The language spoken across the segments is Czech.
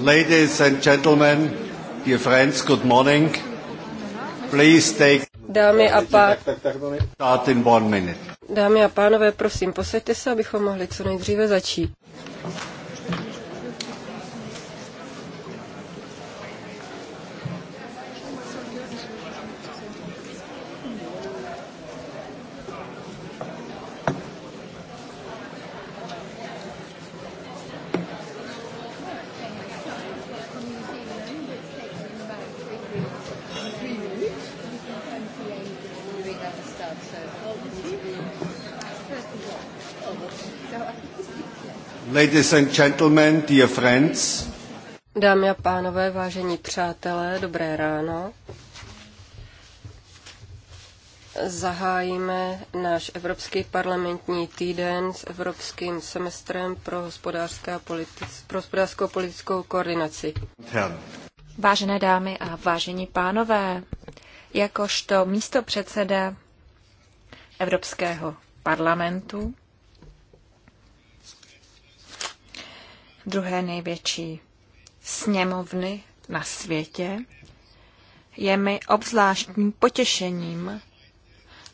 Ladies and gentlemen, dear friends, good morning. Please take... Dámy a, pá... Start in one minute. Dámy a pánové, prosím, posaďte se, abychom mohli co nejdříve začít. Ladies and gentlemen, dear friends. Dámy a pánové, vážení přátelé, dobré ráno. Zahájíme náš Evropský parlamentní týden s Evropským semestrem pro, hospodářská politic, pro hospodářskou politickou koordinaci. Vážené dámy a vážení pánové, jakožto místo předseda Evropského parlamentu druhé největší sněmovny na světě, je mi obzvláštním potěšením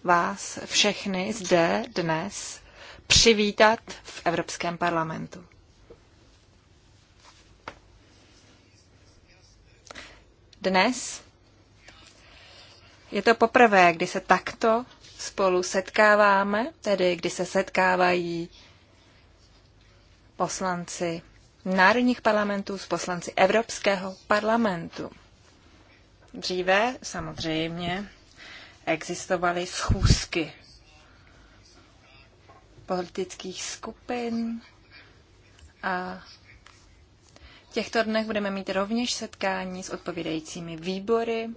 vás všechny zde dnes přivítat v Evropském parlamentu. Dnes je to poprvé, kdy se takto spolu setkáváme, tedy kdy se setkávají poslanci národních parlamentů s poslanci Evropského parlamentu. Dříve samozřejmě existovaly schůzky politických skupin a v těchto dnech budeme mít rovněž setkání s odpovídajícími výbory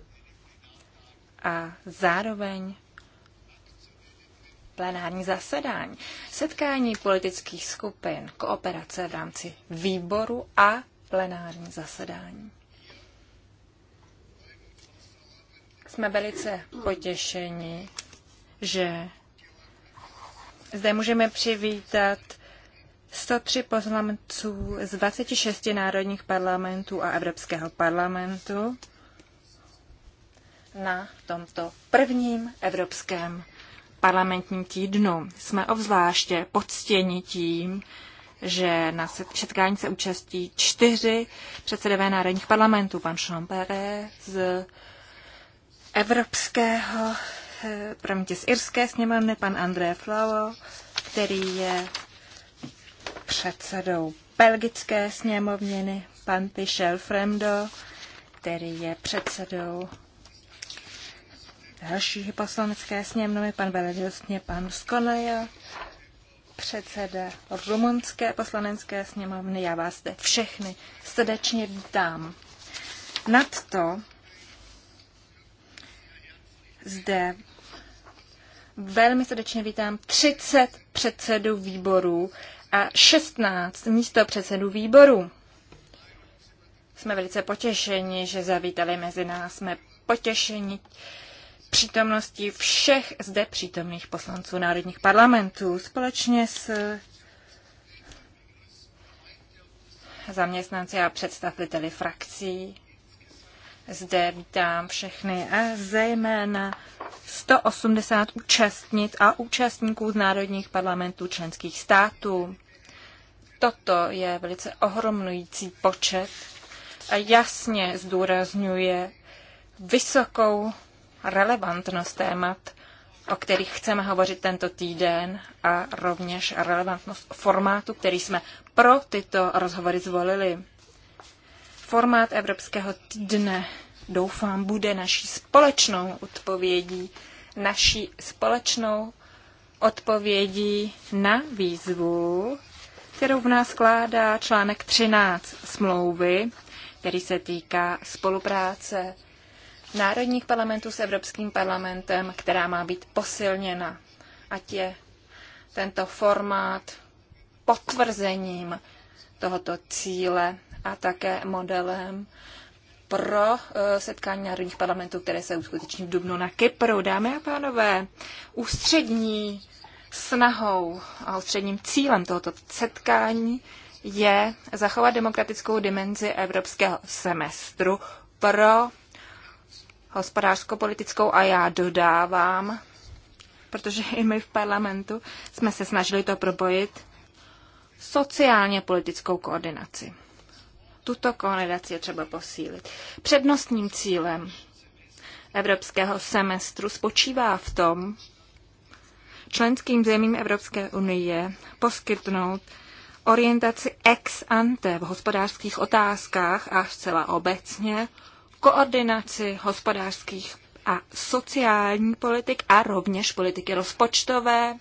a zároveň plenární zasedání, setkání politických skupin, kooperace v rámci výboru a plenární zasedání. Jsme velice potěšeni, že zde můžeme přivítat 103 poslanců z 26 národních parlamentů a Evropského parlamentu na tomto prvním Evropském parlamentním týdnu. Jsme obzvláště poctěni tím, že na setkání se účastí čtyři předsedové národních parlamentů. Pan Šampere z Evropského, eh, promiňte, z Irské sněmovny, pan André Flavo, který je předsedou Belgické sněmovněny, pan Michel Fremdo, který je předsedou další poslanecké sněmovny, pan veledostně pan Skonaja, předseda rumunské poslanecké sněmovny. Já vás zde všechny srdečně vítám. Nad to zde velmi srdečně vítám 30 předsedů výborů a 16 místo předsedů výborů. Jsme velice potěšeni, že zavítali mezi nás. Jsme potěšení přítomností všech zde přítomných poslanců národních parlamentů společně s zaměstnanci a představiteli frakcí. Zde vítám všechny a zejména 180 účastnic a účastníků z národních parlamentů členských států. Toto je velice ohromnující počet a jasně zdůrazňuje vysokou relevantnost témat, o kterých chceme hovořit tento týden a rovněž relevantnost formátu, který jsme pro tyto rozhovory zvolili. Formát Evropského týdne, doufám, bude naší společnou odpovědí, naší společnou odpovědí na výzvu, kterou v nás kládá článek 13 smlouvy, který se týká spolupráce národních parlamentů s Evropským parlamentem, která má být posilněna. Ať je tento formát potvrzením tohoto cíle a také modelem pro eh, setkání národních parlamentů, které se uskuteční v Dubnu na Kypru. Dámy a pánové, ústřední snahou a ústředním cílem tohoto setkání je zachovat demokratickou dimenzi evropského semestru pro hospodářsko-politickou a já dodávám, protože i my v parlamentu jsme se snažili to probojit, sociálně politickou koordinaci. Tuto koordinaci je třeba posílit. Přednostním cílem evropského semestru spočívá v tom, členským zemím Evropské unie poskytnout orientaci ex ante v hospodářských otázkách a zcela obecně koordinaci hospodářských a sociální politik a rovněž politiky rozpočtové,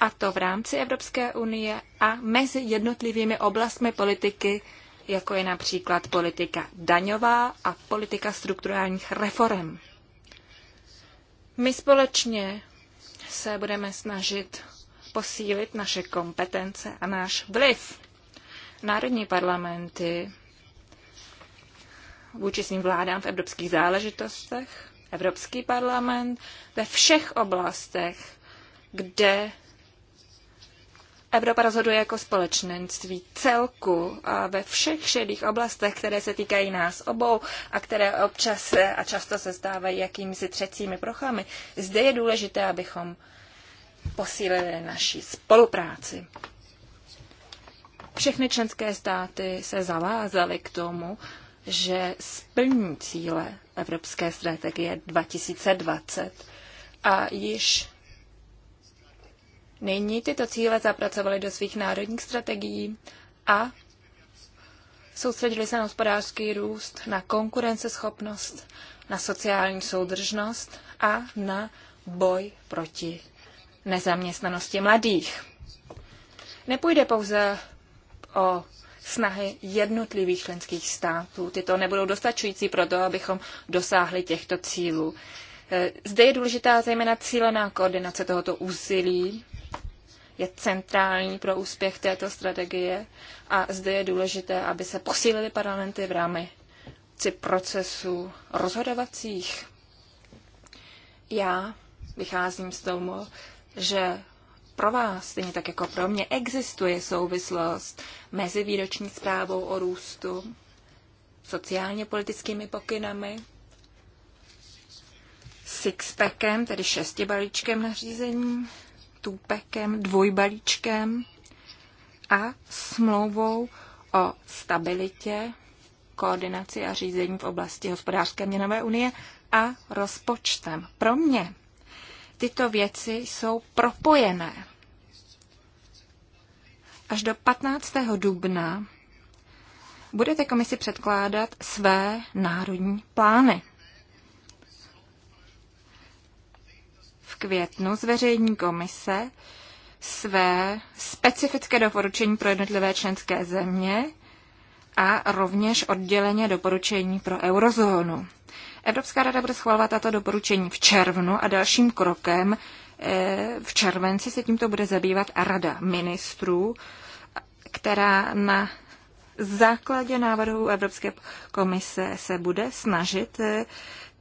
a to v rámci Evropské unie a mezi jednotlivými oblastmi politiky, jako je například politika daňová a politika strukturálních reform. My společně se budeme snažit posílit naše kompetence a náš vliv. Národní parlamenty vůči svým vládám v evropských záležitostech. Evropský parlament ve všech oblastech, kde Evropa rozhoduje jako společenství celku a ve všech šedých oblastech, které se týkají nás obou a které občas a často se stávají jakýmisi třecími prochami. Zde je důležité, abychom posílili naši spolupráci. Všechny členské státy se zavázaly k tomu, že splní cíle Evropské strategie 2020 a již nyní tyto cíle zapracovali do svých národních strategií a soustředili se na hospodářský růst, na konkurenceschopnost, na sociální soudržnost a na boj proti nezaměstnanosti mladých. Nepůjde pouze o snahy jednotlivých členských států. Tyto nebudou dostačující pro to, abychom dosáhli těchto cílů. Eh, zde je důležitá zejména cílená koordinace tohoto úsilí, je centrální pro úspěch této strategie a zde je důležité, aby se posílily parlamenty v rámci procesu rozhodovacích. Já vycházím z toho, že pro vás, stejně tak jako pro mě, existuje souvislost mezi výroční zprávou o růstu, sociálně politickými pokynami, sixpackem, tedy šesti balíčkem nařízení, tupekem, dvojbalíčkem a smlouvou o stabilitě, koordinaci a řízení v oblasti hospodářské měnové unie a rozpočtem. Pro mě tyto věci jsou propojené. Až do 15. dubna budete komisi předkládat své národní plány. V květnu zveřejní komise své specifické doporučení pro jednotlivé členské země a rovněž odděleně doporučení pro eurozónu. Evropská rada bude schvalovat tato doporučení v červnu a dalším krokem eh, v červenci se tímto bude zabývat Rada ministrů, která na základě návrhu Evropské komise se bude snažit eh,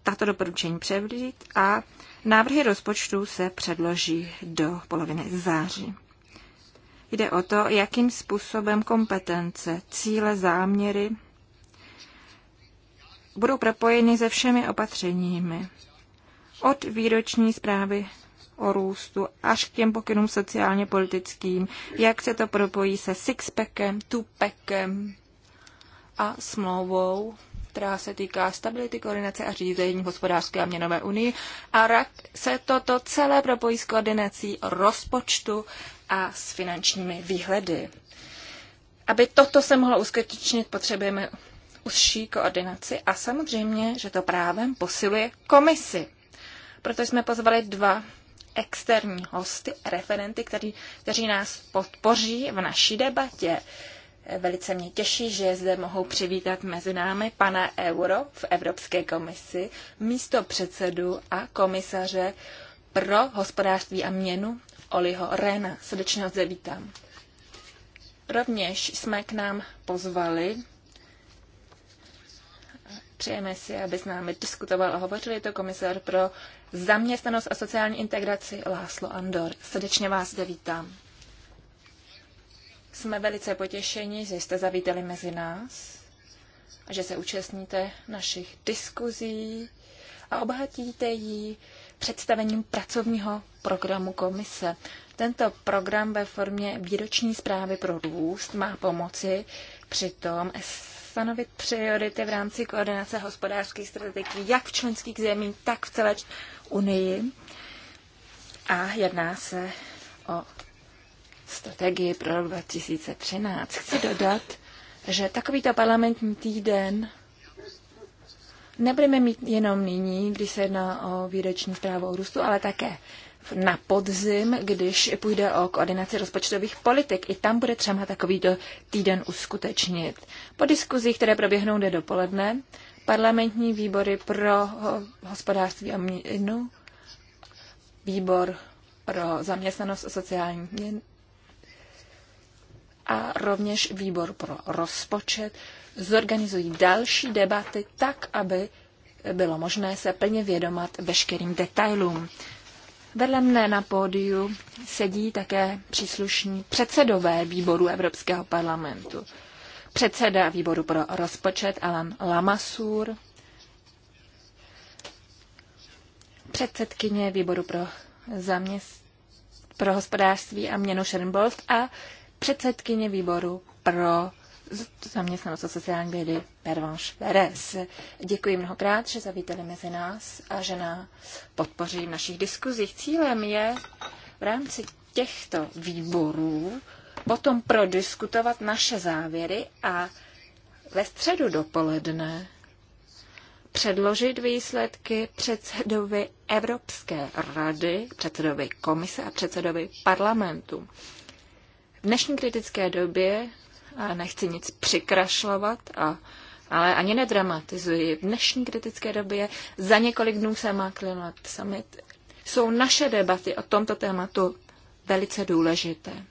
tato doporučení převlít a návrhy rozpočtu se předloží do poloviny září. Jde o to, jakým způsobem kompetence, cíle, záměry budou propojeny se všemi opatřeními. Od výroční zprávy o růstu až k těm pokynům sociálně politickým, jak se to propojí se sixpackem, tupekem a smlouvou, která se týká stability, koordinace a řízení hospodářské a měnové unii. A rak se toto celé propojí s koordinací rozpočtu a s finančními výhledy. Aby toto se mohlo uskutečnit, potřebujeme užší koordinaci a samozřejmě, že to právem posiluje komisi. Proto jsme pozvali dva externí hosty, referenty, který, kteří nás podpoří v naší debatě. Velice mě těší, že zde mohou přivítat mezi námi pana Euro v Evropské komisi, místo předsedu a komisaře pro hospodářství a měnu Oliho Rena. Srdečně ho zde vítám. Rovněž jsme k nám pozvali Přejeme si, aby s námi diskutoval a hovořil. Je to komisar pro zaměstnanost a sociální integraci Láslo Andor. Srdečně vás zde vítám. Jsme velice potěšeni, že jste zavítali mezi nás a že se účastníte našich diskuzí a obohatíte ji představením pracovního programu komise. Tento program ve formě výroční zprávy pro růst má pomoci při tom, stanovit priority v rámci koordinace hospodářských strategií, jak v členských zemích, tak v celé Unii. A jedná se o strategii pro rok 2013. Chci dodat, že takovýto parlamentní týden nebudeme mít jenom nyní, když se jedná o výroční zprávu o růstu, ale také na podzim, když půjde o koordinaci rozpočtových politik. I tam bude třeba do týden uskutečnit. Po diskuzích, které proběhnou do dopoledne, parlamentní výbory pro hospodářství a měnu, výbor pro zaměstnanost a sociální měn a rovněž výbor pro rozpočet zorganizují další debaty tak, aby bylo možné se plně vědomat veškerým detailům. Vedle mne na pódiu sedí také příslušní předsedové výboru Evropského parlamentu. Předseda výboru pro rozpočet Alan Lamasur, předsedkyně výboru pro, zaměst... pro hospodářství a měnu Schoenbold a předsedkyně výboru pro zaměstnanost a sociální vědy Pervanš Veres. Děkuji mnohokrát, že zavítali mezi nás a že nás podpoří v našich diskuzích. Cílem je v rámci těchto výborů potom prodiskutovat naše závěry a ve středu dopoledne předložit výsledky předsedovi Evropské rady, předsedovi komise a předsedovi parlamentu. V dnešní kritické době a nechci nic přikrašlovat, a, ale ani nedramatizuji. V dnešní kritické době za několik dnů se má klimat summit. Jsou naše debaty o tomto tématu velice důležité.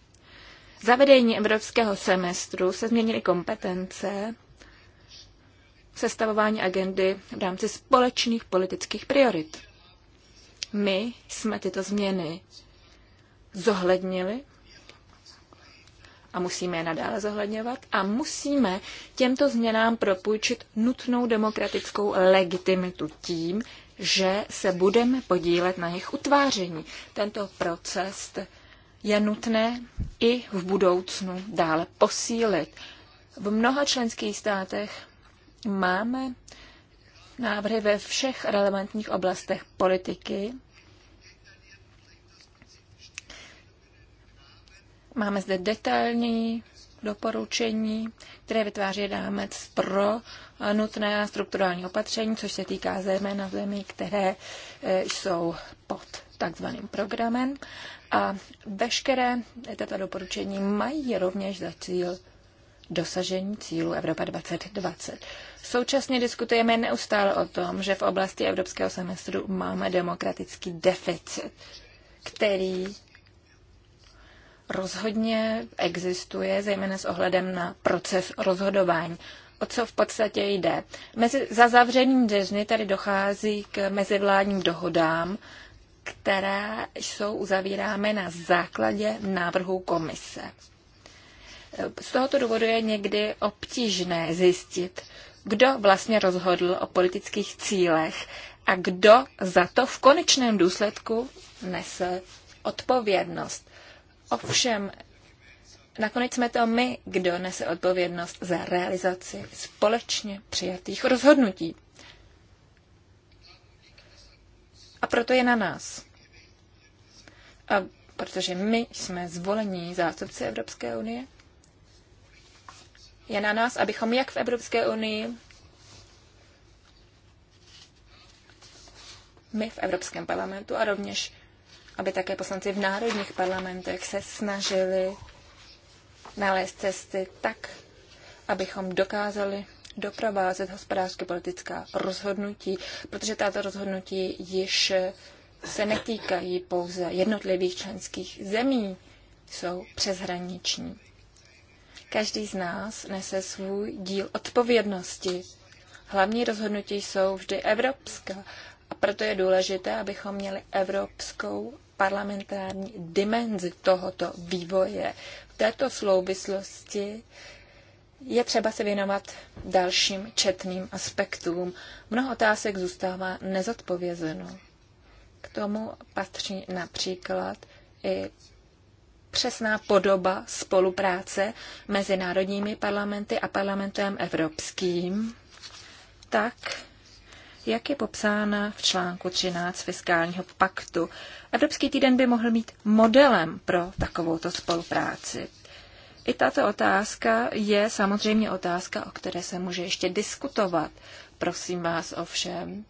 Zavedení evropského semestru se změnily kompetence sestavování agendy v rámci společných politických priorit. My jsme tyto změny zohlednili a musíme je nadále zohledňovat a musíme těmto změnám propůjčit nutnou demokratickou legitimitu tím, že se budeme podílet na jejich utváření. Tento proces je nutné i v budoucnu dále posílit. V mnoha členských státech máme návrhy ve všech relevantních oblastech politiky Máme zde detailní doporučení, které vytváří rámec pro nutné strukturální opatření, což se týká zejména zemí, které e, jsou pod takzvaným programem. A veškeré tato doporučení mají rovněž za cíl dosažení cílu Evropa 2020. Současně diskutujeme neustále o tom, že v oblasti evropského semestru máme demokratický deficit, který rozhodně existuje, zejména s ohledem na proces rozhodování. O co v podstatě jde? Mezi, za zavřením dveřmi tady dochází k mezivládním dohodám, která jsou uzavíráme na základě návrhu komise. Z tohoto důvodu je někdy obtížné zjistit, kdo vlastně rozhodl o politických cílech a kdo za to v konečném důsledku nese odpovědnost. Ovšem, nakonec jsme to my, kdo nese odpovědnost za realizaci společně přijatých rozhodnutí. A proto je na nás. A protože my jsme zvolení zástupci Evropské unie, je na nás, abychom jak v Evropské unii, my v Evropském parlamentu a rovněž aby také poslanci v národních parlamentech se snažili nalézt cesty tak, abychom dokázali doprovázet hospodářské politická rozhodnutí, protože tato rozhodnutí již se netýkají pouze jednotlivých členských zemí, jsou přeshraniční. Každý z nás nese svůj díl odpovědnosti. Hlavní rozhodnutí jsou vždy evropská a proto je důležité, abychom měli evropskou parlamentární dimenzi tohoto vývoje. V této souvislosti je třeba se věnovat dalším četným aspektům. Mnoho otázek zůstává nezodpovězeno. K tomu patří například i přesná podoba spolupráce mezi národními parlamenty a parlamentem evropským, tak jak je popsána v článku 13 fiskálního paktu. Evropský týden by mohl mít modelem pro takovouto spolupráci. I tato otázka je samozřejmě otázka, o které se může ještě diskutovat. Prosím vás ovšem,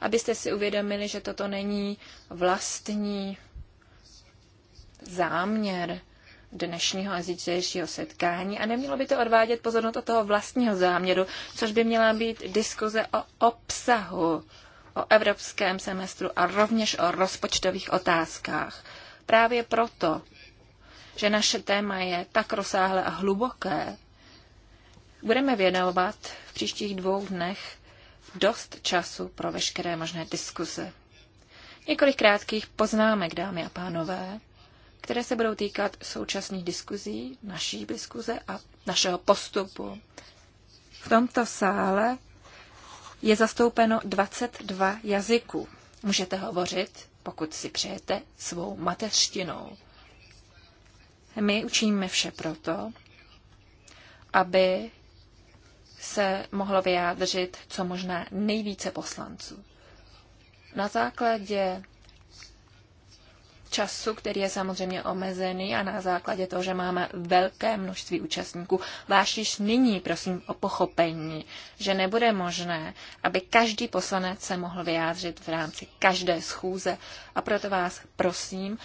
abyste si uvědomili, že toto není vlastní záměr dnešního a zítřejšího setkání a nemělo by to odvádět pozornost od toho vlastního záměru, což by měla být diskuze o obsahu, o evropském semestru a rovněž o rozpočtových otázkách. Právě proto, že naše téma je tak rozsáhlé a hluboké, budeme věnovat v příštích dvou dnech dost času pro veškeré možné diskuze. Několik krátkých poznámek, dámy a pánové které se budou týkat současných diskuzí, naší diskuze a našeho postupu. V tomto sále je zastoupeno 22 jazyků. Můžete hovořit, pokud si přejete, svou mateřštinou. My učíme vše proto, aby se mohlo vyjádřit co možná nejvíce poslanců. Na základě času, který je samozřejmě omezený a na základě toho, že máme velké množství účastníků, váš již nyní prosím o pochopení, že nebude možné, aby každý poslanec se mohl vyjádřit v rámci každé schůze a proto vás prosím,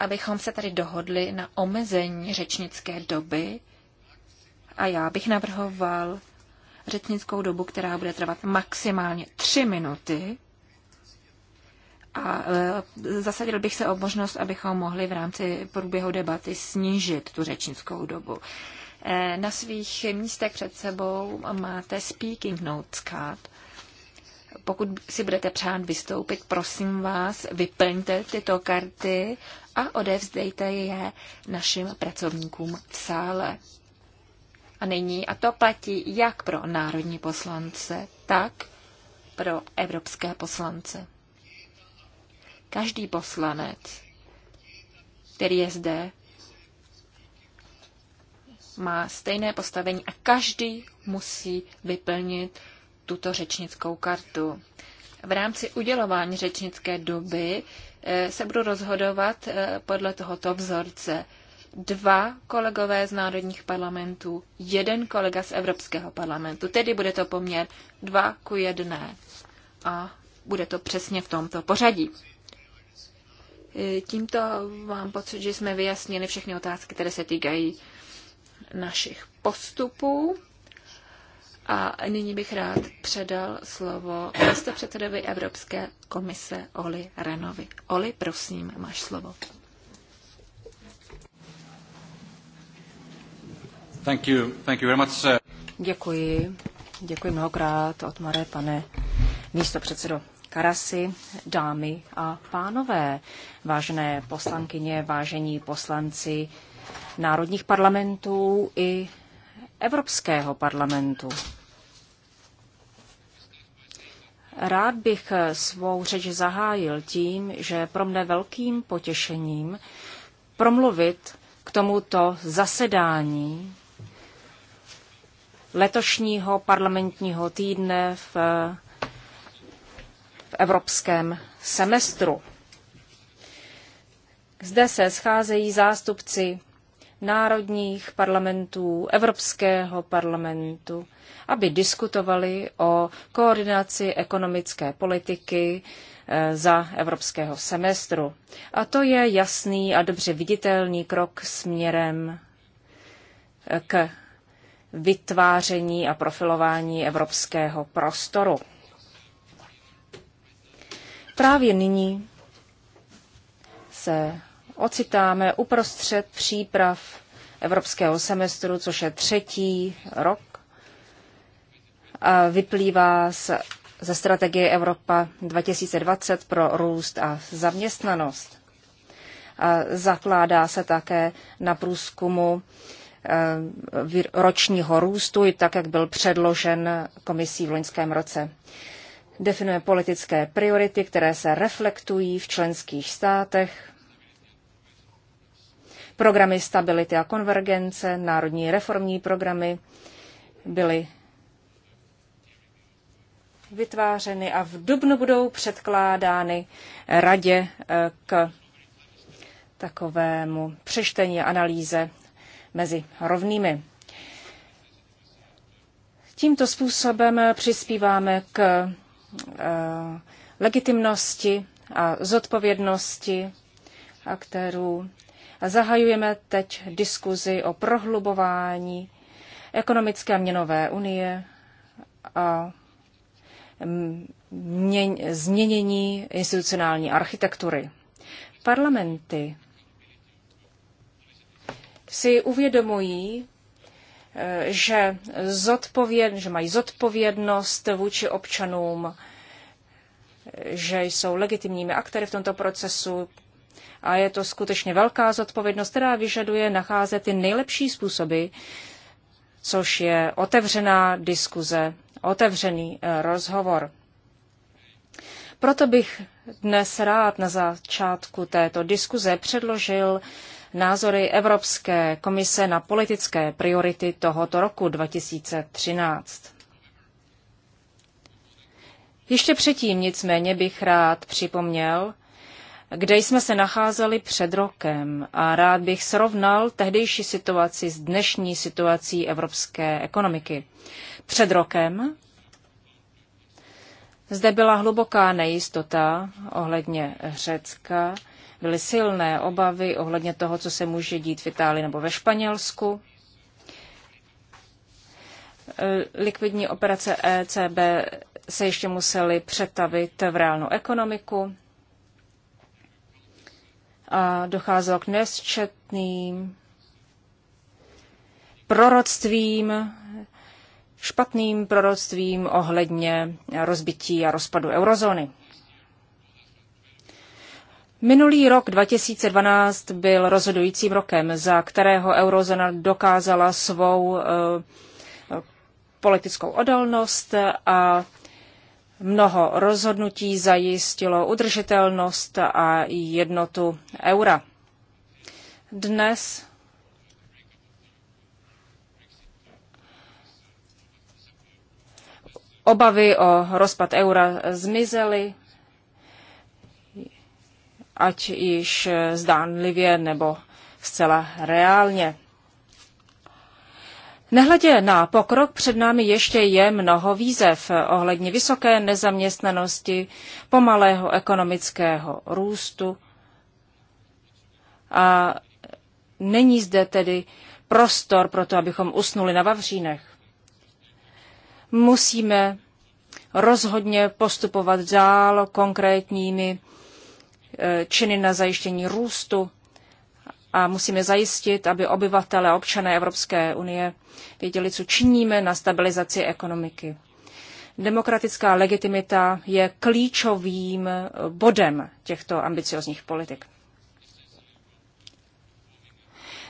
abychom se tady dohodli na omezení řečnické doby a já bych navrhoval řečnickou dobu, která bude trvat maximálně tři minuty a e, zasadil bych se o možnost, abychom mohli v rámci průběhu debaty snížit tu řečnickou dobu. E, na svých místech před sebou máte speaking notes card. Pokud si budete přát vystoupit, prosím vás, vyplňte tyto karty a odevzdejte je našim pracovníkům v sále. A nyní, a to platí jak pro národní poslance, tak pro evropské poslance. Každý poslanec, který je zde, má stejné postavení a každý musí vyplnit tuto řečnickou kartu. V rámci udělování řečnické doby eh, se budu rozhodovat eh, podle tohoto vzorce. Dva kolegové z národních parlamentů, jeden kolega z Evropského parlamentu. Tedy bude to poměr dva ku jedné A bude to přesně v tomto pořadí. Tímto mám pocit, že jsme vyjasnili všechny otázky, které se týkají našich postupů. A nyní bych rád předal slovo místopředsedovi Evropské komise Oli Renovi. Oli, prosím, máš slovo. Thank you. Thank you very much, sir. Děkuji. Děkuji mnohokrát, Otmare, pane místopředsedo rasy, dámy a pánové, vážené poslankyně, vážení poslanci národních parlamentů i Evropského parlamentu. Rád bych svou řeč zahájil tím, že pro mne velkým potěšením promluvit k tomuto zasedání letošního parlamentního týdne v evropském semestru. Zde se scházejí zástupci národních parlamentů, Evropského parlamentu, aby diskutovali o koordinaci ekonomické politiky eh, za evropského semestru. A to je jasný a dobře viditelný krok směrem eh, k vytváření a profilování evropského prostoru. Právě nyní se ocitáme uprostřed příprav evropského semestru, což je třetí rok. A vyplývá z, ze strategie Evropa 2020 pro růst a zaměstnanost. A zakládá se také na průzkumu eh, ročního růstu, tak jak byl předložen komisí v loňském roce definuje politické priority, které se reflektují v členských státech, programy stability a konvergence, národní reformní programy byly vytvářeny a v dubnu budou předkládány radě eh, k takovému přečtení analýze mezi rovnými. Tímto způsobem přispíváme k Eh, legitimnosti a zodpovědnosti aktérů. A zahajujeme teď diskuzi o prohlubování ekonomické a měnové unie a měn, změnění institucionální architektury. Parlamenty si uvědomují že, zodpověd, že mají zodpovědnost vůči občanům, že jsou legitimními aktéry v tomto procesu. A je to skutečně velká zodpovědnost, která vyžaduje nacházet ty nejlepší způsoby, což je otevřená diskuze, otevřený eh, rozhovor. Proto bych dnes rád na začátku této diskuze předložil názory Evropské komise na politické priority tohoto roku 2013. Ještě předtím nicméně bych rád připomněl, kde jsme se nacházeli před rokem a rád bych srovnal tehdejší situaci s dnešní situací evropské ekonomiky. Před rokem zde byla hluboká nejistota ohledně Řecka byly silné obavy ohledně toho, co se může dít v Itálii nebo ve Španělsku. Eh, likvidní operace ECB se ještě musely přetavit v reálnou ekonomiku a docházelo k nesčetným proroctvím, špatným proroctvím ohledně rozbití a rozpadu eurozóny. Minulý rok 2012 byl rozhodujícím rokem, za kterého eurozona dokázala svou eh, politickou odolnost a mnoho rozhodnutí zajistilo udržitelnost a jednotu eura. Dnes obavy o rozpad eura zmizely ať již zdánlivě nebo zcela reálně. Nehledě na pokrok před námi ještě je mnoho výzev ohledně vysoké nezaměstnanosti, pomalého ekonomického růstu a není zde tedy prostor pro to, abychom usnuli na vavřínech. Musíme rozhodně postupovat dál konkrétními Eh, činy na zajištění růstu a musíme zajistit, aby obyvatele, občané Evropské unie věděli, co činíme na stabilizaci ekonomiky. Demokratická legitimita je klíčovým bodem těchto ambiciozních politik.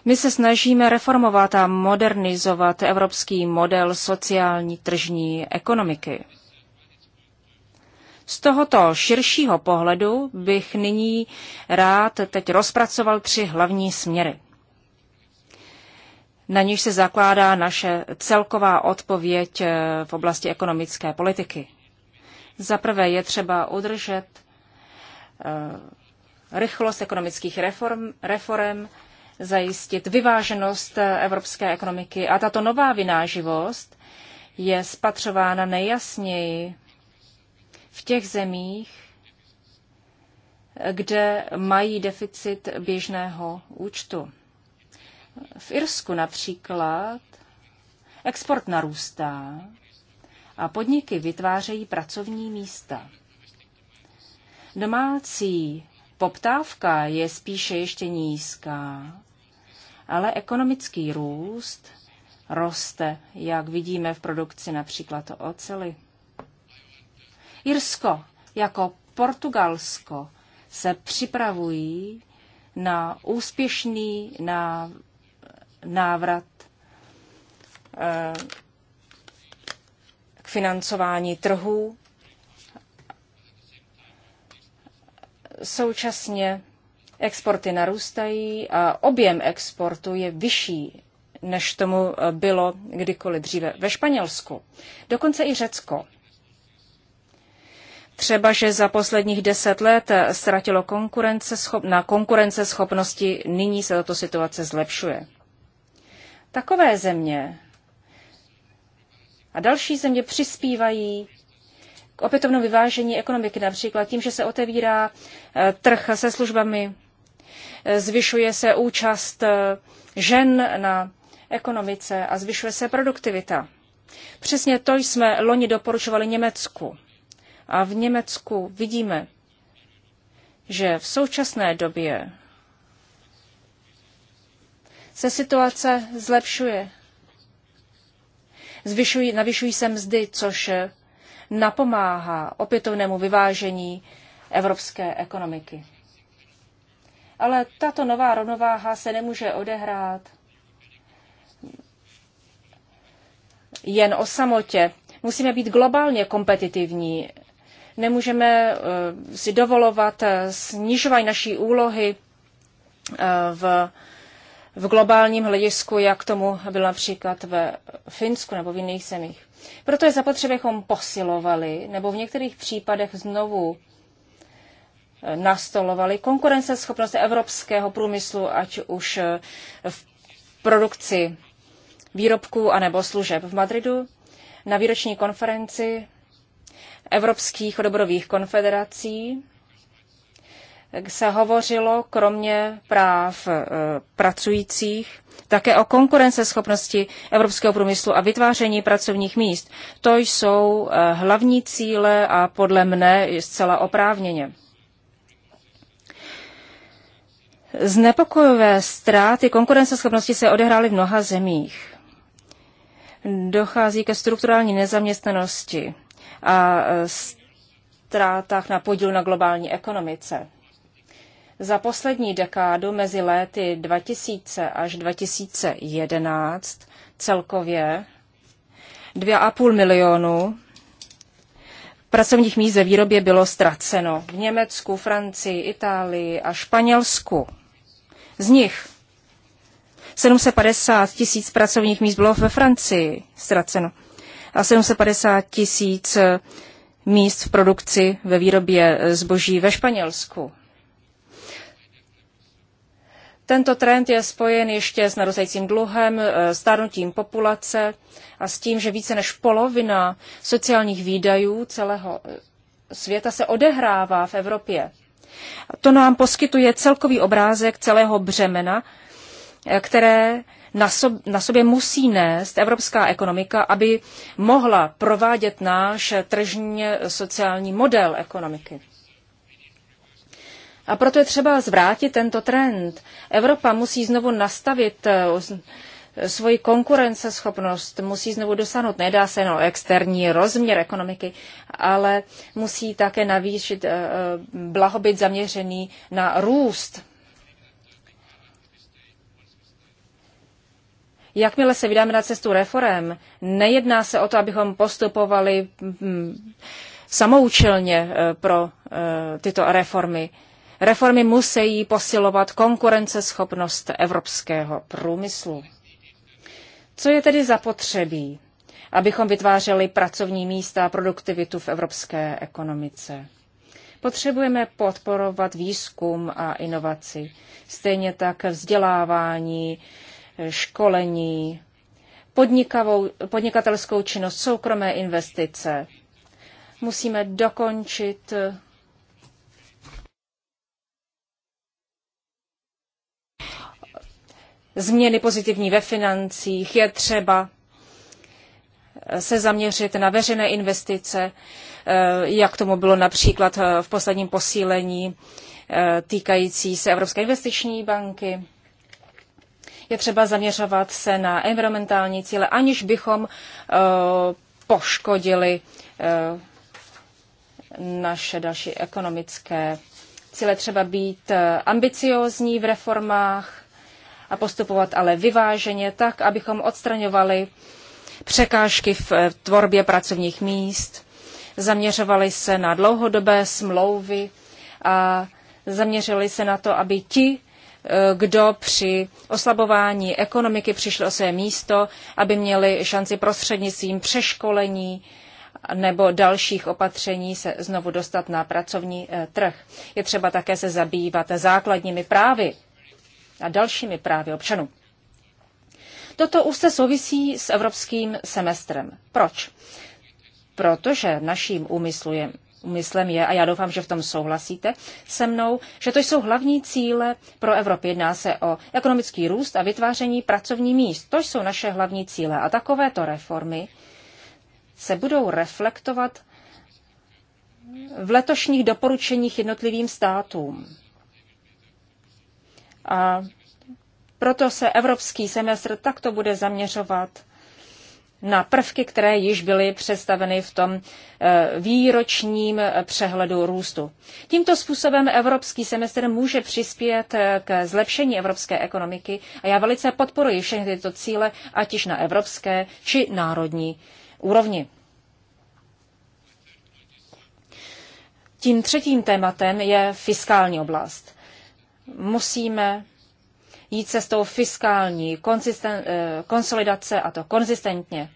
My se snažíme reformovat a modernizovat evropský model sociální tržní ekonomiky. Z tohoto širšího pohledu bych nyní rád teď rozpracoval tři hlavní směry. Na níž se zakládá naše celková odpověď eh, v oblasti ekonomické politiky. Za prvé je třeba udržet eh, rychlost ekonomických reform, reform zajistit vyváženost eh, evropské ekonomiky. A tato nová vynáživost je spatřována nejjasněji v těch zemích, kde mají deficit běžného účtu. V Irsku například export narůstá a podniky vytvářejí pracovní místa. Domácí poptávka je spíše ještě nízká, ale ekonomický růst roste, jak vidíme v produkci například oceli. Irsko jako Portugalsko se připravují na úspěšný návrat eh, k financování trhů. Současně exporty narůstají a objem exportu je vyšší, než tomu bylo kdykoliv dříve ve Španělsku. Dokonce i Řecko Třeba, že za posledních deset let ztratilo konkurenceschop, na konkurenceschopnosti, nyní se tato situace zlepšuje. Takové země a další země přispívají k opětovnému vyvážení ekonomiky, například tím, že se otevírá eh, trh se službami, eh, zvyšuje se účast eh, žen na ekonomice a zvyšuje se produktivita. Přesně to jsme loni doporučovali Německu. A v Německu vidíme, že v současné době se situace zlepšuje. Zvyšují, navyšují se mzdy, což napomáhá opětovnému vyvážení evropské ekonomiky. Ale tato nová rovnováha se nemůže odehrát jen o samotě. Musíme být globálně kompetitivní Nemůžeme eh, si dovolovat eh, snižování naší úlohy eh, v, v globálním hledisku, jak tomu bylo například ve Finsku nebo v jiných zemích. Proto je zapotřebí, abychom posilovali nebo v některých případech znovu nastolovali konkurenceschopnost evropského průmyslu, ať už v produkci výrobků anebo služeb. V Madridu na výroční konferenci evropských odborových konfederací se hovořilo kromě práv e, pracujících také o konkurenceschopnosti evropského průmyslu a vytváření pracovních míst. To jsou e, hlavní cíle a podle mne zcela oprávněně. Znepokojové ztráty konkurenceschopnosti se odehrály v mnoha zemích. Dochází ke strukturální nezaměstnanosti a e, ztrátách na podíl na globální ekonomice. Za poslední dekádu mezi léty 2000 až 2011 celkově 2,5 milionu pracovních míst ve výrobě bylo ztraceno v Německu, Francii, Itálii a Španělsku. Z nich 750 tisíc pracovních míst bylo ve Francii ztraceno a 750 tisíc míst v produkci ve výrobě zboží ve Španělsku. Tento trend je spojen ještě s narozajícím dluhem, eh, stárnutím populace a s tím, že více než polovina sociálních výdajů celého eh, světa se odehrává v Evropě. To nám poskytuje celkový obrázek celého břemena, eh, které na, sob, na sobě musí nést evropská ekonomika, aby mohla provádět náš tržně sociální model ekonomiky. A proto je třeba zvrátit tento trend. Evropa musí znovu nastavit eh, svoji konkurenceschopnost, musí znovu dosáhnout, nedá se no, externí rozměr ekonomiky, ale musí také navýšit eh, eh, blahobyt zaměřený na růst Jakmile se vydáme na cestu reform, nejedná se o to, abychom postupovali mm, samoučelně eh, pro eh, tyto reformy. Reformy musí posilovat konkurenceschopnost evropského průmyslu. Co je tedy zapotřebí, abychom vytvářeli pracovní místa a produktivitu v evropské ekonomice? Potřebujeme podporovat výzkum a inovaci, stejně tak vzdělávání, školení, podnikatelskou činnost, soukromé investice. Musíme dokončit změny pozitivní ve financích, je třeba eh, se zaměřit na veřejné investice, eh, jak tomu bylo například eh, v posledním posílení týkající se Evropské investiční banky je třeba zaměřovat se na environmentální cíle, aniž bychom eh, poškodili eh, naše další ekonomické cíle. Třeba být eh, ambiciózní v reformách a postupovat ale vyváženě tak, abychom odstraňovali překážky v tvorbě pracovních míst, zaměřovali se na dlouhodobé smlouvy a zaměřili se na to, aby ti, kdo při oslabování ekonomiky přišli o své místo, aby měli šanci prostřednictvím přeškolení nebo dalších opatření se znovu dostat na pracovní eh, trh. Je třeba také se zabývat základními právy a dalšími právy občanů. Toto se souvisí s evropským semestrem. Proč? Protože naším úmyslem úmyslem je, a já doufám, že v tom souhlasíte se mnou, že to jsou hlavní cíle pro Evropu. Jedná se o ekonomický růst a vytváření pracovních míst. To jsou naše hlavní cíle. A takovéto reformy se budou reflektovat v letošních doporučeních jednotlivým státům. A proto se evropský semestr takto bude zaměřovat na prvky, které již byly představeny v tom eh, výročním eh, přehledu růstu. Tímto způsobem evropský semestr může přispět eh, k zlepšení evropské ekonomiky a já velice podporuji všechny tyto cíle, ať již na evropské či národní úrovni. Tím třetím tématem je fiskální oblast. Musíme jít cestou fiskální eh, konsolidace a to konzistentně.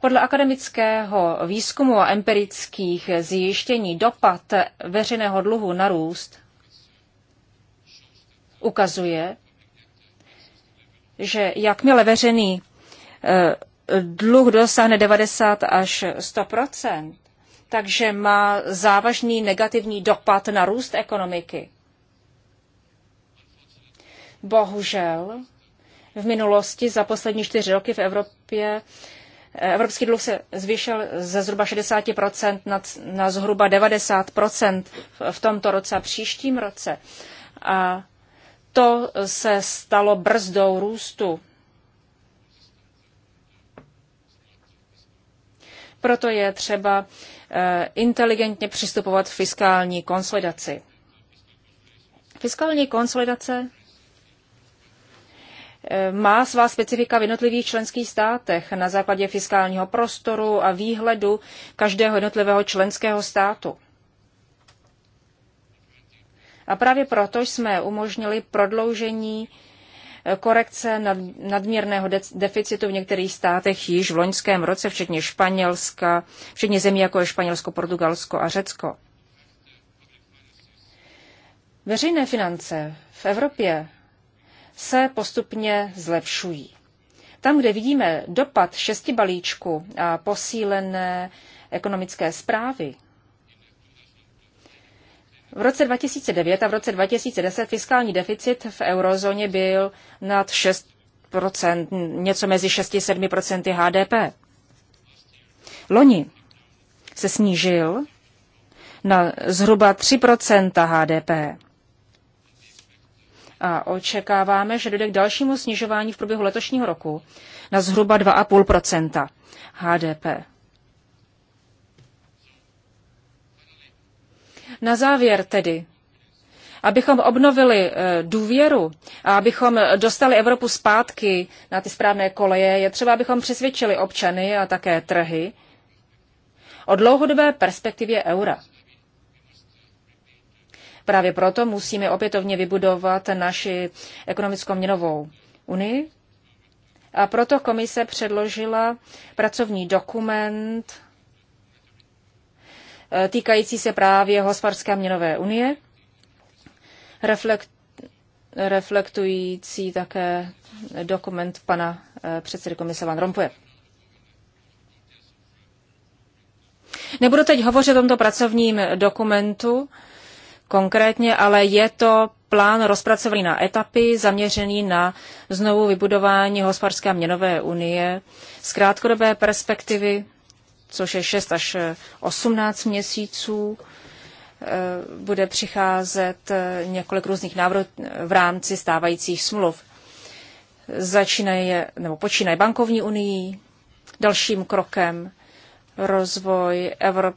Podle akademického výzkumu a empirických zjištění dopad veřejného dluhu na růst ukazuje, že jakmile veřejný eh, dluh dosáhne 90 až 100 takže má závažný negativní dopad na růst ekonomiky. Bohužel v minulosti za poslední čtyři roky v Evropě eh, Evropský dluh se zvýšil ze zhruba 60% na, na zhruba 90% v tomto roce a příštím roce. A to se stalo brzdou růstu. Proto je třeba eh, inteligentně přistupovat k fiskální konsolidaci. Fiskální konsolidace Eh, má svá specifika v jednotlivých členských státech na základě fiskálního prostoru a výhledu každého jednotlivého členského státu. A právě proto jsme umožnili prodloužení eh, korekce nadměrného deficitu v některých státech již v loňském roce, včetně Španělska, včetně zemí jako je Španělsko, Portugalsko a Řecko. Veřejné finance v Evropě se postupně zlepšují. Tam, kde vidíme dopad šesti balíčku a posílené ekonomické zprávy, v roce 2009 a v roce 2010 fiskální deficit v eurozóně byl nad 6 něco mezi 6 a 7 HDP. Loni se snížil na zhruba 3 HDP a očekáváme, že dojde k dalšímu snižování v průběhu letošního roku na zhruba 2,5 HDP. Na závěr tedy, abychom obnovili e, důvěru a abychom dostali Evropu zpátky na ty správné koleje, je třeba, abychom přesvědčili občany a také trhy o dlouhodobé perspektivě eura. Právě proto musíme opětovně vybudovat naši ekonomickou měnovou unii. A proto komise předložila pracovní dokument eh, týkající se právě hospodářské měnové unie, reflekt, reflektující také dokument pana eh, předsedy komise Van Rompuje. Nebudu teď hovořit o tomto pracovním dokumentu, konkrétně, ale je to plán rozpracovaný na etapy, zaměřený na znovu vybudování hospodářské a měnové unie z krátkodobé perspektivy, což je 6 až 18 eh, měsíců, eh, bude přicházet eh, několik různých návrhů v rámci stávajících smluv. Začínaje, nebo počínají bankovní unii, dalším krokem rozvoj Evrop,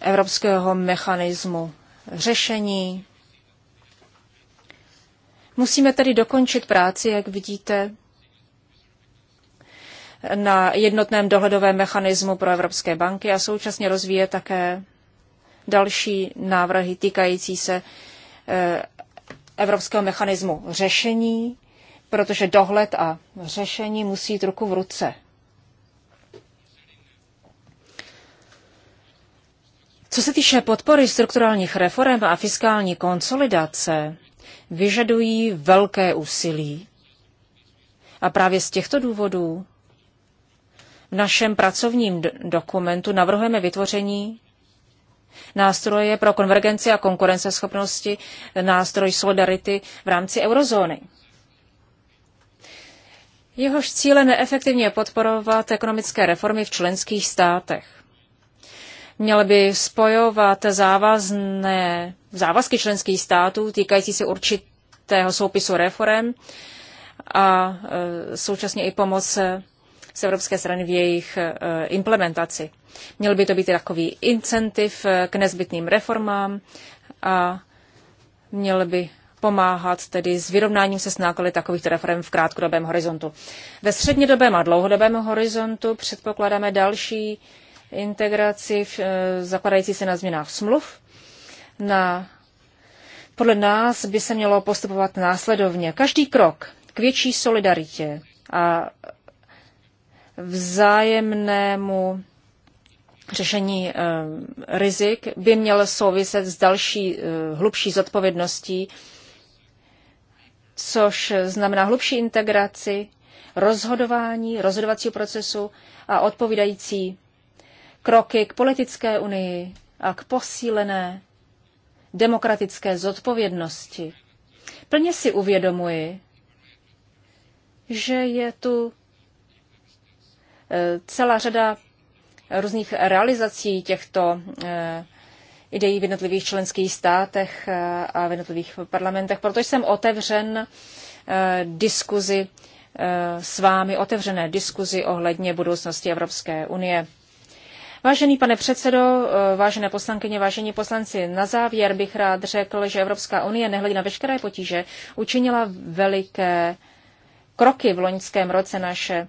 evropského mechanismu řešení. Musíme tedy dokončit práci, jak vidíte, na jednotném dohledovém mechanismu pro evropské banky a současně rozvíje také další návrhy týkající se eh, evropského mechanismu řešení, protože dohled a řešení musí jít ruku v ruce. Co se týče podpory strukturálních reform a fiskální konsolidace, vyžadují velké úsilí. A právě z těchto důvodů v našem pracovním dokumentu navrhujeme vytvoření nástroje pro konvergenci a konkurenceschopnosti, nástroj solidarity v rámci eurozóny. Jehož cílem je efektivně podporovat ekonomické reformy v členských státech měl by spojovat závazné závazky členských států týkající se určitého soupisu reform a e, současně i pomoc e, z evropské strany v jejich e, implementaci. Měl by to být takový incentiv k nezbytným reformám a měl by pomáhat tedy s vyrovnáním se s náklady takovýchto reform v krátkodobém horizontu. Ve střednědobém a dlouhodobém horizontu předpokládáme další integraci v, eh, zakladající se na změnách smluv. Na, podle nás by se mělo postupovat následovně. Každý krok k větší solidaritě a vzájemnému řešení eh, rizik by měl souviset s další eh, hlubší zodpovědností, což znamená hlubší integraci rozhodování, rozhodovacího procesu a odpovídající kroky k politické unii a k posílené demokratické zodpovědnosti. Plně si uvědomuji, že je tu eh, celá řada různých realizací těchto eh, ideí v jednotlivých členských státech eh, a v jednotlivých parlamentech, protože jsem otevřen diskuzi s vámi, otevřené diskuzi ohledně budoucnosti Evropské unie. Vážený pane předsedo, vážené poslankyně, vážení poslanci, na závěr bych rád řekl, že Evropská unie, nehledě na veškeré potíže, učinila veliké kroky v loňském roce naše.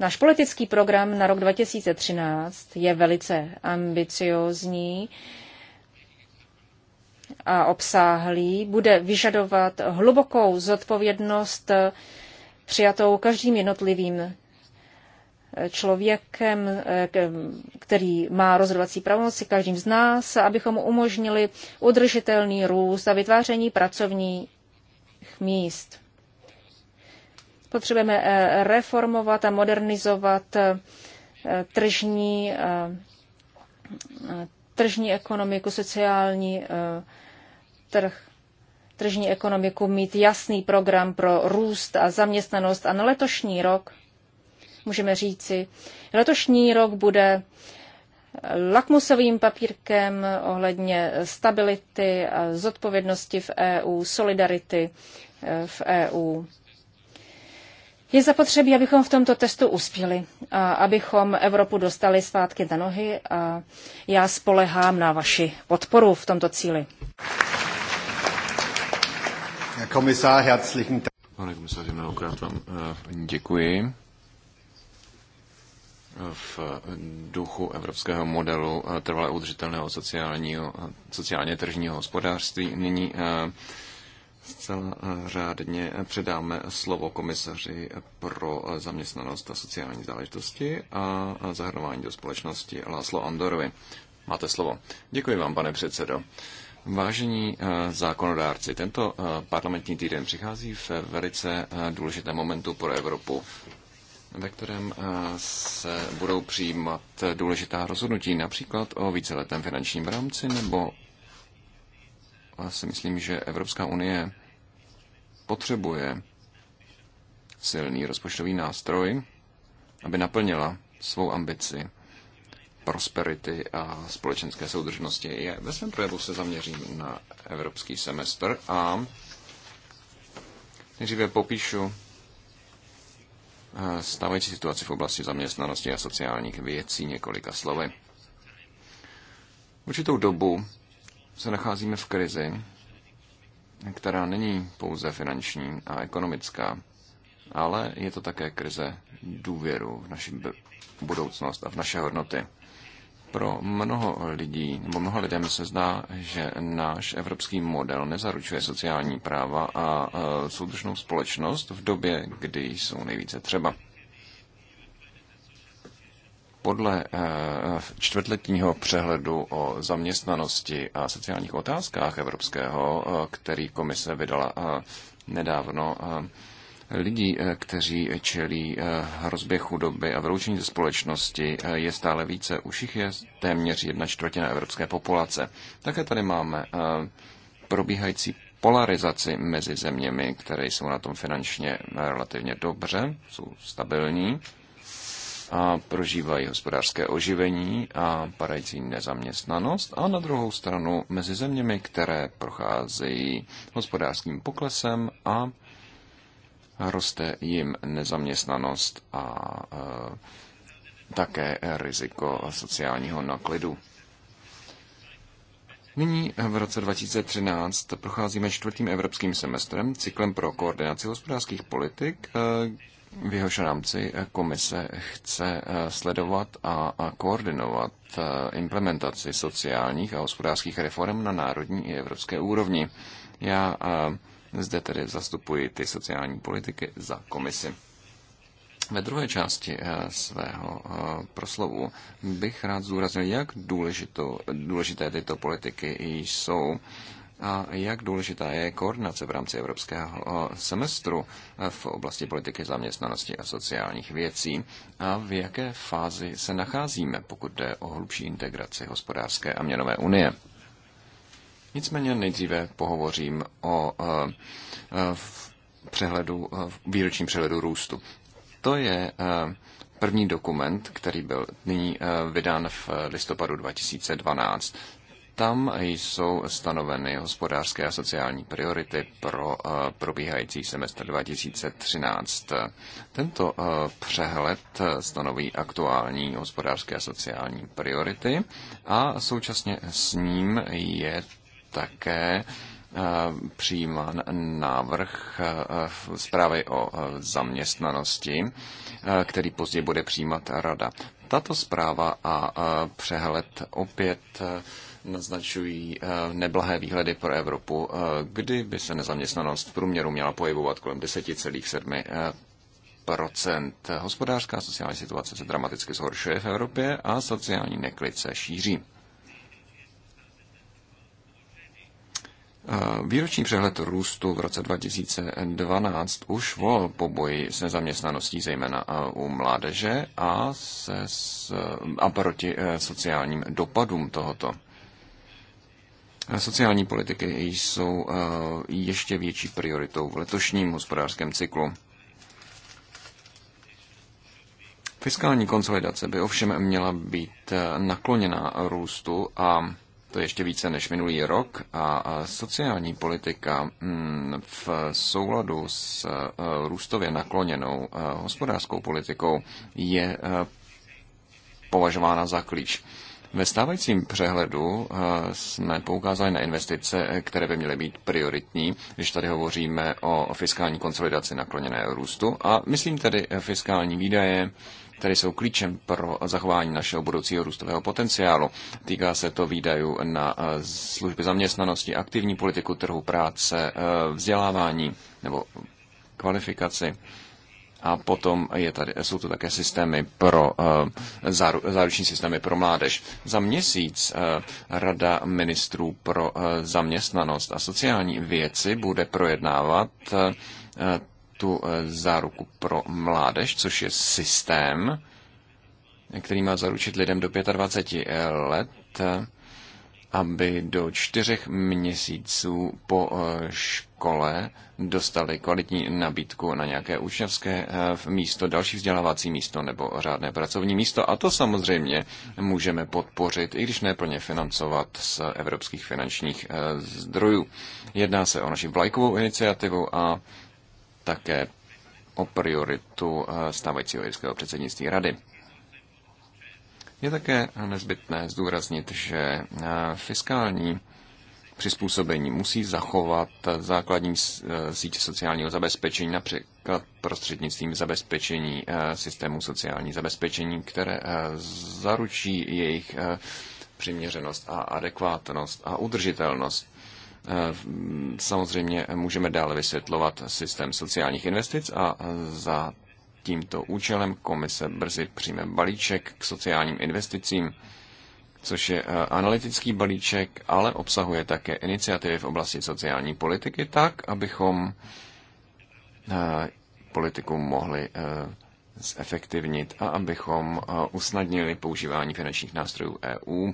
Náš politický program na rok 2013 je velice ambiciózní a obsáhlý. Bude vyžadovat hlubokou zodpovědnost přijatou každým jednotlivým člověkem, eh, který má rozhodovací pravomoci každým z nás, abychom umožnili udržitelný růst a vytváření pracovních míst. Potřebujeme eh, reformovat a modernizovat eh, tržní, tržní ekonomiku, sociální trh tržní ekonomiku mít jasný program pro růst a zaměstnanost a na letošní rok můžeme říci. Letošní rok bude lakmusovým papírkem ohledně stability a zodpovědnosti v EU, solidarity e, v EU. Je zapotřebí, abychom v tomto testu uspěli a abychom Evropu dostali zpátky na nohy a já spolehám na vaši podporu v tomto cíli. Pane komisaři, mnohokrát vám eh, děkuji v duchu evropského modelu eh, trvalé udržitelného sociálního, sociálně tržního hospodářství. Nyní eh, zcela eh, řádně předáme slovo komisaři pro zaměstnanost a sociální záležitosti a zahrnování do společnosti Láslo Andorovi. Máte slovo. Děkuji vám, pane předsedo. Vážení zákonodárci, tento parlamentní týden přichází v velice důležitém momentu pro Evropu ve kterém eh, se budou přijímat důležitá rozhodnutí, například o víceletém finančním rámci, nebo si myslím, že Evropská unie potřebuje silný rozpočtový nástroj, aby naplnila svou ambici prosperity a společenské soudržnosti. Je, ve svém projevu se zaměřím na evropský semestr a nejdříve popíšu stávající situaci v oblasti zaměstnanosti a sociálních věcí několika slovy. Určitou dobu se nacházíme v krizi, která není pouze finanční a ekonomická, ale je to také krize důvěru v naši budoucnost a v naše hodnoty pro mnoho lidí, nebo mnoho lidem se zdá, že náš evropský model nezaručuje sociální práva a soudržnou společnost v době, kdy jsou nejvíce třeba. Podle eh, čtvrtletního přehledu o zaměstnanosti a sociálních otázkách evropského, eh, který komise vydala eh, nedávno, Lidí, eh, kteří čelí hrozbě eh, chudoby a vyloučení ze společnosti, eh, je stále více. U je téměř jedna čtvrtina evropské populace. Také tady máme probíhající polarizaci mezi zeměmi, které jsou na tom finančně relativně dobře, jsou stabilní a prožívají hospodářské oživení a padající nezaměstnanost a na druhou stranu mezi zeměmi, které procházejí hospodářským poklesem a roste jim nezaměstnanost a e, také riziko sociálního naklidu. Nyní v roce 2013 procházíme čtvrtým evropským semestrem, cyklem pro koordinaci hospodářských politik, e, v jehož rámci komise chce e, sledovat a koordinovat implementaci sociálních a hospodářských reform na národní i evropské úrovni. Já zde tedy zastupuji ty sociální politiky za komisi. Ve druhé části eh, svého eh, proslovu bych rád zúraznil jak důležito, důležité tyto politiky jsou a jak důležitá je koordinace v rámci evropského eh, semestru v oblasti politiky zaměstnanosti a sociálních věcí a v jaké fázi se nacházíme, pokud jde o hlubší integraci hospodářské a měnové unie. Nicméně nejdříve pohovořím o eh, eh, přehledu, eh, výročním přehledu růstu. To je první dokument, který byl nyní vydán v listopadu 2012. Tam jsou stanoveny hospodářské a sociální priority pro probíhající semestr 2013. Tento přehled stanoví aktuální hospodářské a sociální priority a současně s ním je také eh, přijímán návrh eh, zprávy o eh, zaměstnanosti, který později bude přijímat rada. Tato zpráva a přehled opět naznačují neblahé výhledy pro Evropu, kdy by se nezaměstnanost v průměru měla pohybovat kolem 10,7 Hospodářská sociální situace se dramaticky zhoršuje v Evropě a sociální neklid se šíří. Výroční přehled růstu v roce 2012 už volal po boji s nezaměstnaností, zejména u mládeže a, se, s, a proti e, sociálním dopadům tohoto. Sociální politiky jsou e, ještě větší prioritou v letošním hospodářském cyklu. Fiskální konsolidace by ovšem měla být e, nakloněná růstu a to ještě více než minulý rok a sociální politika mm, v souladu s e, růstově nakloněnou e, hospodářskou politikou je e, považována za klíč. Ve stávajícím přehledu jsme poukázali na investice, které by měly být prioritní, když tady hovoříme o fiskální konsolidaci nakloněné růstu a myslím tedy fiskální výdaje, které jsou klíčem pro zachování našeho budoucího růstového potenciálu. Týká se to výdajů na eh, služby zaměstnanosti, aktivní politiku trhu práce, eh, vzdělávání nebo kvalifikaci. A potom je tady, jsou to také systémy pro, eh, záru, záruční systémy pro mládež. Za měsíc Rada ministrů pro zaměstnanost a sociální věci bude projednávat tu eh, záruku pro mládež, což je systém, který má zaručit lidem do 25 eh, let, eh, aby do čtyřech měsíců po škole dostali kvalitní nabídku na nějaké učňovské místo, další vzdělávací místo nebo řádné pracovní místo. A to samozřejmě můžeme podpořit, i když ne financovat z evropských finančních zdrojů. Jedná se o naši vlajkovou iniciativu a také o prioritu eh, stávajícího jirského předsednictví rady. Je také nezbytné zdůraznit, že eh, fiskální přizpůsobení musí zachovat základní eh, síť sociálního zabezpečení, například prostřednictvím zabezpečení systému sociální zabezpečení, které zaručí jejich přiměřenost a adekvátnost a udržitelnost. Eh, samozřejmě můžeme dále vysvětlovat systém sociálních investic a za tímto účelem komise brzy přijme balíček k sociálním investicím, což je eh, analytický balíček, ale obsahuje také iniciativy v oblasti sociální politiky tak, abychom eh, politiku mohli zefektivnit a abychom usnadnili používání finančních nástrojů EU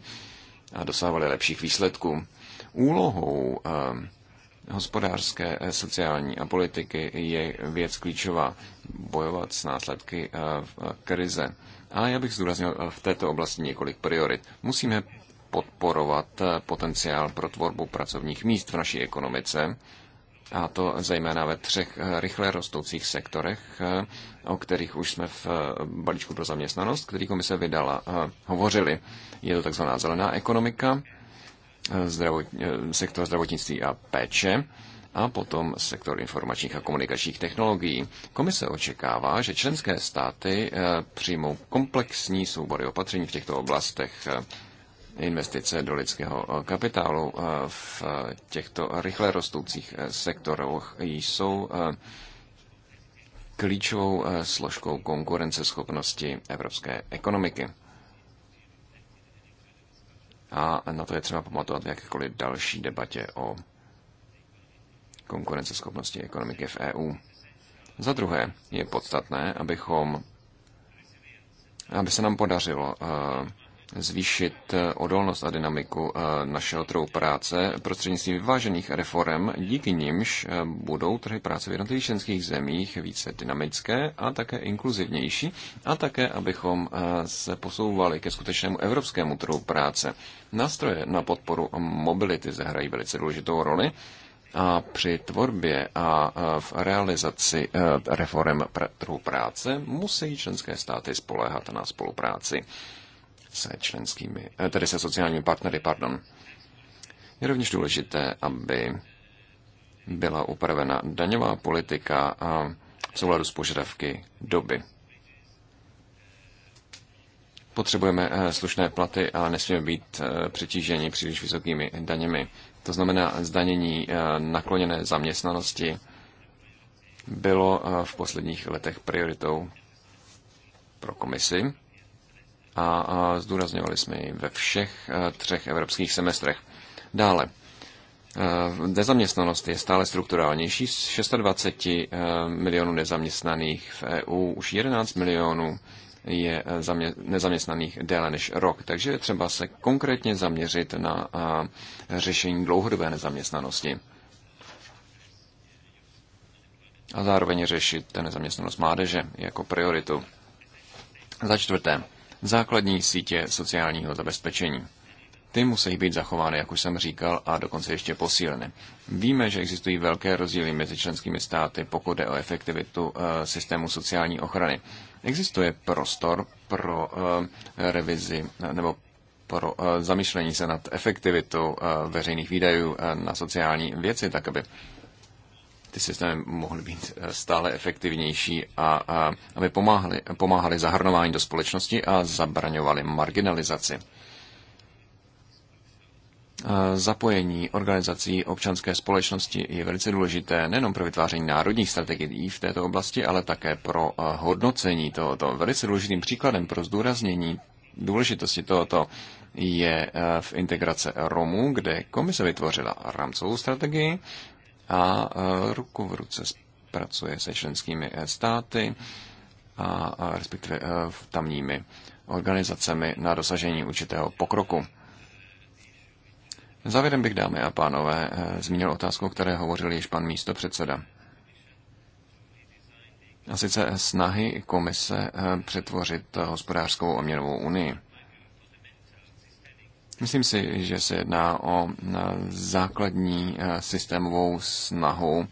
a dosahovali lepších výsledků úlohou ehm, hospodářské, eh, sociální a politiky je věc klíčová bojovat s následky eh, eh, krize. A já bych zdůraznil v této oblasti několik priorit. Musíme podporovat potenciál pro tvorbu pracovních míst v naší ekonomice, a to zejména ve třech rychle rostoucích sektorech, o kterých už jsme v balíčku pro zaměstnanost, který komise vydala, hovořili. Je to takzvaná zelená ekonomika, zdravot, eh, sektor zdravotnictví a péče a potom sektor informačních a komunikačních technologií. Komise očekává, že členské státy eh, přijmou komplexní soubory opatření v těchto oblastech eh, investice do lidského kapitálu v těchto rychle rostoucích sektorech jsou klíčovou složkou konkurenceschopnosti evropské ekonomiky. A na to je třeba pamatovat v jakékoliv další debatě o konkurenceschopnosti ekonomiky v EU. Za druhé je podstatné, abychom, aby se nám podařilo uh, zvýšit eh, odolnost a dynamiku eh, našeho trhu práce prostřednictvím vyvážených reform, díky nimž eh, budou trhy práce v jednotlivých členských zemích více dynamické a také inkluzivnější a také, abychom se posouvali ke skutečnému evropskému trhu práce. Nástroje na podporu mobility zahrají velice důležitou roli a při tvorbě a v realizaci reform trhu práce musí členské státy spoléhat na spolupráci se členskými, eh, tedy se sociálními partnery, pardon. Je rovněž důležité, aby byla upravena daňová politika a v souladu s požadavky doby. Potřebujeme eh, slušné platy a nesmíme být eh, přetíženi příliš vysokými daněmi. To znamená, zdanění nakloněné zaměstnanosti bylo v posledních letech prioritou pro komisi a, a zdůrazňovali jsme ji ve všech e, třech evropských semestrech. Dále. E, nezaměstnanost je stále strukturálnější. Z 26 e, milionů nezaměstnaných v EU už 11 milionů je nezaměstnaných déle než rok. Takže je třeba se konkrétně zaměřit na řešení dlouhodobé nezaměstnanosti. A zároveň řešit nezaměstnanost mládeže jako prioritu. Za čtvrté, základní sítě sociálního zabezpečení. Ty musí být zachovány, jak už jsem říkal, a dokonce ještě posíleny. Víme, že existují velké rozdíly mezi členskými státy, pokud jde o efektivitu eh, systému sociální ochrany. Existuje prostor pro eh, revizi eh, nebo pro zamýšlení se nad efektivitou veřejných výdajů na sociální věci, tak aby ty systémy mohly být eh, stále efektivnější a, a aby pomáhali, pomáhali zahrnování do společnosti a zabraňovali marginalizaci. Eh, zapojení organizací občanské společnosti je velice důležité nejenom pro vytváření národních strategií v této oblasti, ale také pro eh, hodnocení tohoto. Velice důležitým příkladem pro zdůraznění důležitosti tohoto je v integrace Romů, kde komise vytvořila rámcovou strategii a e, ruku v ruce pracuje se členskými e, státy a respektive e, tamními organizacemi na dosažení určitého pokroku. Závěrem bych, dámy a pánové, zmínil otázku, o které hovořil již pan místo předseda. A sice snahy komise přetvořit hospodářskou a měnovou unii. Myslím si, že se jedná o základní eh, systémovou snahu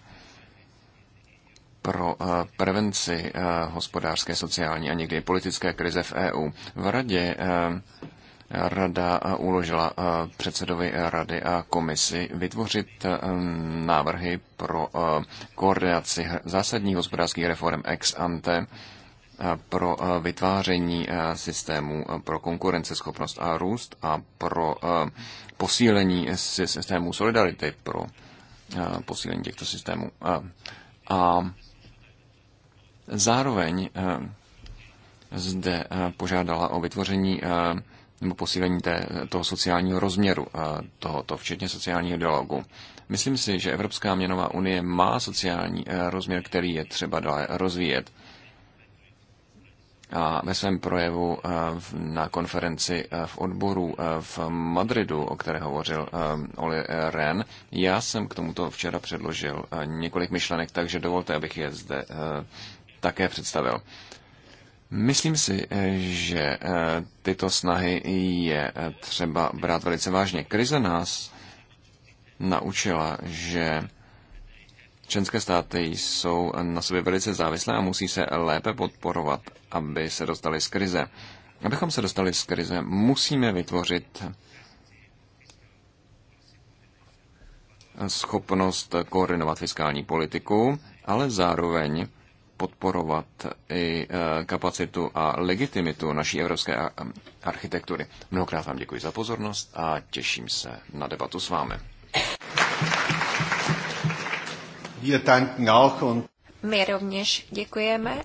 pro eh, prevenci eh, hospodářské, sociální a někdy politické krize v EU. V radě rada uložila předsedovi rady a komisi vytvořit návrhy pro koordinaci zásadních hospodářských reform ex ante pro vytváření systému pro konkurenceschopnost a růst a pro posílení systému solidarity, pro posílení těchto systémů. A zároveň zde požádala o vytvoření nebo posílení té, toho sociálního rozměru tohoto, včetně sociálního dialogu. Myslím si, že Evropská měnová unie má sociální rozměr, který je třeba dále rozvíjet a ve svém projevu eh, na konferenci eh, v odboru eh, v Madridu, o které hovořil Oli Ren. Já jsem k tomuto včera předložil několik myšlenek, takže dovolte, abych je zde také představil. Myslím si, že tyto snahy je třeba brát velice vážně. Krize nás naučila, že Členské státy jsou na sobě velice závislé a musí se lépe podporovat, aby se dostali z krize. Abychom se dostali z krize, musíme vytvořit schopnost koordinovat fiskální politiku, ale zároveň podporovat i e, kapacitu a legitimitu naší evropské architektury. Mnohokrát vám děkuji za pozornost a těším se na debatu s vámi. My rovněž děkujeme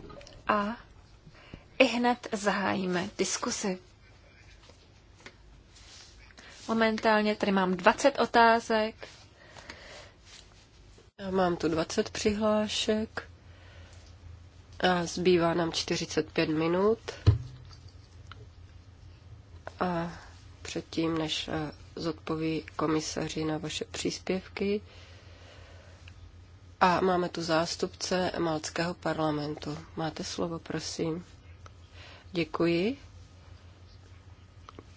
a i hned zahájíme diskusy. Momentálně tady mám 20 otázek. Já mám tu 20 přihlášek. A zbývá nám 45 minut. A předtím, než eh, zodpoví komisaři na vaše příspěvky, a máme tu zástupce Malckého parlamentu. Máte slovo, prosím. Děkuji.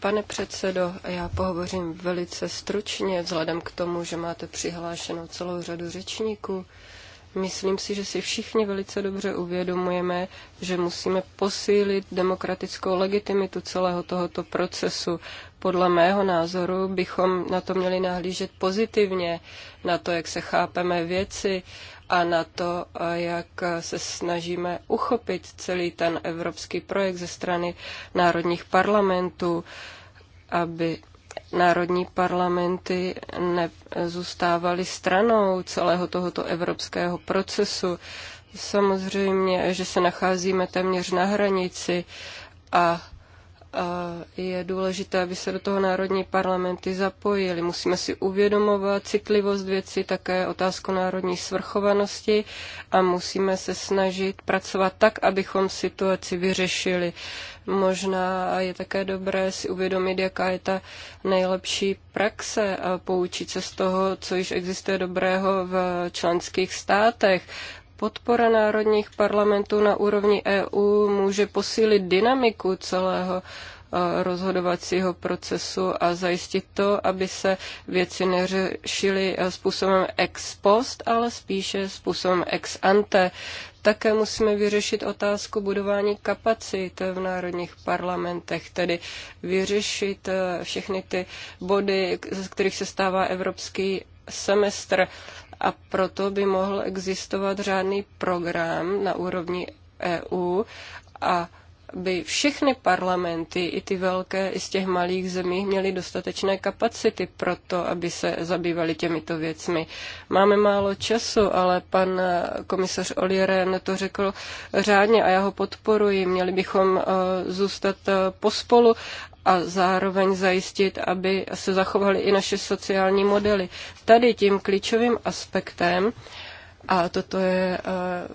Pane předsedo, já pohovořím velice stručně, vzhledem k tomu, že máte přihlášenou celou řadu řečníků. Myslím si, že si všichni velice dobře uvědomujeme, že musíme posílit demokratickou legitimitu celého tohoto procesu. Podle mého názoru bychom na to měli nahlížet pozitivně, na to, jak se chápeme věci a na to, jak se snažíme uchopit celý ten evropský projekt ze strany národních parlamentů, aby národní parlamenty nezůstávaly stranou celého tohoto evropského procesu. Samozřejmě, že se nacházíme téměř na hranici a a je důležité, aby se do toho národní parlamenty zapojili. Musíme si uvědomovat citlivost věci, také otázku národní svrchovanosti a musíme se snažit pracovat tak, abychom situaci vyřešili. Možná je také dobré si uvědomit, jaká je ta nejlepší praxe a poučit se z toho, co již existuje dobrého v členských státech. Podpora národních parlamentů na úrovni EU může posílit dynamiku celého eh, rozhodovacího procesu a zajistit to, aby se věci neřešily eh, způsobem ex post, ale spíše způsobem ex ante. Také musíme vyřešit otázku budování kapacit v národních parlamentech, tedy vyřešit eh, všechny ty body, z kterých se stává evropský semestr. A proto by mohl existovat řádný program na úrovni EU a by všechny parlamenty, i ty velké, i z těch malých zemí, měly dostatečné kapacity pro to, aby se zabývali těmito věcmi. Máme málo času, ale pan komisař Oliren to řekl řádně a já ho podporuji. Měli bychom eh, zůstat eh, pospolu a zároveň zajistit, aby se zachovaly i naše sociální modely. Tady tím klíčovým aspektem, a toto je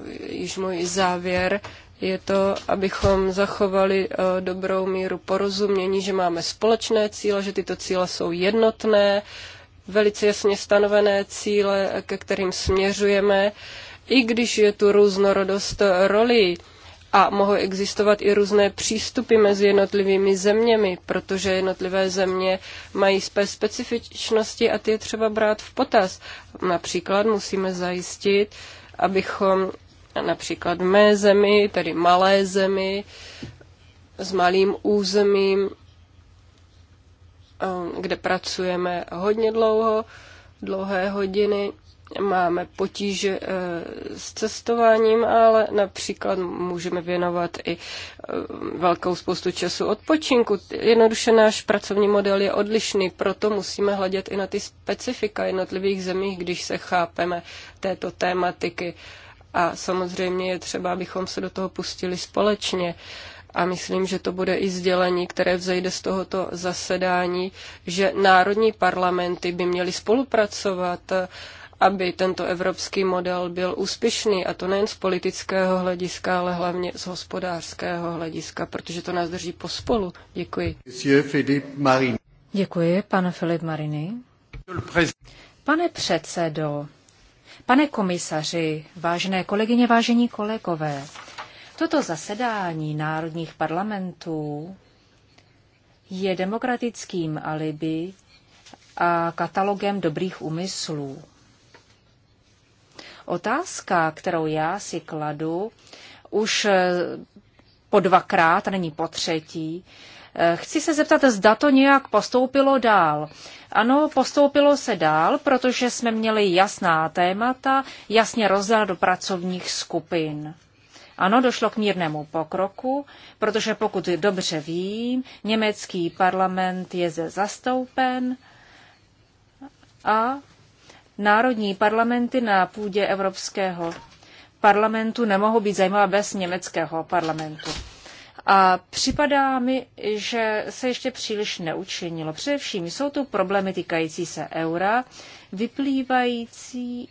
uh, již můj závěr, je to, abychom zachovali eh, dobrou míru porozumění, že máme společné cíle, že tyto cíle jsou jednotné, velice jasně stanovené cíle, ke kterým směřujeme, i když je tu různorodost rolí a mohou existovat i různé přístupy mezi jednotlivými zeměmi, protože jednotlivé země mají své specifičnosti a ty je třeba brát v potaz. Například musíme zajistit, abychom například v mé zemi, tedy malé zemi, s malým územím, um, kde pracujeme hodně dlouho, dlouhé hodiny, máme potíže eh, s cestováním, ale například můžeme věnovat i eh, velkou spoustu času odpočinku. Jednoduše náš pracovní model je odlišný, proto musíme hledět i na ty specifika jednotlivých zemích, když se chápeme této tématiky. A samozřejmě je třeba, abychom se do toho pustili společně. A myslím, že to bude i sdělení, které vzejde z tohoto zasedání, že národní parlamenty by měly spolupracovat, aby tento evropský model byl úspěšný. A to nejen z politického hlediska, ale hlavně z hospodářského hlediska, protože to nás drží pospolu. Děkuji. Děkuji, pane Filip Marini. Pane předsedo, Pane komisaři, vážené kolegyně, vážení kolegové, toto zasedání národních parlamentů je demokratickým alibi a katalogem dobrých úmyslů. Otázka, kterou já si kladu, už po dvakrát, není po třetí, Chci se zeptat, zda to nějak postoupilo dál. Ano, postoupilo se dál, protože jsme měli jasná témata, jasně rozdělena do pracovních skupin. Ano, došlo k mírnému pokroku, protože pokud dobře vím, německý parlament je zde zastoupen a národní parlamenty na půdě Evropského parlamentu nemohou být zajímavé bez německého parlamentu. A připadá mi, že se ještě příliš neučinilo. Především jsou tu problémy týkající se eura, vyplývající,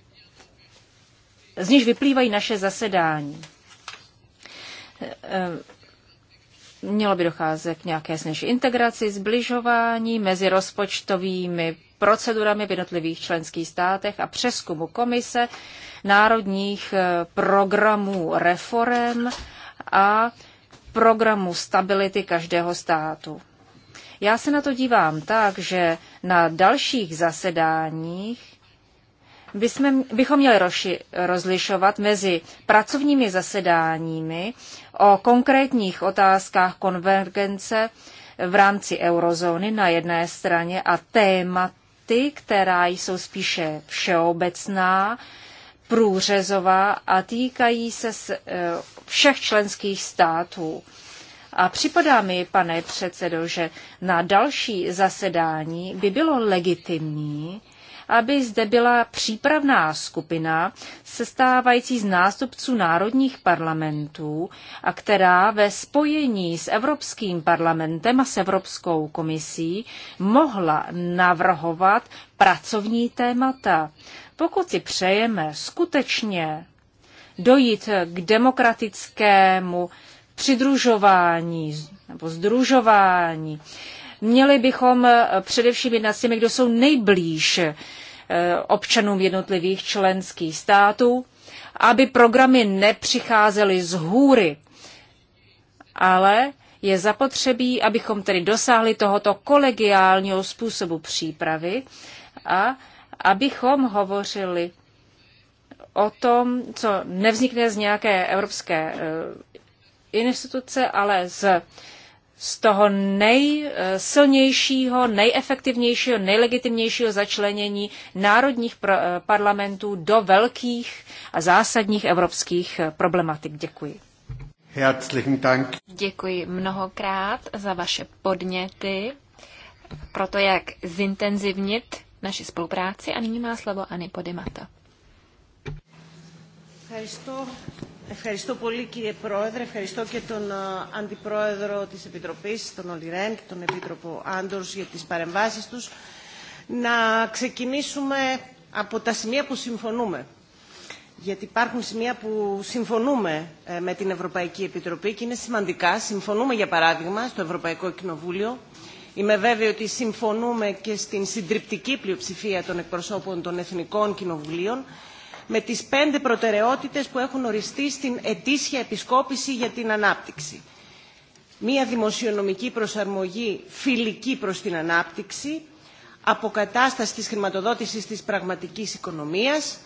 z nich vyplývají naše zasedání. Eh, mělo by docházet k nějaké snaží integraci, zbližování mezi rozpočtovými procedurami v jednotlivých členských státech a přeskumu komise národních eh, programů reform a programu stability každého státu. Já se na to dívám tak, že na dalších zasedáních bychom, bychom měli roši, rozlišovat mezi pracovními zasedáními o konkrétních otázkách konvergence v rámci eurozóny na jedné straně a tématy, která jsou spíše všeobecná, průřezová a týkají se eh, všech členských států. A připadá mi, pane předsedo, že na další zasedání by bylo legitimní, aby zde byla přípravná skupina sestávající z nástupců národních parlamentů a která ve spojení s Evropským parlamentem a s Evropskou komisí mohla navrhovat pracovní témata. Pokud si přejeme skutečně dojít k demokratickému přidružování nebo združování. Měli bychom eh, především jednat s těmi, kdo jsou nejblíž eh, občanům jednotlivých členských států, aby programy nepřicházely z hůry, ale je zapotřebí, abychom tedy dosáhli tohoto kolegiálního způsobu přípravy a abychom hovořili o tom, co nevznikne z nějaké evropské eh, instituce, ale z, z toho nejsilnějšího, nejefektivnějšího, nejlegitimnějšího začlenění národních eh, parlamentů do velkých a zásadních evropských eh, problematik. Děkuji. Děkuji mnohokrát za vaše podněty proto jak zintenzivnit naši spolupráci a nyní má slovo Ani Podimata. Ευχαριστώ. Ευχαριστώ πολύ κύριε Πρόεδρε, ευχαριστώ και τον Αντιπρόεδρο της Επιτροπής, τον Ολιρέν και τον Επίτροπο Άντορς για τις παρεμβάσεις τους. Να ξεκινήσουμε από τα σημεία που συμφωνούμε. Γιατί υπάρχουν σημεία που συμφωνούμε με την Ευρωπαϊκή Επιτροπή και είναι σημαντικά. Συμφωνούμε για παράδειγμα στο Ευρωπαϊκό Κοινοβούλιο. Είμαι βέβαιη ότι συμφωνούμε και στην συντριπτική πλειοψηφία των εκπροσώπων των Εθνικών Κοινοβουλίων με τις πέντε προτεραιότητες που έχουν οριστεί στην ετήσια επισκόπηση για την ανάπτυξη. Μία δημοσιονομική προσαρμογή φιλική προς την ανάπτυξη, αποκατάσταση της χρηματοδότησης της πραγματικής οικονομίας,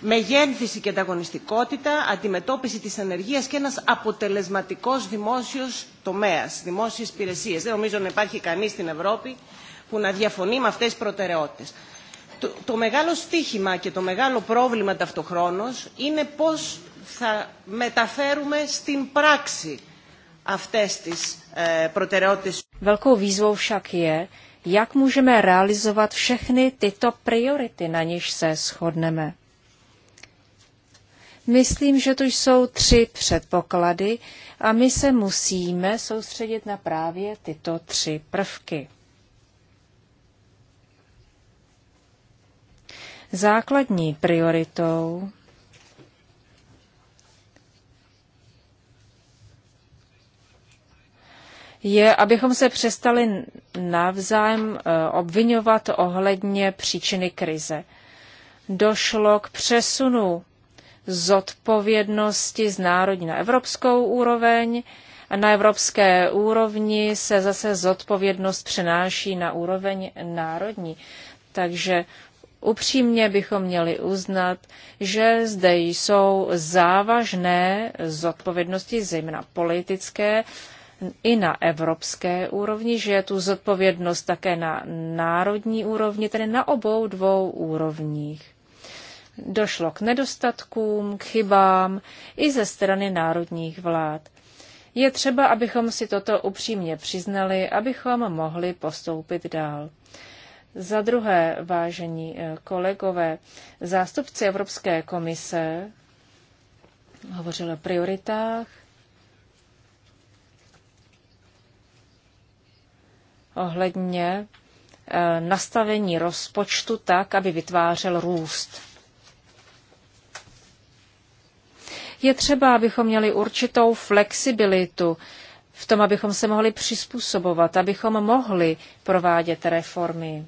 μεγένθηση και ανταγωνιστικότητα, αντιμετώπιση της ανεργίας και ένας αποτελεσματικός δημόσιος τομέας, δημόσιες υπηρεσίες. Δεν νομίζω να υπάρχει κανείς στην Ευρώπη που να διαφωνεί με αυτές τις προτεραιότητες το, το μεγάλο στίχημα και το μεγάλο πρόβλημα ταυτοχρόνως είναι πώς θα μεταφέρουμε στην πράξη αυτές τις ε, προτεραιότητες. Velkou výzvou však je, jak můžeme realizovat všechny tyto priority, na něž se shodneme. Myslím, že tu jsou tři předpoklady a my se musíme soustředit na právě tyto tři prvky. Základní prioritou je, abychom se přestali navzájem eh, obvinovat ohledně příčiny krize. Došlo k přesunu zodpovědnosti z národní na evropskou úroveň a na evropské úrovni se zase zodpovědnost přenáší na úroveň národní. Takže Upřímně bychom měli uznat, že zde jsou závažné zodpovědnosti, zejména politické, i na evropské úrovni, že je tu zodpovědnost také na národní úrovni, tedy na obou dvou úrovních. Došlo k nedostatkům, k chybám i ze strany národních vlád. Je třeba, abychom si toto upřímně přiznali, abychom mohli postoupit dál. Za druhé, vážení eh, kolegové, zástupci Evropské komise hovořili o prioritách, ohledně eh, nastavení rozpočtu tak, aby vytvářel růst. Je třeba, abychom měli určitou flexibilitu v tom, abychom se mohli přizpůsobovat, abychom mohli provádět reformy.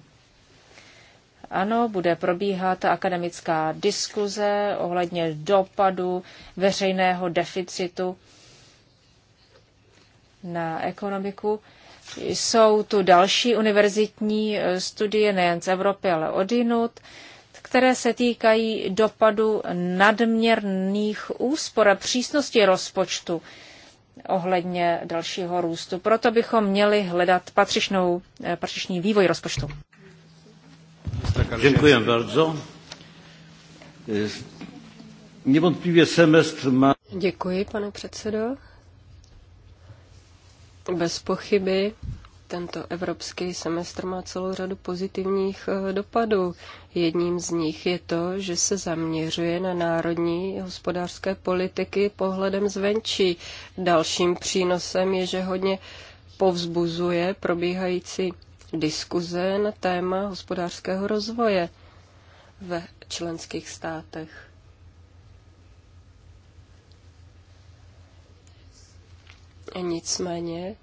Ano, bude probíhat akademická diskuze ohledně dopadu veřejného deficitu na ekonomiku. Jsou tu další univerzitní eh, studie nejen z Evropy, ale jinut, které se týkají dopadu nadměrných úspor a přísnosti rozpočtu ohledně dalšího růstu. Proto bychom měli hledat patřičnou, eh, patřičný vývoj rozpočtu. Dziękuję bardzo. Niewątpliwie semestr ma... Děkuji, pane předsedo. Bez pochyby tento evropský semestr má celou řadu pozitivních eh, dopadů. Jedním z nich je to, že se zaměřuje na národní hospodářské politiky pohledem zvenčí. Dalším přínosem je, že hodně povzbuzuje probíhající diskuze na téma hospodářského rozvoje ve členských státech. Nicméně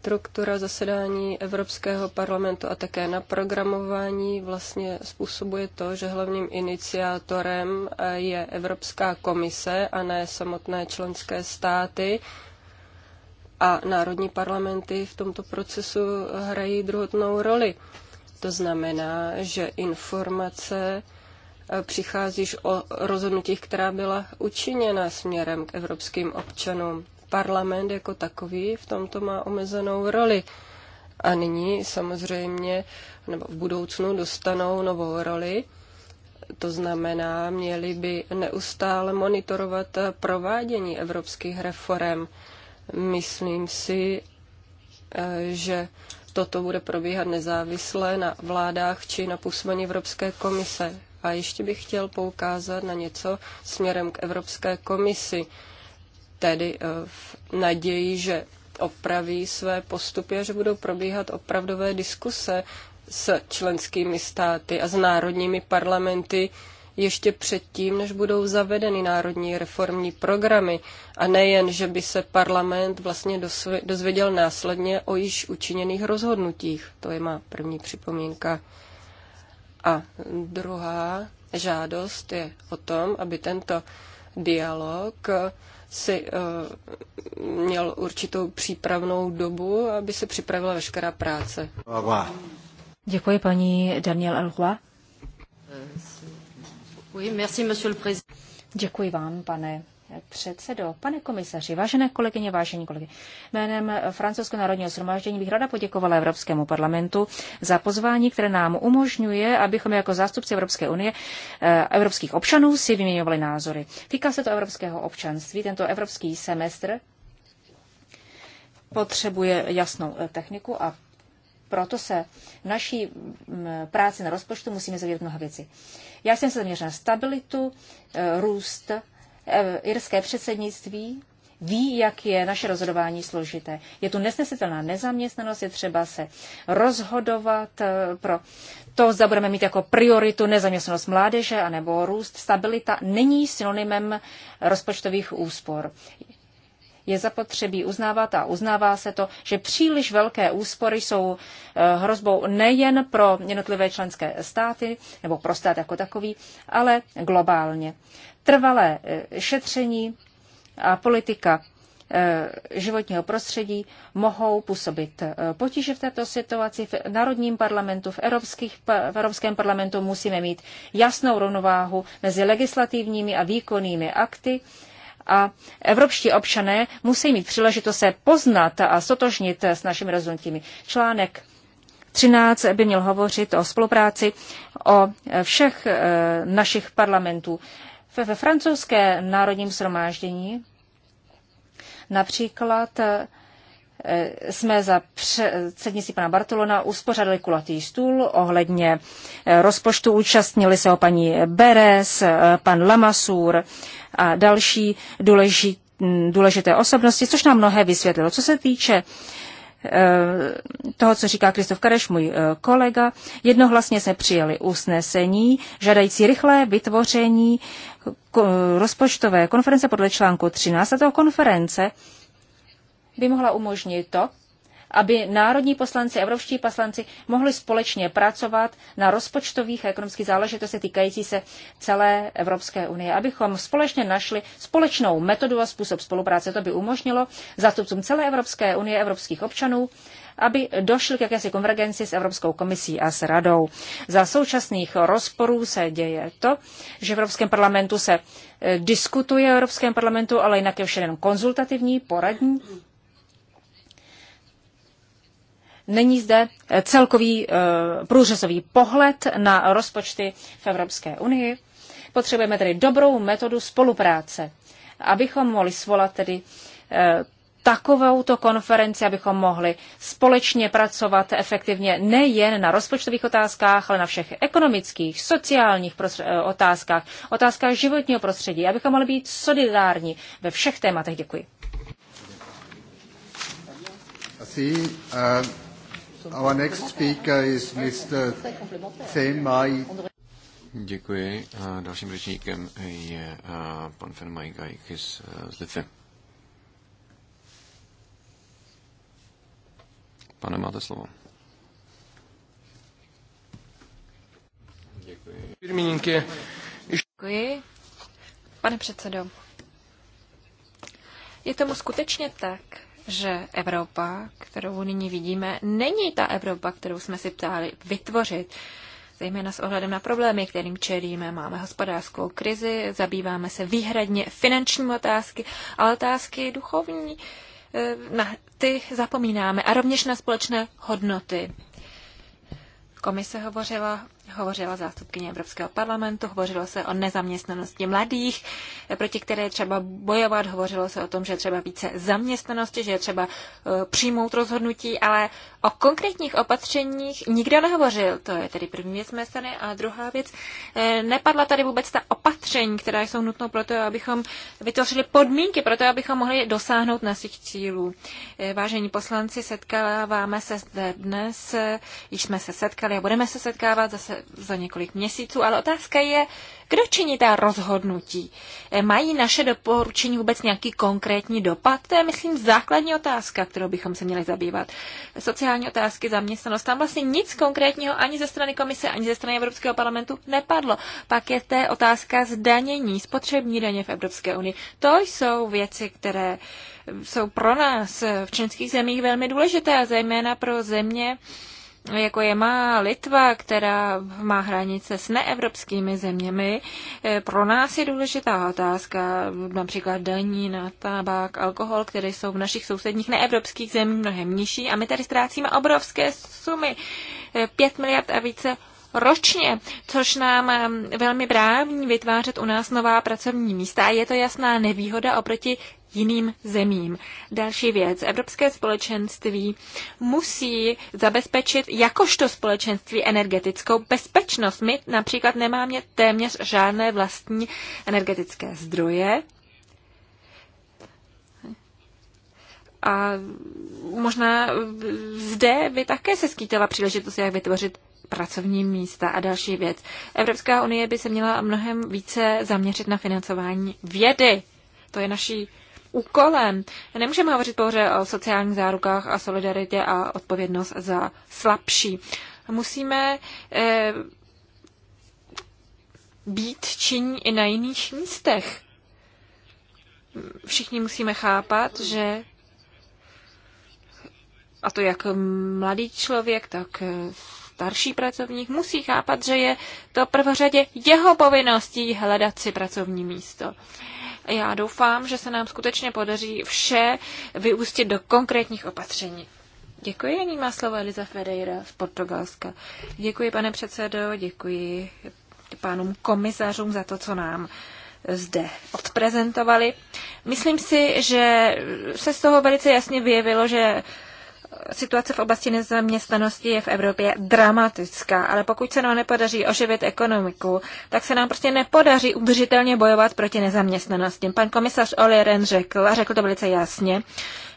struktura zasedání Evropského parlamentu a také na programování vlastně způsobuje to, že hlavním iniciátorem je Evropská komise a ne samotné členské státy, a národní parlamenty v tomto procesu hrají druhotnou roli. To znamená, že informace eh, přicházíš o rozhodnutích, která byla učiněna směrem k evropským občanům. Parlament jako takový v tomto má omezenou roli. A nyní samozřejmě, nebo v budoucnu dostanou novou roli. To znamená, měli by neustále monitorovat eh, provádění evropských reform Myslím si, eh, že toto bude probíhat nezávisle na vládách či na působení Evropské komise. A ještě bych chtěl poukázat na něco směrem k Evropské komisi, tedy eh, v naději, že opraví své postupy a že budou probíhat opravdové diskuse s členskými státy a s národními parlamenty, ještě předtím, než budou zavedeny národní reformní programy. A nejen, že by se parlament vlastně dozvěděl následně o již učiněných rozhodnutích. To je má první připomínka. A druhá žádost je o tom, aby tento dialog si uh, měl určitou přípravnou dobu, aby se připravila veškerá práce. Děkuji paní Daniel Elhua. Děkuji vám, pane předsedo, pane komisaři, vážené kolegyně, vážení kolegy. Jménem Francouzského národního shromáždění bych rada poděkovala Evropskému parlamentu za pozvání, které nám umožňuje, abychom jako zástupci Evropské unie, eh, evropských občanů si vyměňovali názory. Týká se to evropského občanství, tento evropský semestr potřebuje jasnou eh, techniku a proto se v naší mm, práci na rozpočtu musíme zavědět mnoha věci. Já jsem se zaměřila na stabilitu, eh, růst. Eh, irské předsednictví ví, jak je naše rozhodování složité. Je tu nesnesitelná nezaměstnanost, je třeba se rozhodovat eh, pro to, zda budeme mít jako prioritu nezaměstnanost mládeže anebo růst. Stabilita není synonymem rozpočtových úspor je zapotřebí uznávat a uznává se to, že příliš velké úspory jsou eh, hrozbou nejen pro jednotlivé členské státy nebo pro stát jako takový, ale globálně. Trvalé eh, šetření a politika eh, životního prostředí mohou působit potíže v této situaci. V Národním parlamentu, v, Evropských, v Evropském parlamentu musíme mít jasnou rovnováhu mezi legislativními a výkonnými akty, a evropští občané musí mít příležitost se poznat a sotožnit s našimi rozhodnutími. Článek 13 by měl hovořit o spolupráci o všech eh, našich parlamentů. Ve francouzské národním shromáždění například eh, Eh, jsme za předsednictví pana Bartolona uspořádali kulatý stůl ohledně eh, rozpočtu. Účastnili se ho paní Beres, eh, pan Lamasur a další mm, důležité osobnosti, což nám mnohé vysvětlilo. Co se týče toho, co říká Kristof Kareš, můj kolega. Jednohlasně se přijeli usnesení, žádající rychlé vytvoření rozpočtové konference podle článku 13. A toho konference by mohla umožnit to, aby národní poslanci, evropští poslanci mohli společně pracovat na rozpočtových a ekonomických záležitostech týkající se celé Evropské unie, abychom společně našli společnou metodu a způsob spolupráce. To by umožnilo zástupcům celé Evropské unie, evropských občanů, aby došli k jakési konvergenci s Evropskou komisí a s radou. Za současných rozporů se děje to, že v Evropském parlamentu se eh, diskutuje o Evropském parlamentu, ale jinak je všechno konzultativní, poradní není zde eh, celkový eh, průřezový pohled na rozpočty v Evropské unii. Potřebujeme tedy dobrou metodu spolupráce, abychom mohli svolat tedy eh, takovouto konferenci, abychom mohli společně pracovat efektivně nejen na rozpočtových otázkách, ale na všech ekonomických, sociálních otázkách, otázkách životního prostředí, abychom mohli být solidární ve všech tématech. Děkuji. Asi, uh... Our next speaker is Mr. Themai. Děkuji. A dalším řečníkem je pan Fermaj Gajkis z Litvy. Pane, máte slovo. Děkuji. Pane předsedo, je tomu skutečně tak, že Evropa, kterou nyní vidíme, není ta Evropa, kterou jsme si ptali vytvořit. Zejména s ohledem na problémy, kterým čelíme, máme hospodářskou krizi, zabýváme se výhradně finančními otázky, ale otázky duchovní, eh, na ty zapomínáme a rovněž na společné hodnoty. Komise hovořila hovořila zástupkyně Evropského parlamentu, hovořilo se o nezaměstnanosti mladých, proti které je třeba bojovat, hovořilo se o tom, že je třeba více zaměstnanosti, že je třeba eh, přijmout rozhodnutí, ale o konkrétních opatřeních nikdo nehovořil. To je tedy první věc mé strany. A druhá věc, eh, nepadla tady vůbec ta opatření, která jsou nutnou pro to, abychom vytvořili podmínky pro to, abychom mohli dosáhnout našich cílů. Eh, vážení poslanci, setkáváme se zde dnes, již jsme se setkali a budeme se setkávat zase za několik měsíců, ale otázka je, kdo činí ta rozhodnutí? E, mají naše doporučení vůbec nějaký konkrétní dopad? To je, myslím, základní otázka, kterou bychom se měli zabývat. Sociální otázky, zaměstnanost, tam vlastně nic konkrétního ani ze strany komise, ani ze strany Evropského parlamentu nepadlo. Pak je té otázka zdanění, spotřební daně v Evropské unii. To jsou věci, které jsou pro nás v členských zemích velmi důležité, zejména pro země, jako je má Litva, která má hranice s neevropskými zeměmi, eh, pro nás je důležitá otázka, například daní na tabák, alkohol, které jsou v našich sousedních neevropských zemích mnohem nižší a my tady ztrácíme obrovské sumy, 5 eh, miliard a více ročně, což nám eh, velmi brání vytvářet u nás nová pracovní místa a je to jasná nevýhoda oproti jiným zemím. Další věc. Evropské společenství musí zabezpečit jakožto společenství energetickou bezpečnost. My například nemáme téměř žádné vlastní energetické zdroje. A možná zde by také se skýtala příležitost, jak vytvořit pracovní místa a další věc. Evropská unie by se měla mnohem více zaměřit na financování vědy. To je naší úkolem. Nemůžeme hovořit pouze o sociálních zárukách a solidaritě a odpovědnost za slabší. Musíme eh, být činí i na jiných místech. Všichni musíme chápat, že a to jak mladý člověk, tak starší pracovník musí chápat, že je to prvořadě jeho povinností hledat si pracovní místo. Eh, já doufám, že se nám skutečně podaří vše vyústit do konkrétních opatření. Děkuji, Ani má slovo Eliza Ferreira z Portugalska. Děkuji, pane předsedo, děkuji pánům komisařům za to, co nám zde odprezentovali. Myslím si, že se z toho velice jasně vyjevilo, že situace v oblasti nezaměstnanosti je v Evropě dramatická, ale pokud se nám nepodaří oživit ekonomiku, tak se nám prostě nepodaří udržitelně bojovat proti nezaměstnanosti. Pan komisař Oli Ren řekl, a řekl to velice jasně,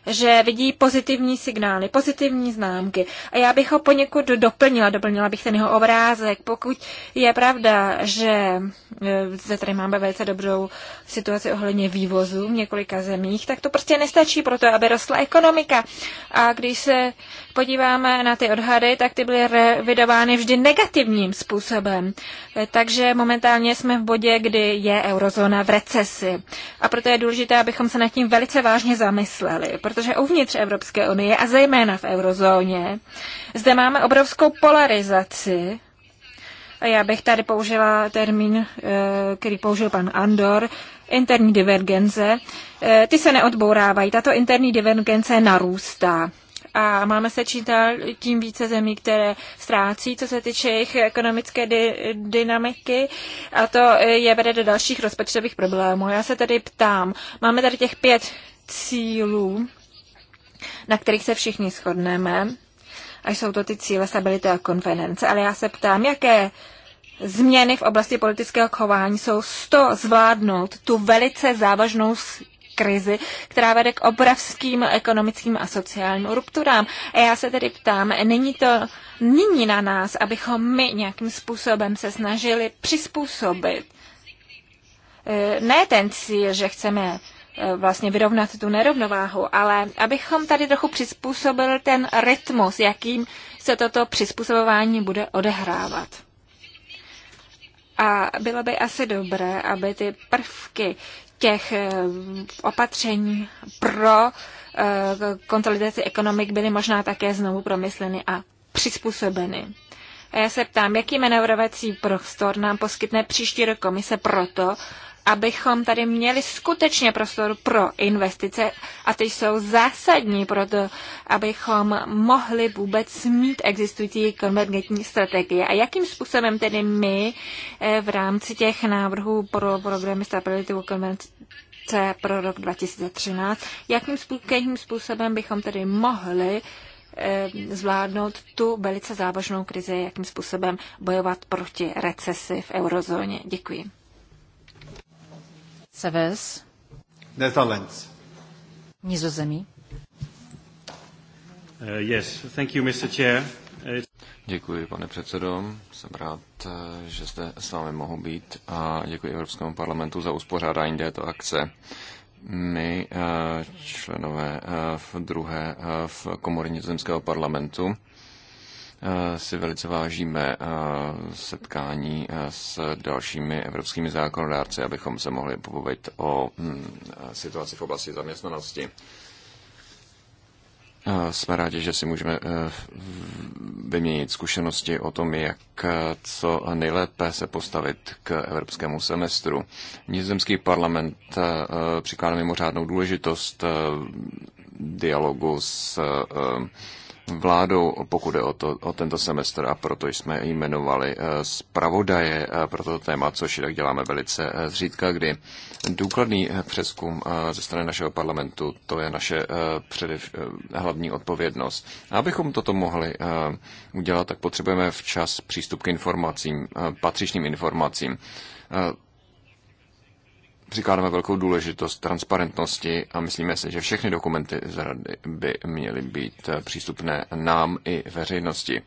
že vidí pozitivní signály, pozitivní známky. A já bych ho poněkud doplnila, doplnila bych ten jeho obrázek. Pokud je pravda, že zde tady máme velice dobrou situaci ohledně vývozu v několika zemích, tak to prostě nestačí pro to, aby rostla ekonomika. A když se podíváme na ty odhady, tak ty byly revidovány vždy negativním způsobem. Takže momentálně jsme v bodě, kdy je eurozóna v recesi. A proto je důležité, abychom se nad tím velice vážně zamysleli protože uvnitř Evropské unie a zejména v eurozóně zde máme obrovskou polarizaci. A já bych tady použila termín, eh, který použil pan Andor, interní divergence. Eh, ty se neodbourávají, tato interní divergence narůstá a máme se čítat tím více zemí, které ztrácí, co se týče jejich ekonomické dy, dynamiky a to eh, je vede do dalších rozpočtových problémů. Já se tady ptám, máme tady těch pět cílů, na kterých se všichni shodneme, a jsou to ty cíle stability a konvenence. Ale já se ptám, jaké změny v oblasti politického chování jsou z to zvládnout tu velice závažnou krizi, která vede k obrovským ekonomickým a sociálním rupturám. A já se tedy ptám, není to nyní na nás, abychom my nějakým způsobem se snažili přizpůsobit eh, ne ten cíl, že chceme Eh, vlastně vyrovnat tu nerovnováhu, ale abychom tady trochu přizpůsobili ten rytmus, jakým se toto přizpůsobování bude odehrávat. A bylo by asi dobré, aby ty prvky těch eh, opatření pro eh, konsolidaci ekonomik byly možná také znovu promysleny a přizpůsobeny. A já se ptám, jaký manévrovací prostor nám poskytne příští rok komise proto, abychom tady měli skutečně prostor pro investice a ty jsou zásadní pro to, abychom mohli vůbec mít existující konvergentní strategie. A jakým způsobem tedy my eh, v rámci těch návrhů pro programy stability konvence pro rok 2013, jakým způsobem bychom tedy mohli eh, zvládnout tu velice závažnou krizi, jakým způsobem bojovat proti recesi v eurozóně. Děkuji. Seves. Netherlands. Nizozemí. Uh, yes, thank you, Mr. Chair. Uh, děkuji, pane předsedo. Jsem rád, uh, že jste s vámi mohu být a děkuji Evropskému parlamentu za uspořádání této akce. My, uh, členové v druhé v komorní zemského parlamentu, Eh, si velice vážíme eh, setkání eh, s dalšími evropskými zákonodárci, abychom se mohli pobavit o hm, situaci v oblasti zaměstnanosti. Jsme rádi, že si můžeme vyměnit zkušenosti o tom, jak co nejlépe se postavit k evropskému semestru. Nizozemský parlament přikládá mimořádnou důležitost dialogu s vládou, pokud je o, to, o tento semestr a proto jsme jmenovali eh, zpravodaje eh, pro toto téma, což tak děláme velice eh, zřídka, kdy důkladný přeskum ze strany našeho parlamentu, to je naše předev, hlavní odpovědnost. A abychom toto mohli udělat, tak potřebujeme včas přístup k informacím, patřičným informacím přikládáme velkou důležitost transparentnosti a myslíme si, že všechny dokumenty z rady by měly být eh, přístupné nám i veřejnosti.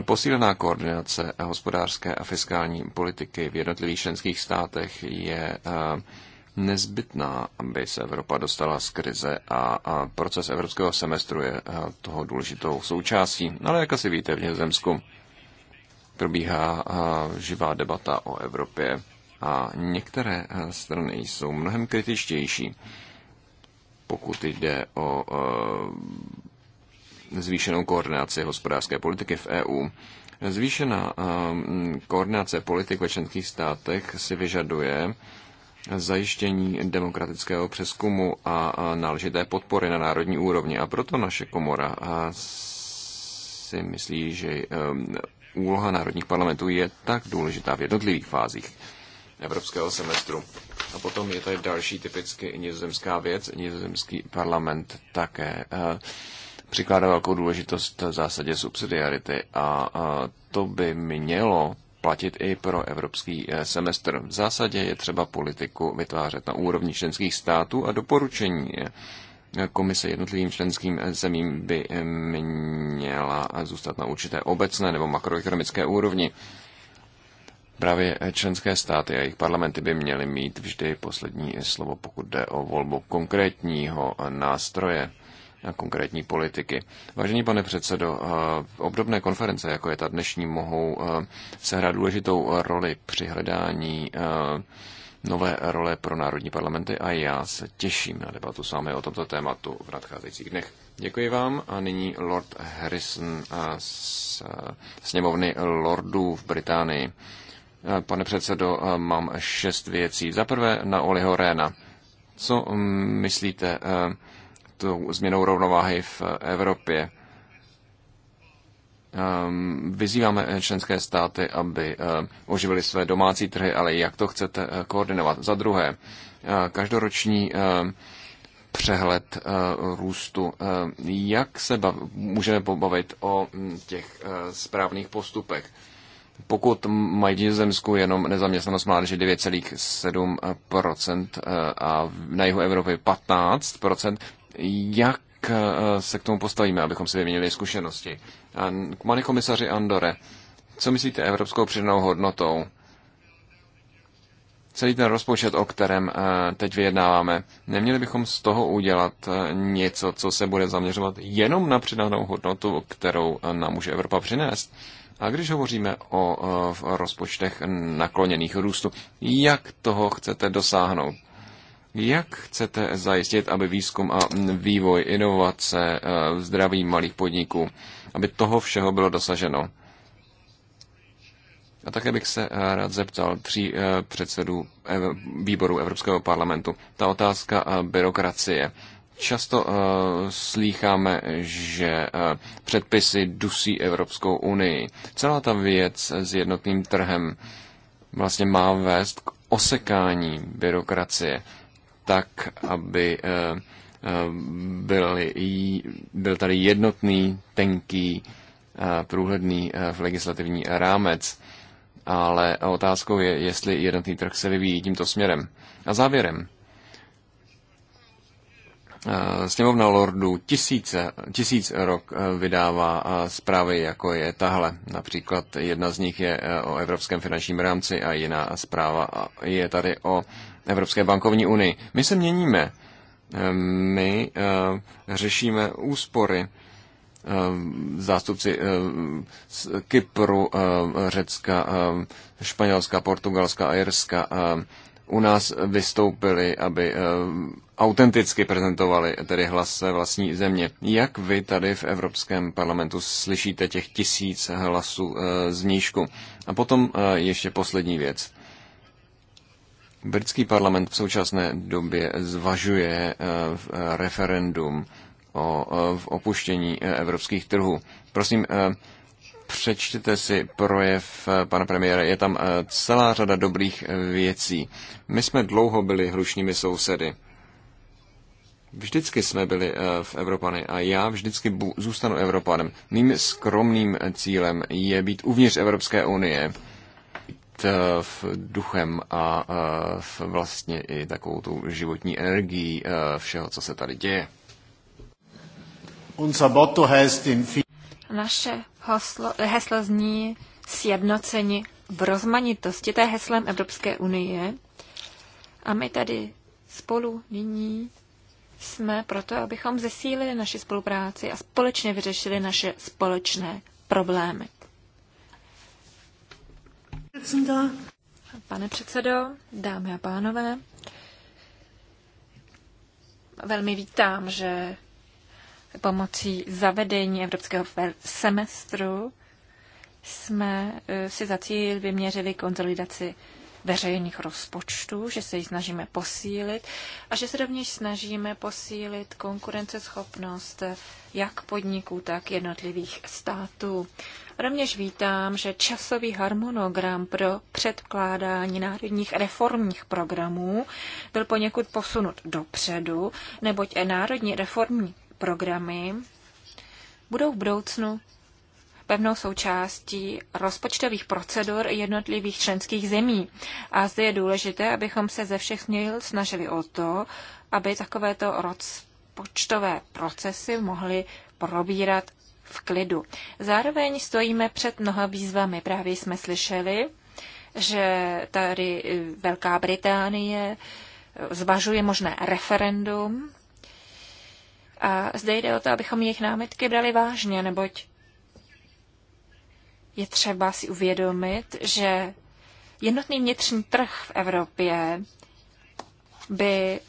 Posílená koordinace hospodářské a fiskální politiky v jednotlivých členských státech je eh, nezbytná, aby se Evropa dostala z krize a proces evropského semestru je eh, toho důležitou součástí. Ale jak asi víte, v Nizozemsku probíhá živá debata o Evropě a některé eh, strany jsou mnohem kritičtější, pokud jde o eh, zvýšenou koordinaci hospodářské politiky v EU. Zvýšená eh, koordinace politik ve členských státech si vyžaduje zajištění demokratického přeskumu a náležité podpory na národní úrovni. A proto naše komora si myslí, že úloha národních parlamentů je tak důležitá v jednotlivých fázích evropského semestru. A potom je tady další typicky nizozemská věc. Nizozemský parlament také eh, přikládá velkou důležitost v zásadě subsidiarity a eh, to by mělo platit i pro evropský eh, semestr. V zásadě je třeba politiku vytvářet na úrovni členských států a doporučení komise jednotlivým členským zemím by měla zůstat na určité obecné nebo makroekonomické úrovni. Právě členské státy a jejich parlamenty by měly mít vždy poslední slovo, pokud jde o volbu konkrétního nástroje a konkrétní politiky. Vážený pane předsedo, obdobné konference, jako je ta dnešní, mohou eh, sehrát důležitou roli při hledání eh, nové role pro národní parlamenty a já se těším na debatu s vámi o tomto tématu v nadcházejících dnech. Děkuji vám a nyní Lord Harrison eh, z sněmovny Lordů v Británii pane předsedo, eh, mám šest věcí. Za prvé na Oliho Réna. Co mm, myslíte eh, tou změnou rovnováhy v Evropě? Ehm, vyzýváme členské státy, aby eh, oživili své domácí trhy, ale jak to chcete koordinovat? Za druhé, každoroční přehled růstu. Jak se bav- můžeme pobavit o hm, těch správných postupech? Pokud mají v jenom nezaměstnanost mládeže 9,7% eh, a na jihu Evropy 15%, jak eh, se k tomu postavíme, abychom si vyměnili zkušenosti? Pane komisaři Andore, co myslíte evropskou přidanou hodnotou? Celý ten rozpočet, o kterém eh, teď vyjednáváme, neměli bychom z toho udělat něco, co se bude zaměřovat jenom na přidanou hodnotu, kterou nám může Evropa přinést? A když hovoříme o e, rozpočtech nakloněných růstu, jak toho chcete dosáhnout? Jak chcete zajistit, aby výzkum a vývoj, inovace, e, zdraví malých podniků, aby toho všeho bylo dosaženo? A také bych se e, rád zeptal tří předsedů výboru Evropského parlamentu. Ta otázka byrokracie. Často uh, slýcháme, že uh, předpisy dusí Evropskou unii. Celá ta věc s jednotným trhem vlastně má vést k osekání byrokracie, tak, aby uh, eh, byl, byl tady jednotný, tenký, průhledný legislativní rámec. Ale otázkou je, jestli jednotný trh se vyvíjí tímto směrem. A závěrem. Eh, sněmovna lordů tisíce, tisíc rok eh, vydává eh, zprávy, jako je tahle. Například jedna z nich je o Evropském finančním rámci a jiná zpráva je tady o Evropské bankovní unii. My se měníme. My řešíme úspory zástupci z Kypru, Řecka, Španělska, Portugalska a Jirska u nás vystoupili, aby eh, autenticky prezentovali tedy hlas své vlastní země. Jak vy tady v Evropském parlamentu slyšíte těch tisíc hlasů eh, z nížku? A potom eh, ještě poslední věc. Britský parlament v současné době zvažuje referendum o opuštění evropských trhů. Prosím, přečtěte si projev eh, pana premiéra, je tam eh, celá řada dobrých eh, věcí. My jsme dlouho byli hrušními sousedy. Vždycky jsme byli v Evropany a já vždycky zůstanu Evropanem. Mým skromným cílem je být uvnitř Evropské unie v duchem a v vlastně i takovou tu životní energii všeho, co se tady děje. Unser Motto heißt in naše heslo, heslo zní sjednoceni v rozmanitosti. To je heslem Evropské unie. A my tady spolu nyní jsme proto, abychom zesílili naši spolupráci a společně vyřešili naše společné problémy. Pane předsedo, dámy a pánové, velmi vítám, že pomocí zavedení evropského semestru jsme e, si za cíl vyměřili konsolidaci veřejných rozpočtů, že se ji snažíme posílit a že se rovněž snažíme posílit konkurenceschopnost jak podniků, tak jednotlivých států. Rovněž vítám, že časový harmonogram pro předkládání národních reformních programů byl poněkud posunut dopředu, neboť národní reformní programy budou v budoucnu pevnou součástí rozpočtových procedur jednotlivých členských zemí. A zde je důležité, abychom se ze všech směrů snažili o to, aby takovéto rozpočtové procesy mohly probírat v klidu. Zároveň stojíme před mnoha výzvami. Právě jsme slyšeli, že tady Velká Británie zvažuje možné referendum a zde jde o to, abychom jejich námitky brali vážně, neboť je třeba si uvědomit, že jednotný vnitřní trh v Evropě by,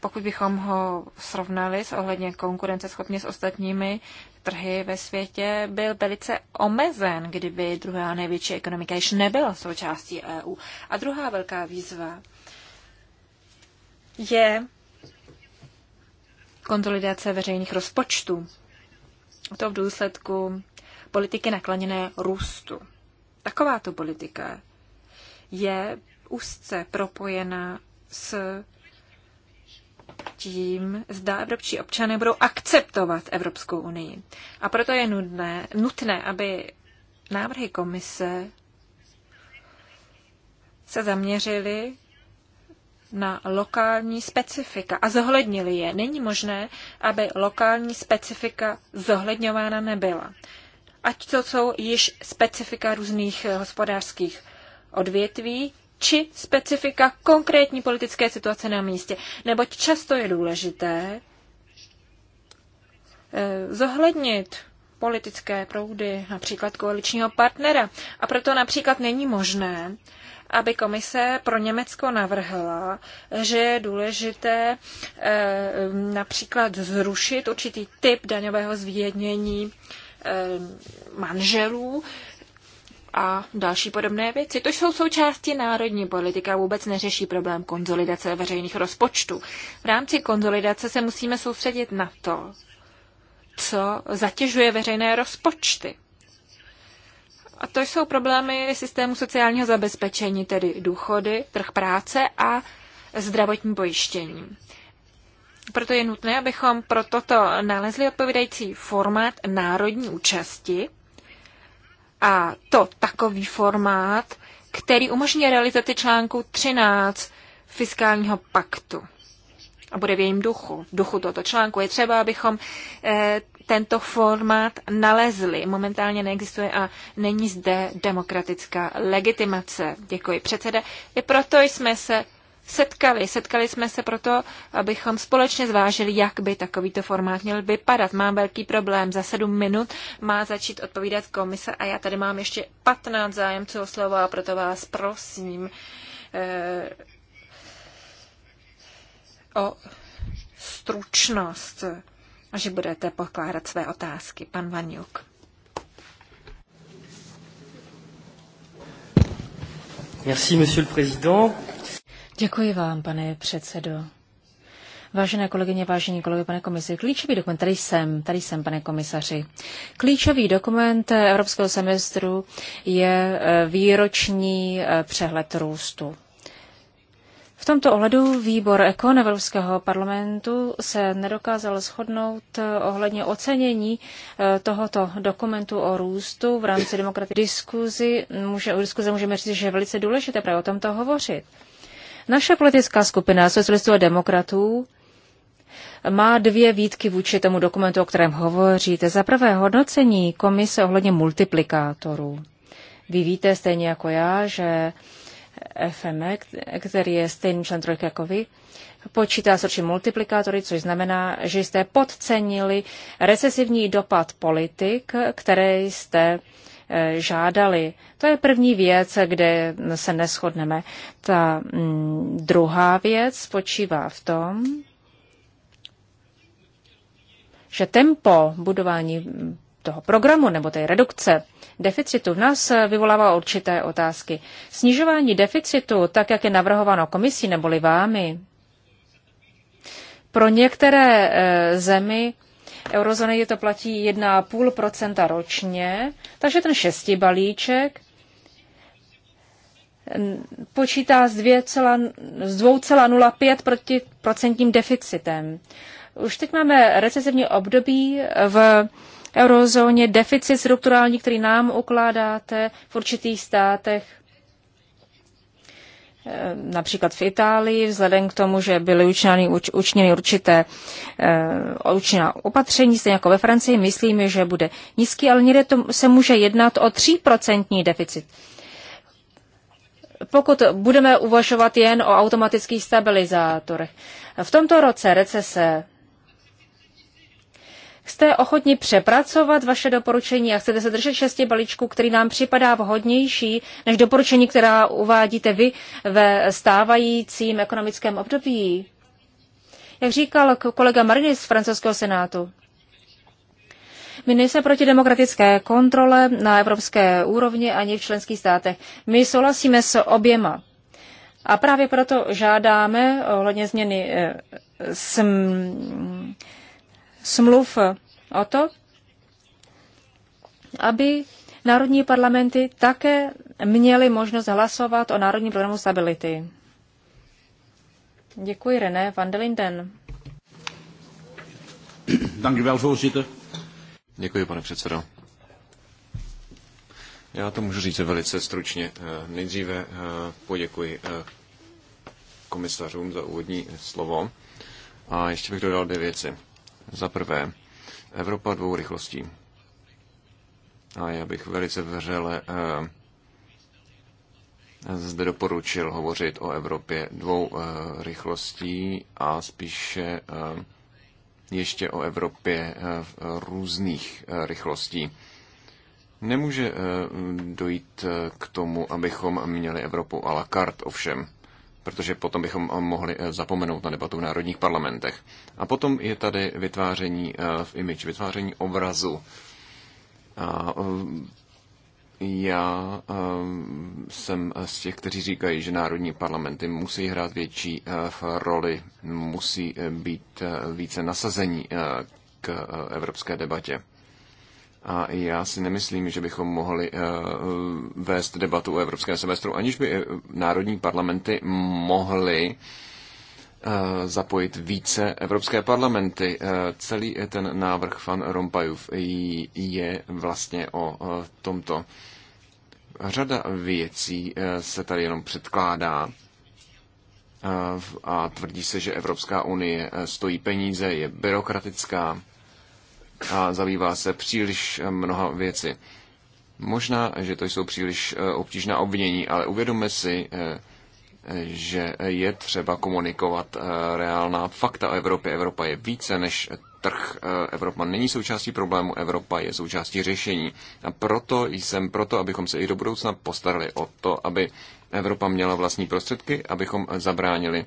pokud bychom ho srovnali s ohledně konkurenceschopně s ostatními trhy ve světě, byl velice omezen, kdyby druhá největší ekonomika již nebyla součástí EU. A druhá velká výzva je konsolidace veřejných rozpočtů. To v důsledku politiky nakloněné růstu. Takováto politika je úzce propojena s tím, zda evropští občané budou akceptovat Evropskou unii. A proto je nutné nutné, aby návrhy komise se zaměřily na lokální specifika a zohlednili je. Není možné, aby lokální specifika zohledňována nebyla. Ať to jsou již specifika různých eh, hospodářských odvětví, či specifika konkrétní politické situace na místě. Neboť často je důležité eh, zohlednit politické proudy, například koaličního partnera. A proto například není možné, aby komise pro Německo navrhla, že je důležité eh, například zrušit určitý typ daňového zvědnění eh, manželů, a další podobné věci. To jsou součásti národní politiky a vůbec neřeší problém konzolidace veřejných rozpočtů. V rámci konzolidace se musíme soustředit na to, co zatěžuje veřejné rozpočty. A to jsou problémy systému sociálního zabezpečení, tedy důchody, trh práce a zdravotní pojištění. Proto je nutné, abychom pro toto nalezli odpovídající formát národní účasti a to takový formát, který umožní realizaci článku 13 fiskálního paktu a bude v jejím duchu, v duchu tohoto článku. Je třeba, abychom eh, tento formát nalezli. Momentálně neexistuje a není zde demokratická legitimace. Děkuji předsede. I proto jsme se setkali. Setkali jsme se proto, abychom společně zvážili, jak by takovýto formát měl vypadat. Mám velký problém. Za sedm minut má začít odpovídat komise a já tady mám ještě 15 zájemců o slovo a proto vás prosím eh, o stručnost a že budete pokládat své otázky. Pan Vanjuk. Merci, monsieur le président. Děkuji vám, pane předsedo. Vážené kolegyně, vážení kolegové, pane komisi, klíčový dokument, tady jsem, tady jsem, pane komisaři. Klíčový dokument Evropského semestru je eh, výroční eh, přehled růstu. V tomto ohledu výbor Ekon Evropského parlamentu se nedokázal shodnout eh, ohledně ocenění eh, tohoto dokumentu o růstu v rámci demokratické diskuzi. Může, o diskuze můžeme říct, že je velice důležité právě o tomto hovořit. Naše politická skupina socialistů a demokratů má dvě výtky vůči tomu dokumentu, o kterém hovoříte. Za prvé hodnocení komise ohledně multiplikátorů. Vy víte stejně jako já, že FME, který je stejný člen trojky jako vy, počítá s určitým multiplikátory, což znamená, že jste podcenili recesivní dopad politik, které jste eh, žádali. To je první věc, kde se neschodneme. Ta mm, druhá věc spočívá v tom, že tempo budování toho programu nebo té redukce deficitu v nás eh, vyvolává určité otázky. Snižování deficitu, tak jak je navrhováno komisí neboli vámi, pro některé eh, zemi eurozóny je to platí 1,5 ročně, takže ten šestý balíček počítá s 2,05 procentním deficitem. Už teď máme recesivní období v eurozóně, deficit strukturální, který nám ukládáte v určitých státech, eh, například v Itálii, vzhledem k tomu, že byly učiněny, uč, učiněny určité eh, učiněna opatření, stejně jako ve Francii, myslíme, že bude nízký, ale někde to se může jednat o 3% deficit. Pokud budeme uvažovat jen o automatických stabilizátorech, v tomto roce recese Jste ochotni přepracovat vaše doporučení a chcete se držet šesti balíčků, který nám připadá vhodnější než doporučení, která uvádíte vy ve stávajícím ekonomickém období? Jak říkal kolega Marinis z francouzského senátu, my nejsme proti demokratické kontrole na evropské úrovni ani v členských státech. My souhlasíme s oběma. A právě proto žádáme ohledně změny eh, sm, smluv o to, aby národní parlamenty také měly možnost hlasovat o Národním programu stability. Děkuji, René van der Linden. Děkuji, pane předsedo. Já to můžu říct velice stručně. Eh, nejdříve eh, poděkuji eh, komisařům za úvodní slovo. A ještě bych dodal dvě věci. Za prvé, Evropa dvou rychlostí. A já bych velice vřele eh, zde doporučil hovořit o Evropě dvou eh, rychlostí a spíše eh, ještě o Evropě různých rychlostí. Nemůže dojít k tomu, abychom měli Evropu a la carte ovšem protože potom bychom mohli eh, zapomenout na debatu v národních parlamentech. A potom je tady vytváření eh, v image, vytváření obrazu. A eh, já jsem z těch, kteří říkají, že národní parlamenty musí hrát větší v roli, musí být více nasazení k evropské debatě. A já si nemyslím, že bychom mohli eh, vést debatu o evropském semestru, aniž by eh, národní parlamenty mohly eh, zapojit více evropské parlamenty. Celý ten návrh van Rompajův je vlastně o tomto. Řada věcí se tady jenom předkládá a tvrdí se, že Evropská unie stojí peníze, je byrokratická a zabývá se příliš eh, mnoha věci. Možná, že to jsou příliš eh, obtížná obvinění, ale uvědomme si, eh, že je třeba komunikovat reálná fakta o Evropě. Evropa je více než trh. Evropa není součástí problému, Evropa je součástí řešení. A proto jsem proto, abychom se i do budoucna postarali o to, aby Evropa měla vlastní prostředky, abychom zabránili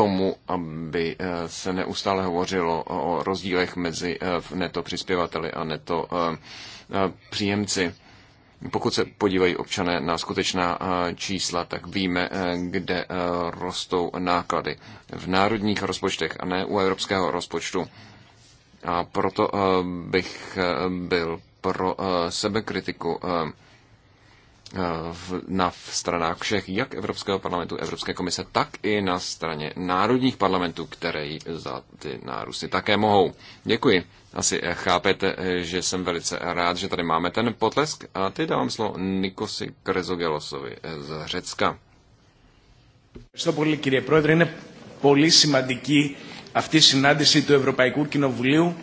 tomu, aby eh, se neustále hovořilo o rozdílech mezi eh, neto přispěvateli a neto eh, příjemci. Pokud se podívají občané na skutečná čísla, tak víme, kde rostou náklady. V národních rozpočtech a ne u evropského rozpočtu. A proto bych byl pro sebekritiku kritiku v na stranách všech, jak Evropského parlamentu, Evropské komise, tak i na straně národních parlamentů, které za ty nárůsty také mohou. Děkuji. Asi chápete, že jsem velice rád, že tady máme ten potlesk. A teď dávám slovo Nikosi Krezogelosovi z Řecka. Ευχαριστώ πολύ κύριε Πρόεδρε. Είναι πολύ σημαντική αυτή η συνάντηση του Ευρωπαϊκού Κοινοβουλίου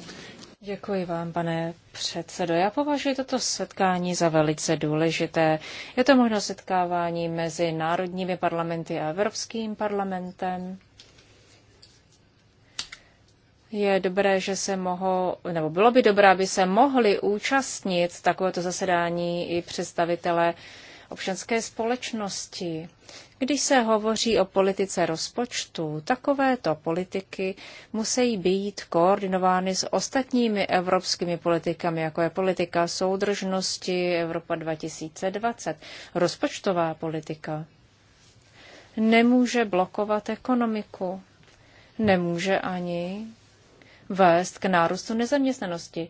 Děkuji vám, pane předsedo. Já považuji toto setkání za velice důležité. Je to možná setkávání mezi národními parlamenty a Evropským parlamentem. Je dobré, že se mohou, nebo bylo by dobré, aby se mohli účastnit takovéto zasedání i představitelé občanské společnosti. Když se hovoří o politice rozpočtu, takovéto politiky musí být koordinovány s ostatními evropskými politikami, jako je politika soudržnosti Evropa 2020, rozpočtová politika. Nemůže blokovat ekonomiku, nemůže ani vést k nárůstu nezaměstnanosti.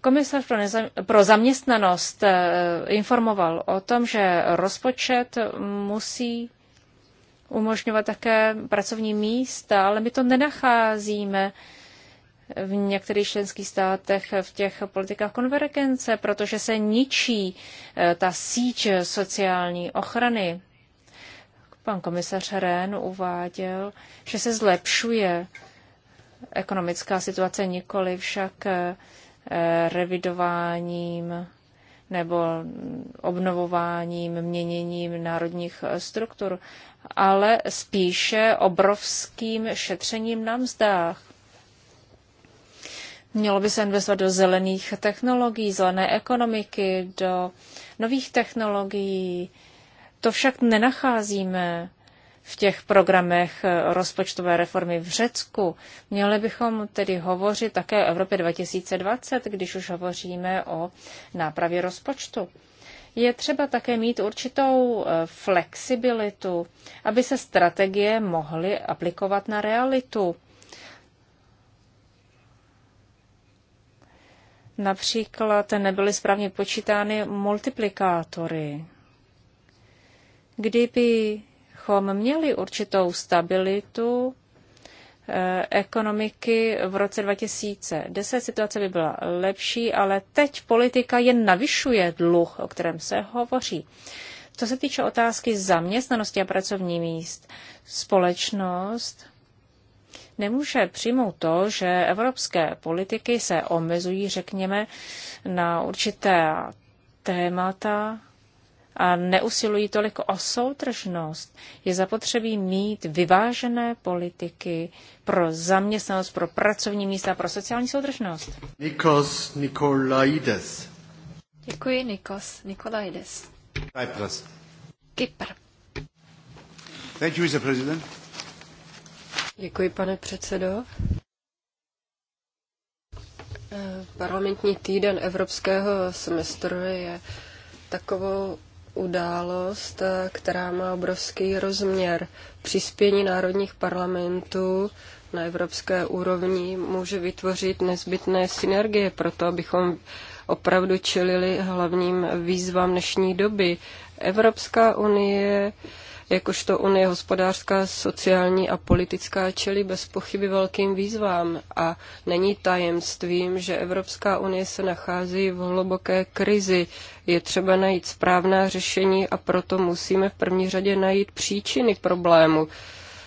Komisař pro, nezam- pro zaměstnanost eh, informoval o tom, že rozpočet musí umožňovat také pracovní místa, ale my to nenacházíme v některých členských státech v těch politikách konvergence, protože se ničí eh, ta síť sociální ochrany. Pan komisař Rehn uváděl, že se zlepšuje ekonomická situace nikoli však eh, Eh, revidováním nebo obnovováním, měněním národních eh, struktur, ale spíše obrovským šetřením na mzdách. Mělo by se investovat do zelených technologií, zelené ekonomiky, do nových technologií. To však nenacházíme v těch programech eh, rozpočtové reformy v Řecku. Měli bychom tedy hovořit také o Evropě 2020, když už hovoříme o nápravě rozpočtu. Je třeba také mít určitou eh, flexibilitu, aby se strategie mohly aplikovat na realitu. Například nebyly správně počítány multiplikátory. Kdyby abychom měli určitou stabilitu eh, ekonomiky v roce 2010. Situace by byla lepší, ale teď politika jen navyšuje dluh, o kterém se hovoří. Co se týče otázky zaměstnanosti a pracovní míst, společnost nemůže přijmout to, že evropské politiky se omezují, řekněme, na určité témata, a neusilují tolik o soutržnost. Je zapotřebí mít vyvážené politiky pro zaměstnanost, pro pracovní místa, pro sociální soudržnost. Nikos Nikolaides. Děkuji, Nikos Nikolaides. Cyprus. Kypr. Thank you, Mr. President. Děkuji, pane předsedo. Eh, parlamentní týden evropského semestru je takovou událost, eh, která má obrovský rozměr. Přispění národních parlamentů na evropské úrovni může vytvořit nezbytné synergie pro to, abychom opravdu čelili hlavním výzvám dnešní doby. Evropská unie jakožto Unie hospodářská, sociální a politická čelí bez pochyby velkým výzvám a není tajemstvím, že Evropská unie se nachází v hluboké krizi. Je třeba najít správná řešení a proto musíme v první řadě najít příčiny problému.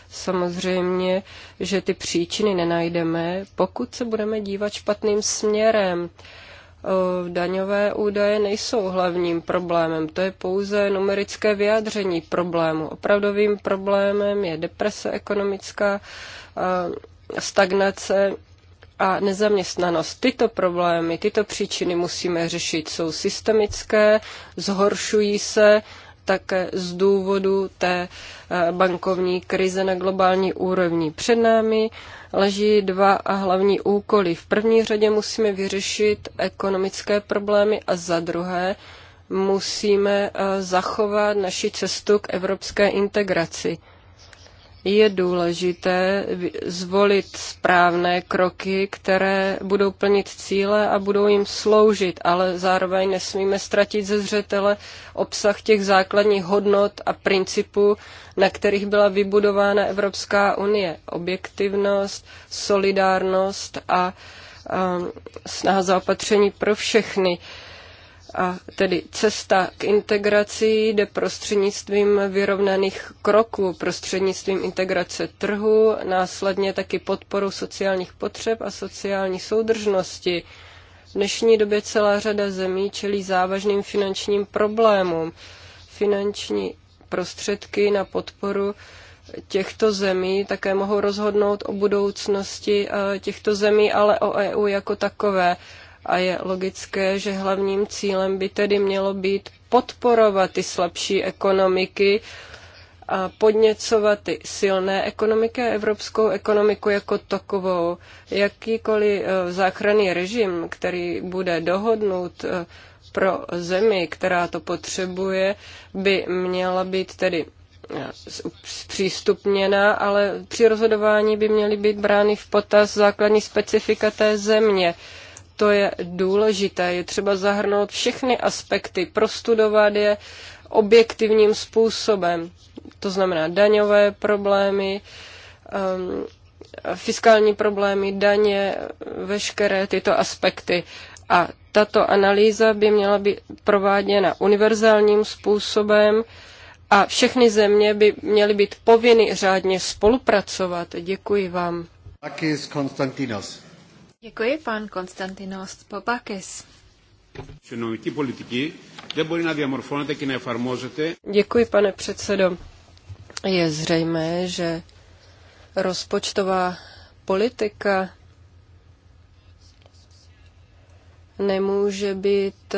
Samozřejmě, že ty příčiny nenajdeme, pokud se budeme dívat špatným směrem. Eh, daňové údaje nejsou hlavním problémem, to je pouze numerické vyjádření problému. Opravdovým problémem je deprese ekonomická, eh, stagnace a nezaměstnanost. Tyto problémy, tyto příčiny musíme řešit. Jsou systemické, zhoršují se, také z důvodu té eh, bankovní krize na globální úrovni. Před námi leží dva a hlavní úkoly. V první řadě musíme vyřešit ekonomické problémy a za druhé musíme eh, zachovat naši cestu k evropské integraci je důležité zvolit správné kroky, které budou plnit cíle a budou jim sloužit, ale zároveň nesmíme ztratit ze zřetele obsah těch základních hodnot a principů, na kterých byla vybudována Evropská unie. Objektivnost, solidárnost a um, snaha zaopatření pro všechny. A tedy cesta k integraci jde prostřednictvím vyrovnaných kroků, prostřednictvím integrace trhu, následně taky podporu sociálních potřeb a sociální soudržnosti. V dnešní době celá řada zemí čelí závažným finančním problémům. Finanční prostředky na podporu těchto zemí také mohou rozhodnout o budoucnosti eh, těchto zemí, ale o EU jako takové a je logické, že hlavním cílem by tedy mělo být podporovat ty slabší ekonomiky a podněcovat ty silné ekonomiky a evropskou ekonomiku jako takovou. Jakýkoliv eh, záchranný režim, který bude dohodnut eh, pro zemi, která to potřebuje, by měla být tedy eh, zpřístupněna, ale při rozhodování by měly být brány v potaz základní specifika té země to je důležité. Je třeba zahrnout všechny aspekty, prostudovat je objektivním způsobem. To znamená daňové problémy, um, fiskální problémy, daně, veškeré tyto aspekty. A tato analýza by měla být prováděna univerzálním způsobem a všechny země by měly být povinny řádně spolupracovat. Děkuji vám. Takis Konstantinos. Děkuji, pan Konstantinos Popakis. Děkuji, pane předsedo. Je zřejmé, že rozpočtová politika nemůže být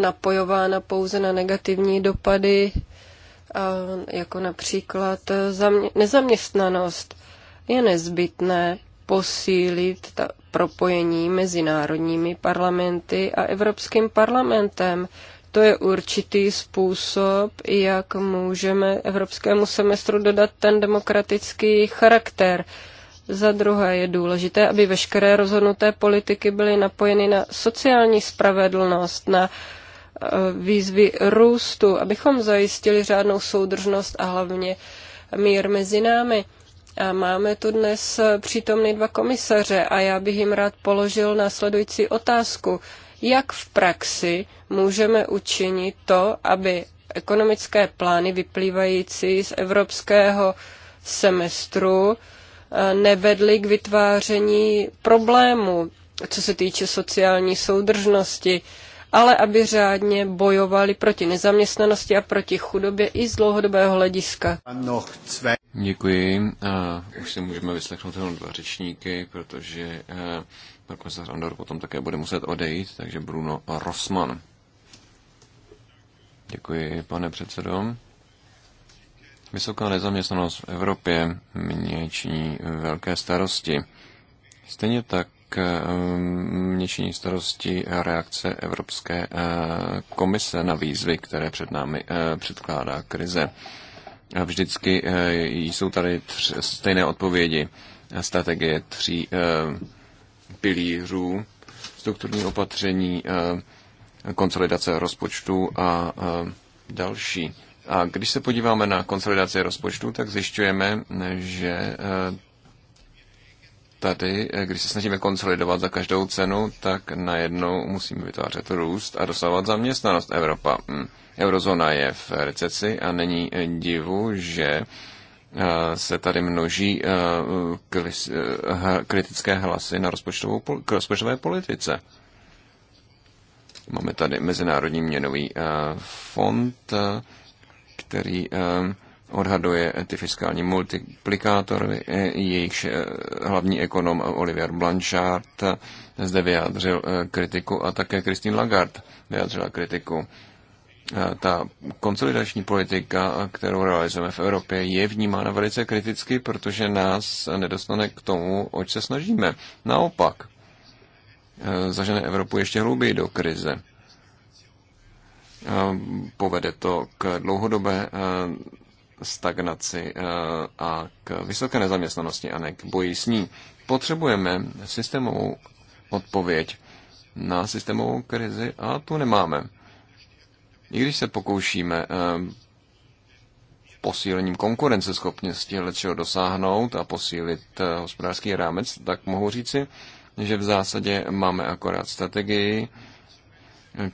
napojována pouze na negativní dopady, jako například nezaměstnanost. Je nezbytné posílit ta propojení mezi národními parlamenty a Evropským parlamentem. To je určitý způsob, jak můžeme evropskému semestru dodat ten demokratický charakter. Za druhé je důležité, aby veškeré rozhodnuté politiky byly napojeny na sociální spravedlnost, na e, výzvy růstu, abychom zajistili řádnou soudržnost a hlavně mír mezi námi. A máme tu dnes přítomny dva komisaře a já bych jim rád položil následující otázku. Jak v praxi můžeme učinit to, aby ekonomické plány vyplývající z evropského semestru eh, nevedly k vytváření problému, co se týče sociální soudržnosti, ale aby řádně bojovali proti nezaměstnanosti a proti chudobě i z dlouhodobého hlediska. Děkuji. A už si můžeme vyslechnout jenom dva řečníky, protože uh, eh, pan Andor potom také bude muset odejít, takže Bruno Rosman. Děkuji, pane předsedo. Vysoká nezaměstnanost v Evropě mě činí velké starosti. Stejně tak k um, měšení starosti reakce Evropské uh, komise na výzvy, které před námi uh, předkládá krize. Vždycky uh, jsou tady tři, stejné odpovědi. Strategie tří pilířů, strukturní opatření, konsolidace rozpočtu a další. A když se podíváme na konsolidaci rozpočtu, tak zjišťujeme, že tady, eh, když se snažíme konsolidovat za každou cenu, tak najednou musíme vytvářet růst a dosávat zaměstnanost. Evropa, hm, eurozóna je v recesi a není eh, divu, že eh, se tady množí kritické hlasy na rozpočtovou, k rozpočtové politice. Máme tady Mezinárodní měnový fond, který odhaduje ty fiskální multiplikátory. Eh, Jejich eh, hlavní ekonom Olivier Blanchard eh, zde vyjádřil kritiku a také Christine Lagarde vyjádřila kritiku. Ta konsolidační politika, kterou realizujeme v Evropě, je vnímána velice kriticky, protože nás nedostane k tomu, oč se snažíme. Naopak, zažene Evropu ještě hlouběji do krize. Povede to k dlouhodobé stagnaci eh, a k vysoké nezaměstnanosti a ne k boji s ní. Potřebujeme systémovou odpověď na systémovou krizi a tu nemáme. I když se pokoušíme eh, posílením konkurenceschopnosti lečeho dosáhnout a posílit eh, hospodářský rámec, tak mohu říci, že v zásadě máme akorát strategii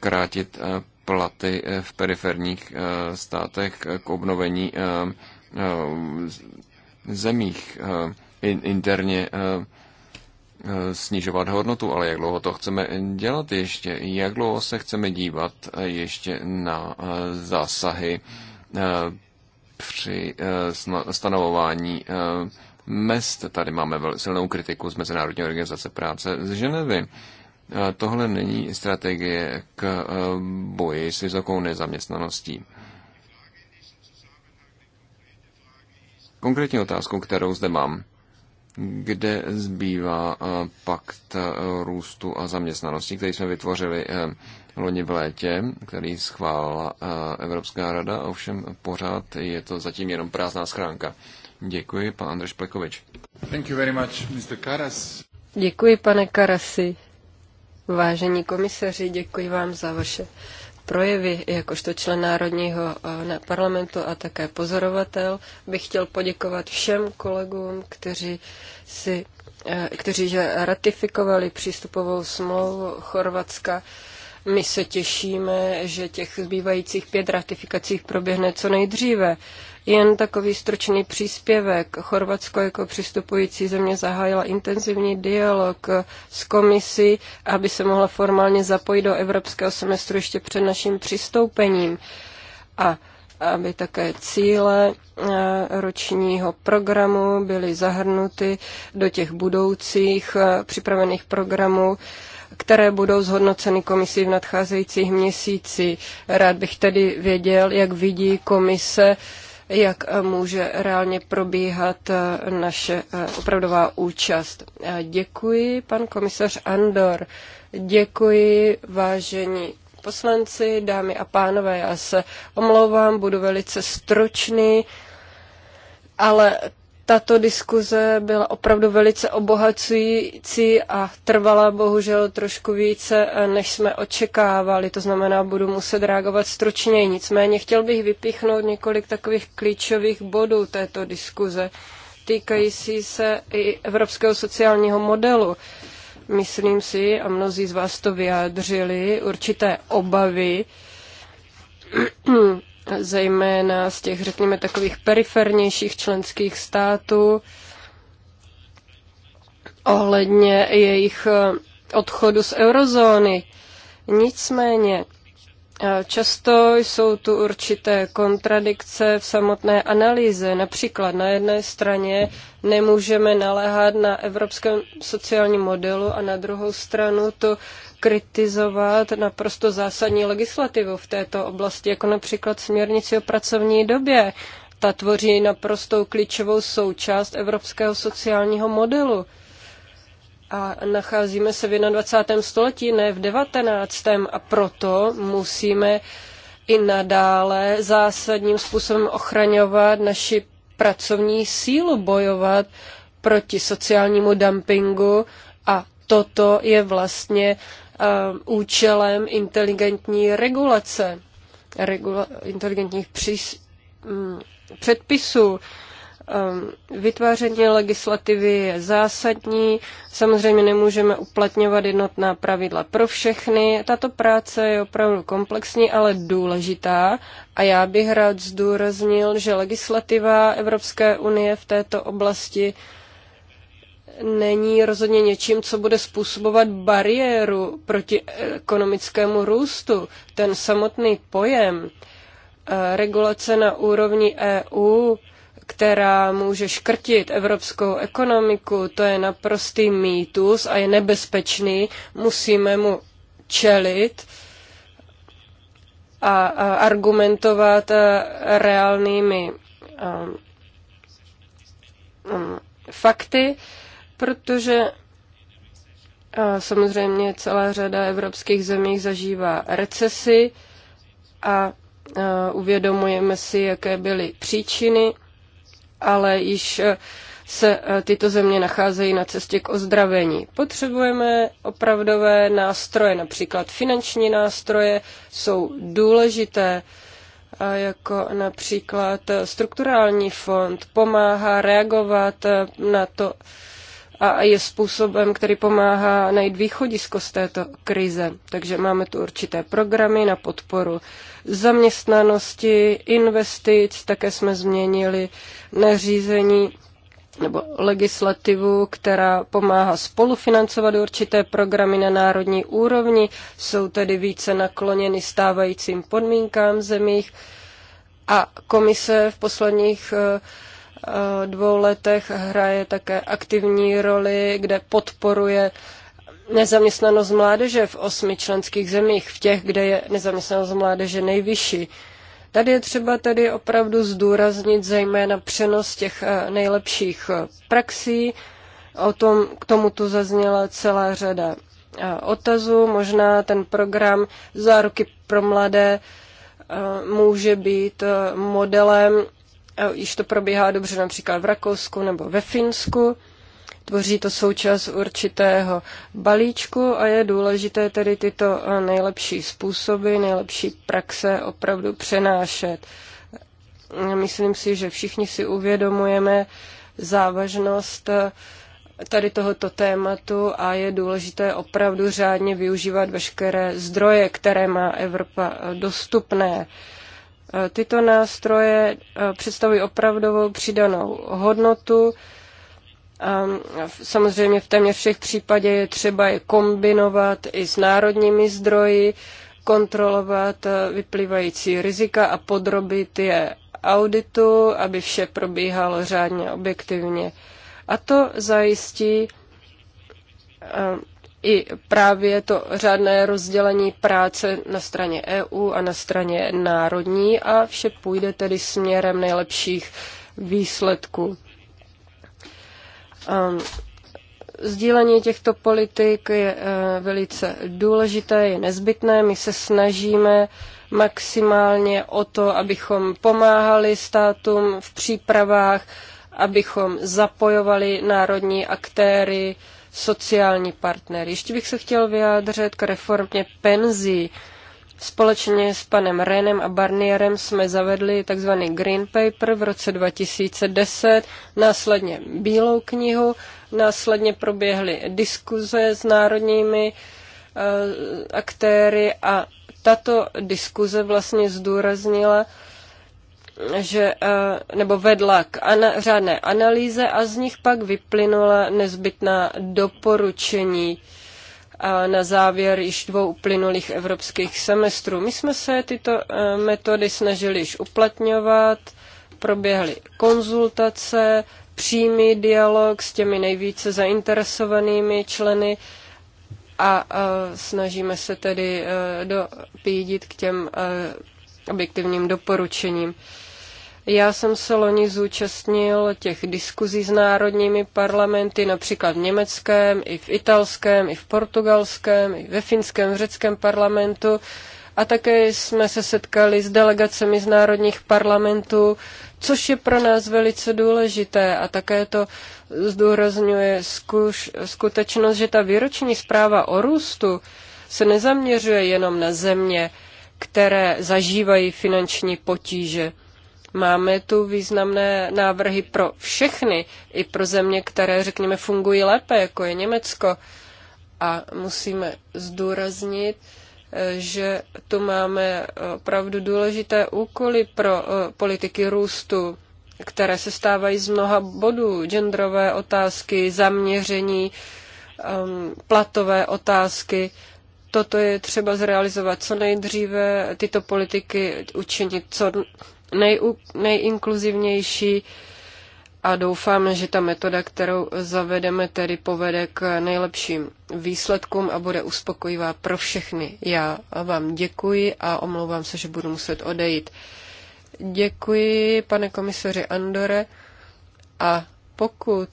krátit platy eh, v periferních eh, státech k obnovení eh, zemích interně snižovat hodnotu, ale jak dlouho to chceme dělat ještě, jak dlouho se chceme dívat ještě na zásahy při stanovování mest. Tady máme silnou kritiku z Mezinárodní organizace práce z Ženevy tohle není strategie k e, boji s vysokou nezaměstnaností. Konkrétní otázku, kterou zde mám, kde zbývá e, pakt e, růstu a zaměstnanosti, který jsme vytvořili loni v létě, který schválila Evropská rada, ovšem pořád je to zatím jenom prázdná schránka. Děkuji, pan Andrej Plekovič. Thank you very much, Mr. Karas. Děkuji, pane Karasi. Vážení komisaři, děkuji vám za vaše projevy jakožto člen Národního eh, parlamentu a také pozorovatel. Bych chtěl poděkovat všem kolegům, kteří si eh, kteří ratifikovali přístupovou smlouvu Chorvatska. My se těšíme, že těch zbývajících pět ratifikací proběhne co nejdříve. Jen takový stručný příspěvek. Chorvatsko jako přistupující země zahájila intenzivní dialog s komisí, aby se mohla formálně zapojit do evropského semestru ještě před naším přistoupením. A aby také cíle eh, ročního programu byly zahrnuty do těch budoucích eh, připravených programů, které budou zhodnoceny komisí v nadcházejících měsících. Rád bych tedy věděl, jak vidí komise jak může reálně probíhat naše eh, opravdová účast. Eh, děkuji, pan komisař Andor. Děkuji, vážení poslanci, dámy a pánové. Já se omlouvám, budu velice stročný, ale tato diskuze byla opravdu velice obohacující a trvala bohužel trošku více, eh, než jsme očekávali. To znamená, budu muset reagovat stručněji. Nicméně chtěl bych vypíchnout několik takových klíčových bodů této diskuze. Týkající se i evropského sociálního modelu. Myslím si, a mnozí z vás to vyjádřili, určité obavy zejména z těch, řekněme, takových perifernějších členských států ohledně jejich eh, odchodu z eurozóny. Nicméně, eh, často jsou tu určité kontradikce v samotné analýze. Například na jedné straně nemůžeme naléhat na evropském sociálním modelu a na druhou stranu to kritizovat naprosto zásadní legislativu v této oblasti, jako například směrnici o pracovní době. Ta tvoří naprostou klíčovou součást evropského sociálního modelu. A nacházíme se v 21. století, ne v 19. a proto musíme i nadále zásadním způsobem ochraňovat naši pracovní sílu, bojovat proti sociálnímu dumpingu a toto je vlastně Um, účelem inteligentní regulace, regula, inteligentních přís, mm, předpisů. Um, vytváření legislativy je zásadní. Samozřejmě nemůžeme uplatňovat jednotná pravidla pro všechny. Tato práce je opravdu komplexní, ale důležitá. A já bych rád zdůraznil, že legislativa Evropské unie v této oblasti není rozhodně něčím, co bude způsobovat bariéru proti ekonomickému růstu. Ten samotný pojem eh, regulace na úrovni EU, která může škrtit evropskou ekonomiku, to je naprostý mýtus a je nebezpečný, musíme mu čelit a, argumentovat eh, reálnými eh, mm, fakty protože eh, samozřejmě celá řada evropských zemí zažívá recesi a eh, uvědomujeme si, jaké byly příčiny, ale již eh, se tyto země nacházejí na cestě k ozdravení. Potřebujeme opravdové nástroje, například finanční nástroje jsou důležité, jako například strukturální fond pomáhá reagovat na to, a je způsobem, který pomáhá najít východisko z této krize. Takže máme tu určité programy na podporu zaměstnanosti, investic, také jsme změnili nařízení nebo legislativu, která pomáhá spolufinancovat určité programy na národní úrovni, jsou tedy více nakloněny stávajícím podmínkám zemích a komise v posledních uh, Eh, dvou letech hraje také aktivní roli, kde podporuje nezaměstnanost mládeže v osmi členských zemích, v těch, kde je nezaměstnanost mládeže nejvyšší. Tady je třeba tedy opravdu zdůraznit zejména přenos těch eh, nejlepších eh, praxí. O tom, k tomu tu zazněla celá řada otazů. Možná ten program Záruky pro mladé může být modelem Eh, již to probíhá dobře například v Rakousku nebo ve Finsku. Tvoří to součást určitého balíčku a je důležité tedy tyto eh, nejlepší způsoby, nejlepší praxe opravdu přenášet. Eh, myslím si, že všichni si uvědomujeme závažnost tady tohoto tématu a je důležité opravdu řádně využívat veškeré zdroje, které má Evropa dostupné. Eh, tyto nástroje eh, představují opravdovou přidanou hodnotu. A ehm, samozřejmě v téměř všech případech je třeba je kombinovat i s národními zdroji, kontrolovat eh, vyplývající rizika a podrobit je auditu, aby vše probíhalo řádně objektivně. A to zajistí ehm, i právě to řádné rozdělení práce na straně EU a na straně národní a vše půjde tedy směrem nejlepších výsledků. Um, sdílení těchto politik je eh, velice důležité, je nezbytné. My se snažíme maximálně o to, abychom pomáhali státům v přípravách, abychom zapojovali národní aktéry, sociální partner. Ještě bych se chtěl vyjádřit k reformě penzí. Společně s panem Renem a Barnierem jsme zavedli tzv. Green Paper v roce 2010, následně Bílou knihu, následně proběhly diskuze s národními eh, aktéry a tato diskuze vlastně zdůraznila, že, eh, nebo vedla k ana, řádné analýze a z nich pak vyplynula nezbytná doporučení a eh, na závěr již dvou uplynulých evropských semestrů. My jsme se tyto eh, metody snažili již uplatňovat, proběhly konzultace, přímý dialog s těmi nejvíce zainteresovanými členy a, snažíme se tedy dopídit k těm objektivním doporučením. Já jsem se loni zúčastnil těch diskuzí s národními parlamenty, například v německém, i v italském, i v portugalském, i ve finském, v řeckém parlamentu. A také jsme se setkali s delegacemi z národních parlamentů, což je pro nás velice důležité a také to zdůrazňuje zkuš, skutečnost, že ta výroční zpráva o růstu se nezaměřuje jenom na země, které zažívají finanční potíže. Máme tu významné návrhy pro všechny, i pro země, které, řekněme, fungují lépe, jako je Německo. A musíme zdůraznit, eh, že tu máme eh, opravdu důležité úkoly pro eh, politiky růstu, které se stávají z mnoha bodů. Genderové otázky, zaměření, ehm, platové otázky. Toto je třeba zrealizovat co nejdříve, tyto politiky učinit co nejú, nejinkluzivnější a doufám, že ta metoda, kterou zavedeme, tedy povede k nejlepším výsledkům a bude uspokojivá pro všechny. Já vám děkuji a omlouvám se, že budu muset odejít. Děkuji, pane komisaři Andore. A pokud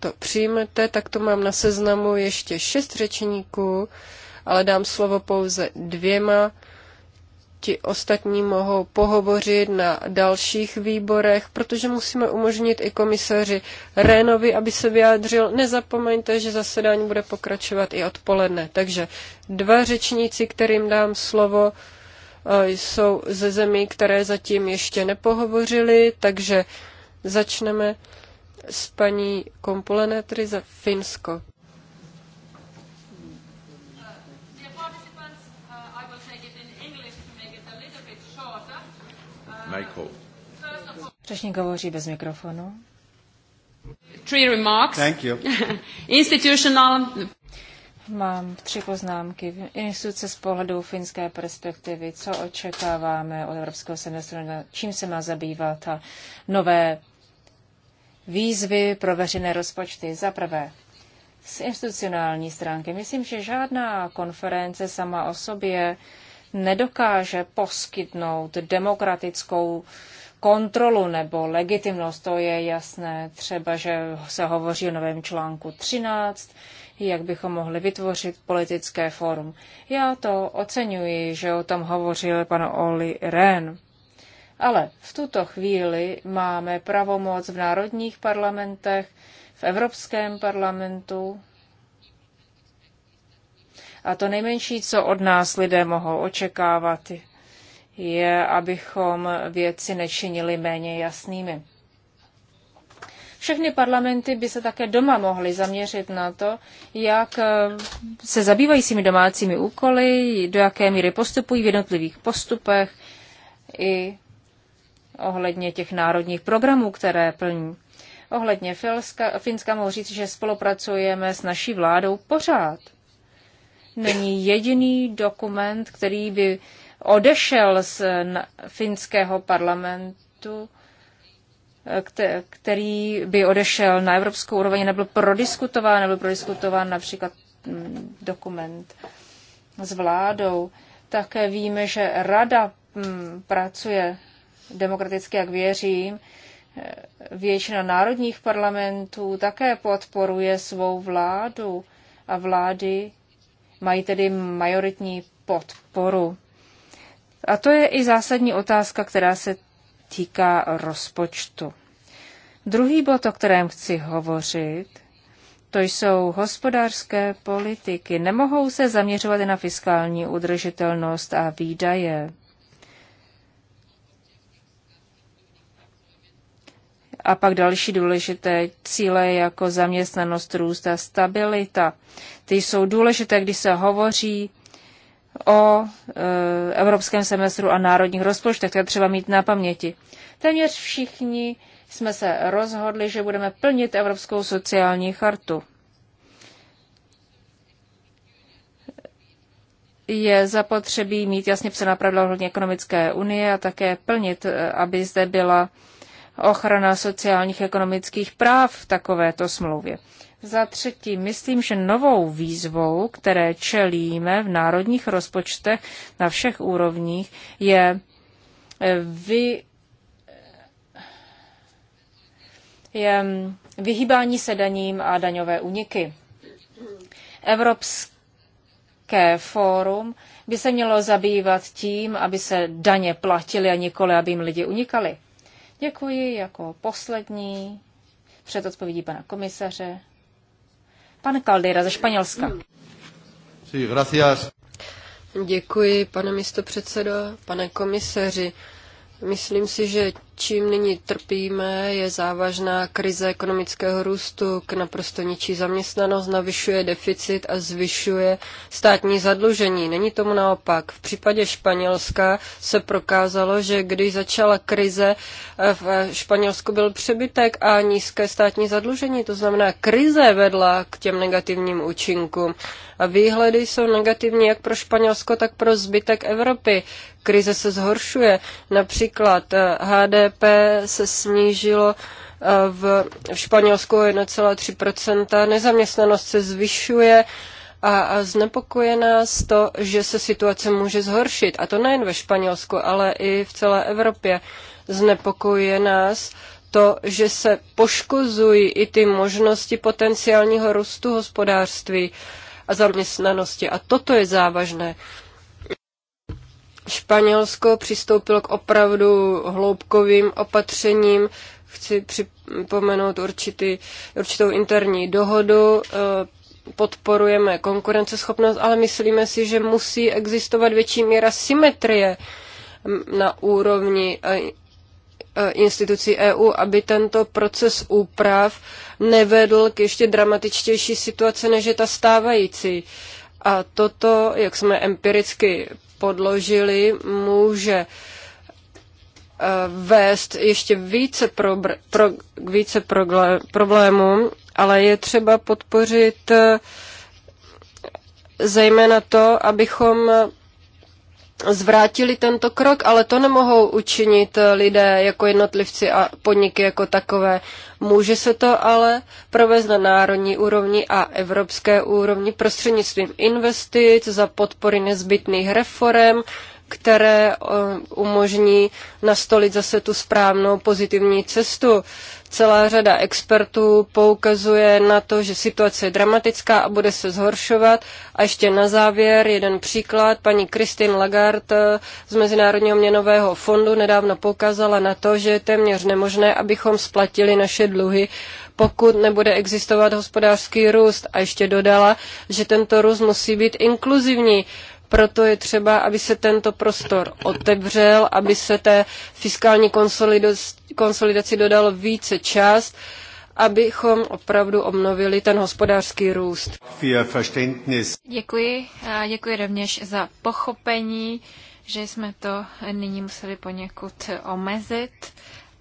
to přijmete, tak to mám na seznamu ještě šest řečníků, ale dám slovo pouze dvěma ti ostatní mohou pohovořit na dalších výborech, protože musíme umožnit i komisaři Rénovi, aby se vyjádřil. Nezapomeňte, že zasedání bude pokračovat i odpoledne. Takže dva řečníci, kterým dám slovo, eh, jsou ze zemí, které zatím ještě nepohovořili, takže začneme s paní Kompulenetry za Finsko. Řečník hovoří bez mikrofonu. Three remarks. Thank you. Institutional... Mám tři poznámky. Instituce z pohledu finské perspektivy, co očekáváme od Evropského semestru, čím se má zabývat a nové výzvy pro veřejné rozpočty. Za prvé, z institucionální stránky. Myslím, že žádná konference sama o sobě nedokáže poskytnout demokratickou kontrolu nebo legitimnost, to je jasné. Třeba, že se hovoří o novém článku 13, jak bychom mohli vytvořit politické fórum. Já to oceňuji, že o tom hovořil pan Oli Ren. Ale v tuto chvíli máme pravomoc v národních parlamentech, v Evropském parlamentu a to nejmenší, co od nás lidé mohou očekávat, je, abychom věci nečinili méně jasnými. Všechny parlamenty by se také doma mohly zaměřit na to, jak eh, se zabývají svými domácími úkoly, do jaké míry postupují v jednotlivých postupech i ohledně těch národních programů, které plní. Ohledně Finska, Finska mohu říct, že spolupracujeme s naší vládou pořád není jediný dokument, který by odešel z finského parlamentu, který by odešel na evropskou úroveň, nebyl prodiskutován, nebyl prodiskutován například mm, dokument s vládou. Také víme, že rada mm, pracuje demokraticky, jak věřím. Většina národních parlamentů také podporuje svou vládu a vlády mají tedy majoritní podporu. A to je i zásadní otázka, která se týká rozpočtu. Druhý bod, o kterém chci hovořit, to jsou hospodářské politiky. Nemohou se zaměřovat i na fiskální udržitelnost a výdaje. A pak další důležité cíle jako zaměstnanost, růst a stabilita. Ty jsou důležité, když se hovoří o e, evropském semestru a národních rozpočtech, které třeba mít na paměti. Téměř všichni jsme se rozhodli, že budeme plnit Evropskou sociální chartu. Je zapotřebí mít jasně psaná pravidla ohledně ekonomické unie a také plnit, e, aby zde byla ochrana sociálních ekonomických práv v takovéto smlouvě. Za třetí, myslím, že novou výzvou, které čelíme v národních rozpočtech na všech úrovních, je eh, vy, je mm, vyhýbání se daním a daňové uniky. Evropské fórum by se mělo zabývat tím, aby se daně platily a nikoli, aby jim lidi unikali. Děkuji jako poslední před odpovědí pana komisaře. Pan Caldera ze Španělska. Sí, gracias. Děkuji, pane předsedo, pane komisaři. Myslím si, že čím nyní trpíme, je závažná krize ekonomického růstu, k naprosto ničí zaměstnanost, navyšuje deficit a zvyšuje státní zadlužení. Není tomu naopak. V případě Španělska se prokázalo, že když začala krize, eh, v Španělsku byl přebytek a nízké státní zadlužení. To znamená, krize vedla k těm negativním účinkům. A výhledy jsou negativní jak pro Španělsko, tak pro zbytek Evropy krize se zhoršuje. Například HD eh, HDP se snížilo eh, v Španělsku 1,3%, nezaměstnanost se zvyšuje a, a znepokuje nás to, že se situace může zhoršit. A to nejen ve Španělsku, ale i v celé Evropě. Znepokojuje nás to, že se poškozují i ty možnosti potenciálního růstu hospodářství a zaměstnanosti. A toto je závažné. Španělsko přistoupilo k opravdu hloubkovým opatřením. Chci připomenout určitý, určitou interní dohodu. Eh, podporujeme konkurenceschopnost, ale myslíme si, že musí existovat větší míra symetrie mm, na úrovni eh, eh, institucí EU, aby tento proces úprav nevedl k ještě dramatičtější situaci, než je ta stávající. A toto, jak jsme empiricky podložili, může eh, vést ještě více, pro, pro, více problémů, ale je třeba podpořit eh, zejména to, abychom zvrátili tento krok, ale to nemohou učinit eh, lidé jako jednotlivci a podniky jako takové. Může se to ale provést na národní úrovni a evropské úrovni prostřednictvím investic za podpory nezbytných reform, které eh, umožní nastolit zase tu správnou pozitivní cestu. Celá řada expertů poukazuje na to, že situace je dramatická a bude se zhoršovat. A ještě na závěr jeden příklad. Paní Christine Lagarde z Mezinárodního měnového fondu nedávno poukázala na to, že je téměř nemožné, abychom splatili naše dluhy, pokud nebude existovat hospodářský růst. A ještě dodala, že tento růst musí být inkluzivní proto je třeba, aby se tento prostor otevřel, aby se té fiskální konsolidaci dodal více čas, abychom opravdu obnovili ten hospodářský růst. Děkuji a děkuji rovněž za pochopení, že jsme to nyní museli poněkud omezit.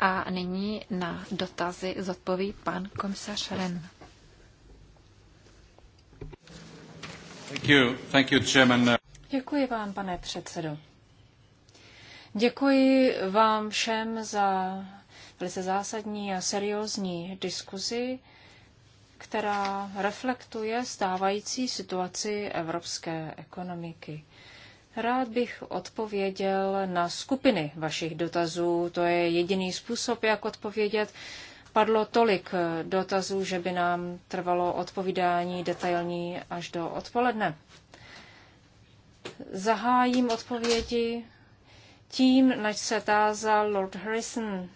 A nyní na dotazy zodpoví pan komisař Ren. Thank you. Thank you, Děkuji vám, pane předsedo. Děkuji vám všem za velice zásadní a seriózní diskuzi, která reflektuje stávající situaci evropské ekonomiky. Rád bych odpověděl na skupiny vašich dotazů. To je jediný způsob, jak odpovědět. Padlo tolik dotazů, že by nám trvalo odpovídání detailní až do odpoledne. Zahájím odpovědi tím, nač se tázal Lord Harrison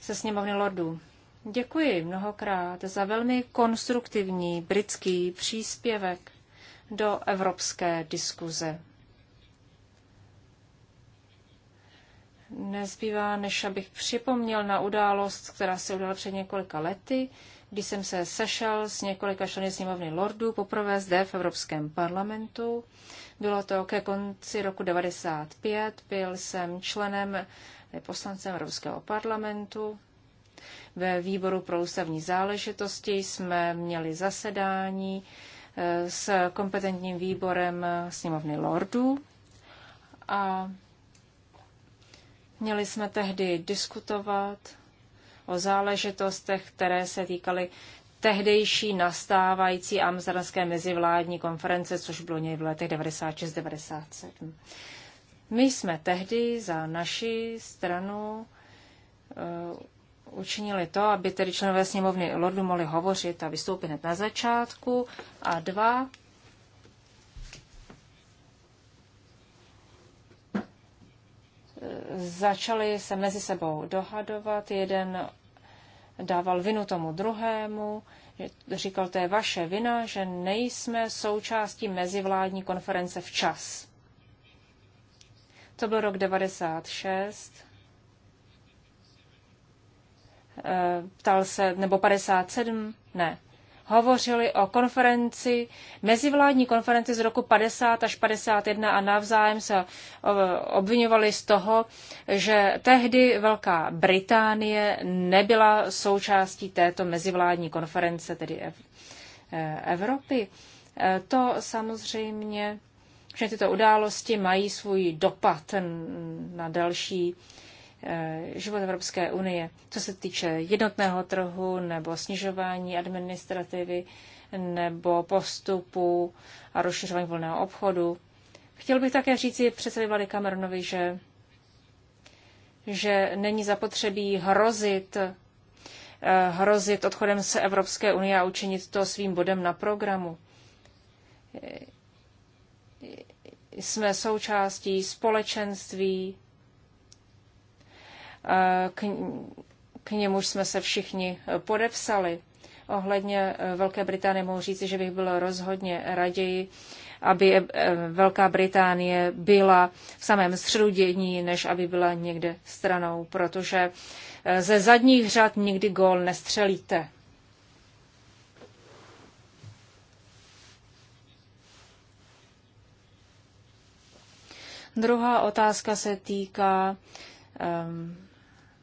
se sněmovny Lordů. Děkuji mnohokrát za velmi konstruktivní britský příspěvek do evropské diskuze. Nezbývá, než abych připomněl na událost, která se udala před několika lety, když jsem se sešel s několika členy sněmovny Lordů poprvé zde v Evropském parlamentu. Bylo to ke konci roku 95. Byl jsem členem eh, poslancem Evropského parlamentu. Ve výboru pro ústavní záležitosti jsme měli zasedání eh, s kompetentním výborem eh, sněmovny Lordů a měli jsme tehdy diskutovat o záležitostech, které se týkaly tehdejší nastávající amsterdamské mezivládní konference, což bylo něj v letech 96-97. My jsme tehdy za naši stranu eh, učinili to, aby tedy členové sněmovny Lordu mohli hovořit a vystoupit hned na začátku a dva začali se mezi sebou dohadovat. Jeden dával vinu tomu druhému, říkal, to je vaše vina, že nejsme součástí mezivládní konference včas. To byl rok 96. Eh, ptal se, nebo 57, ne, hovořili o konferenci, mezivládní konferenci z roku 50 až 51 a navzájem se obvinovali z toho, že tehdy Velká Británie nebyla součástí této mezivládní konference, tedy e, Evropy. E, to samozřejmě, že tyto události mají svůj dopad na další Eh, život Evropské unie, co se týče jednotného trhu nebo snižování administrativy nebo postupu a rozšiřování volného obchodu. Chtěl bych také říci předsedy vlády Cameronovi, že, že není zapotřebí hrozit, eh, hrozit odchodem se Evropské unie a učinit to svým bodem na programu. Eh, jsme součástí společenství, k, k němuž jsme se všichni podepsali. Ohledně e, Velké Británie mohu říci, že bych byl rozhodně raději, aby e, Velká Británie byla v samém středu dění, než aby byla někde stranou, protože e, ze zadních řad nikdy gól nestřelíte. Druhá otázka se týká um,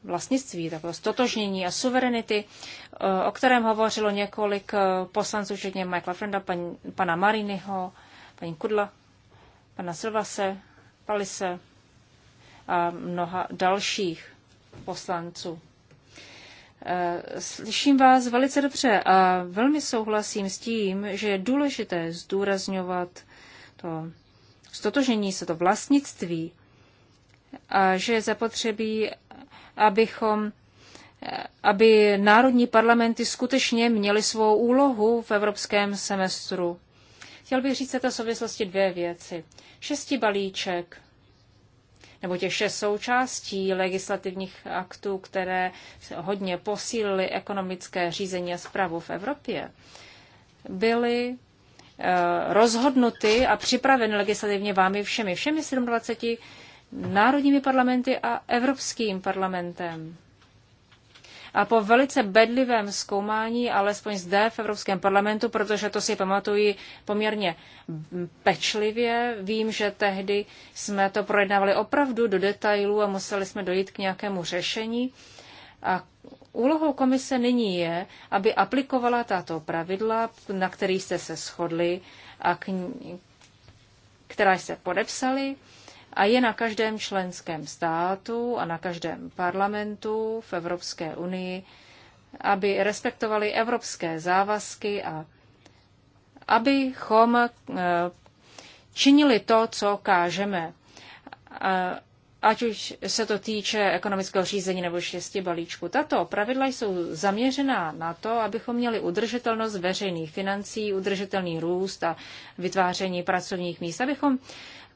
vlastnictví, takové stotožnění a suverenity, eh, o kterém hovořilo několik eh, poslanců, včetně Michaela Frenda, paní pana Mariniho, paní Kudla, pana Silvase, Palise a mnoha dalších poslanců. Eh, slyším vás velice dobře a velmi souhlasím s tím, že je důležité zdůrazňovat to stotožnění se, to vlastnictví a že je zapotřebí, abychom aby národní parlamenty skutečně měly svou úlohu v evropském semestru. Chtěl bych říct v této souvislosti dvě věci. Šesti balíček, nebo těch šest součástí legislativních aktů, které hodně posílily ekonomické řízení a zprávu v Evropě, byly eh, rozhodnuty a připraveny legislativně vámi všemi, všemi 27 národními parlamenty a Evropským parlamentem. A po velice bedlivém zkoumání, alespoň zde v Evropském parlamentu, protože to si pamatuji poměrně pečlivě, vím, že tehdy jsme to projednávali opravdu do detailů a museli jsme dojít k nějakému řešení. A úlohou komise nyní je, aby aplikovala tato pravidla, na kterých jste se shodli a k, která jste podepsali a je na každém členském státu a na každém parlamentu v Evropské unii, aby respektovali evropské závazky a abychom eh, činili to, co kážeme. Eh, ať už se to týče ekonomického řízení nebo šesti balíčku. Tato pravidla jsou zaměřená na to, abychom měli udržitelnost veřejných financí, udržitelný růst a vytváření pracovních míst. Abychom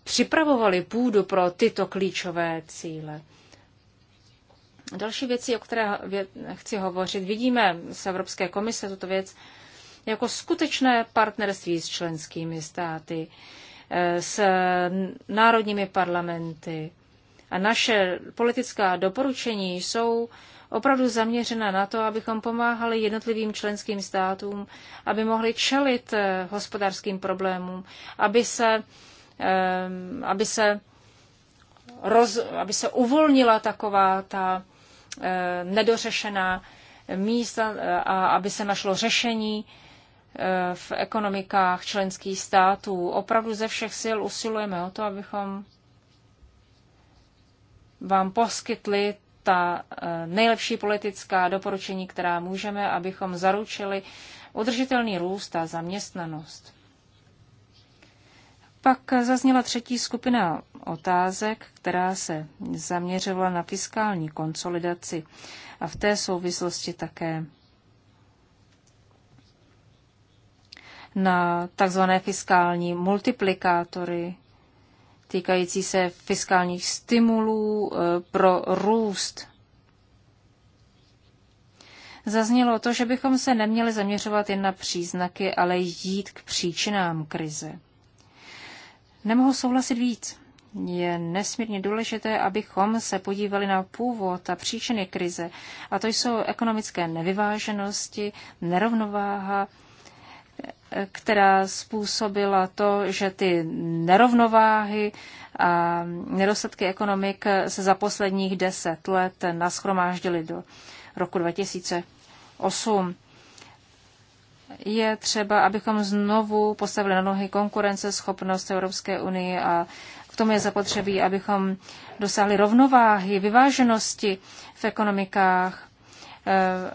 připravovali půdu pro tyto klíčové cíle. Další věci, o které chci hovořit, vidíme z Evropské komise tuto věc jako skutečné partnerství s členskými státy, eh, s národními parlamenty. A naše politická doporučení jsou opravdu zaměřena na to, abychom pomáhali jednotlivým členským státům, aby mohli čelit eh, hospodářským problémům, aby se Ehm, aby se, roz, aby se uvolnila taková ta ehm, nedořešená místa eh, a aby se našlo řešení eh, v ekonomikách členských států. Opravdu ze všech sil usilujeme o to, abychom vám poskytli ta eh, nejlepší politická doporučení, která můžeme, abychom zaručili udržitelný růst a zaměstnanost. Pak zazněla třetí skupina otázek, která se zaměřovala na fiskální konsolidaci a v té souvislosti také na takzvané fiskální multiplikátory týkající se fiskálních stimulů eh, pro růst. Zaznělo to, že bychom se neměli zaměřovat jen na příznaky, ale jít k příčinám krize. Nemohu souhlasit víc. Je nesmírně důležité, abychom se podívali na původ a příčiny krize. A to jsou ekonomické nevyváženosti, nerovnováha, která způsobila to, že ty nerovnováhy a nedostatky ekonomik se za posledních deset let naschromáždily do roku 2008 je třeba, abychom znovu postavili na nohy konkurenceschopnost Evropské unie a k tomu je zapotřebí, abychom dosáhli rovnováhy, vyváženosti v ekonomikách, eh,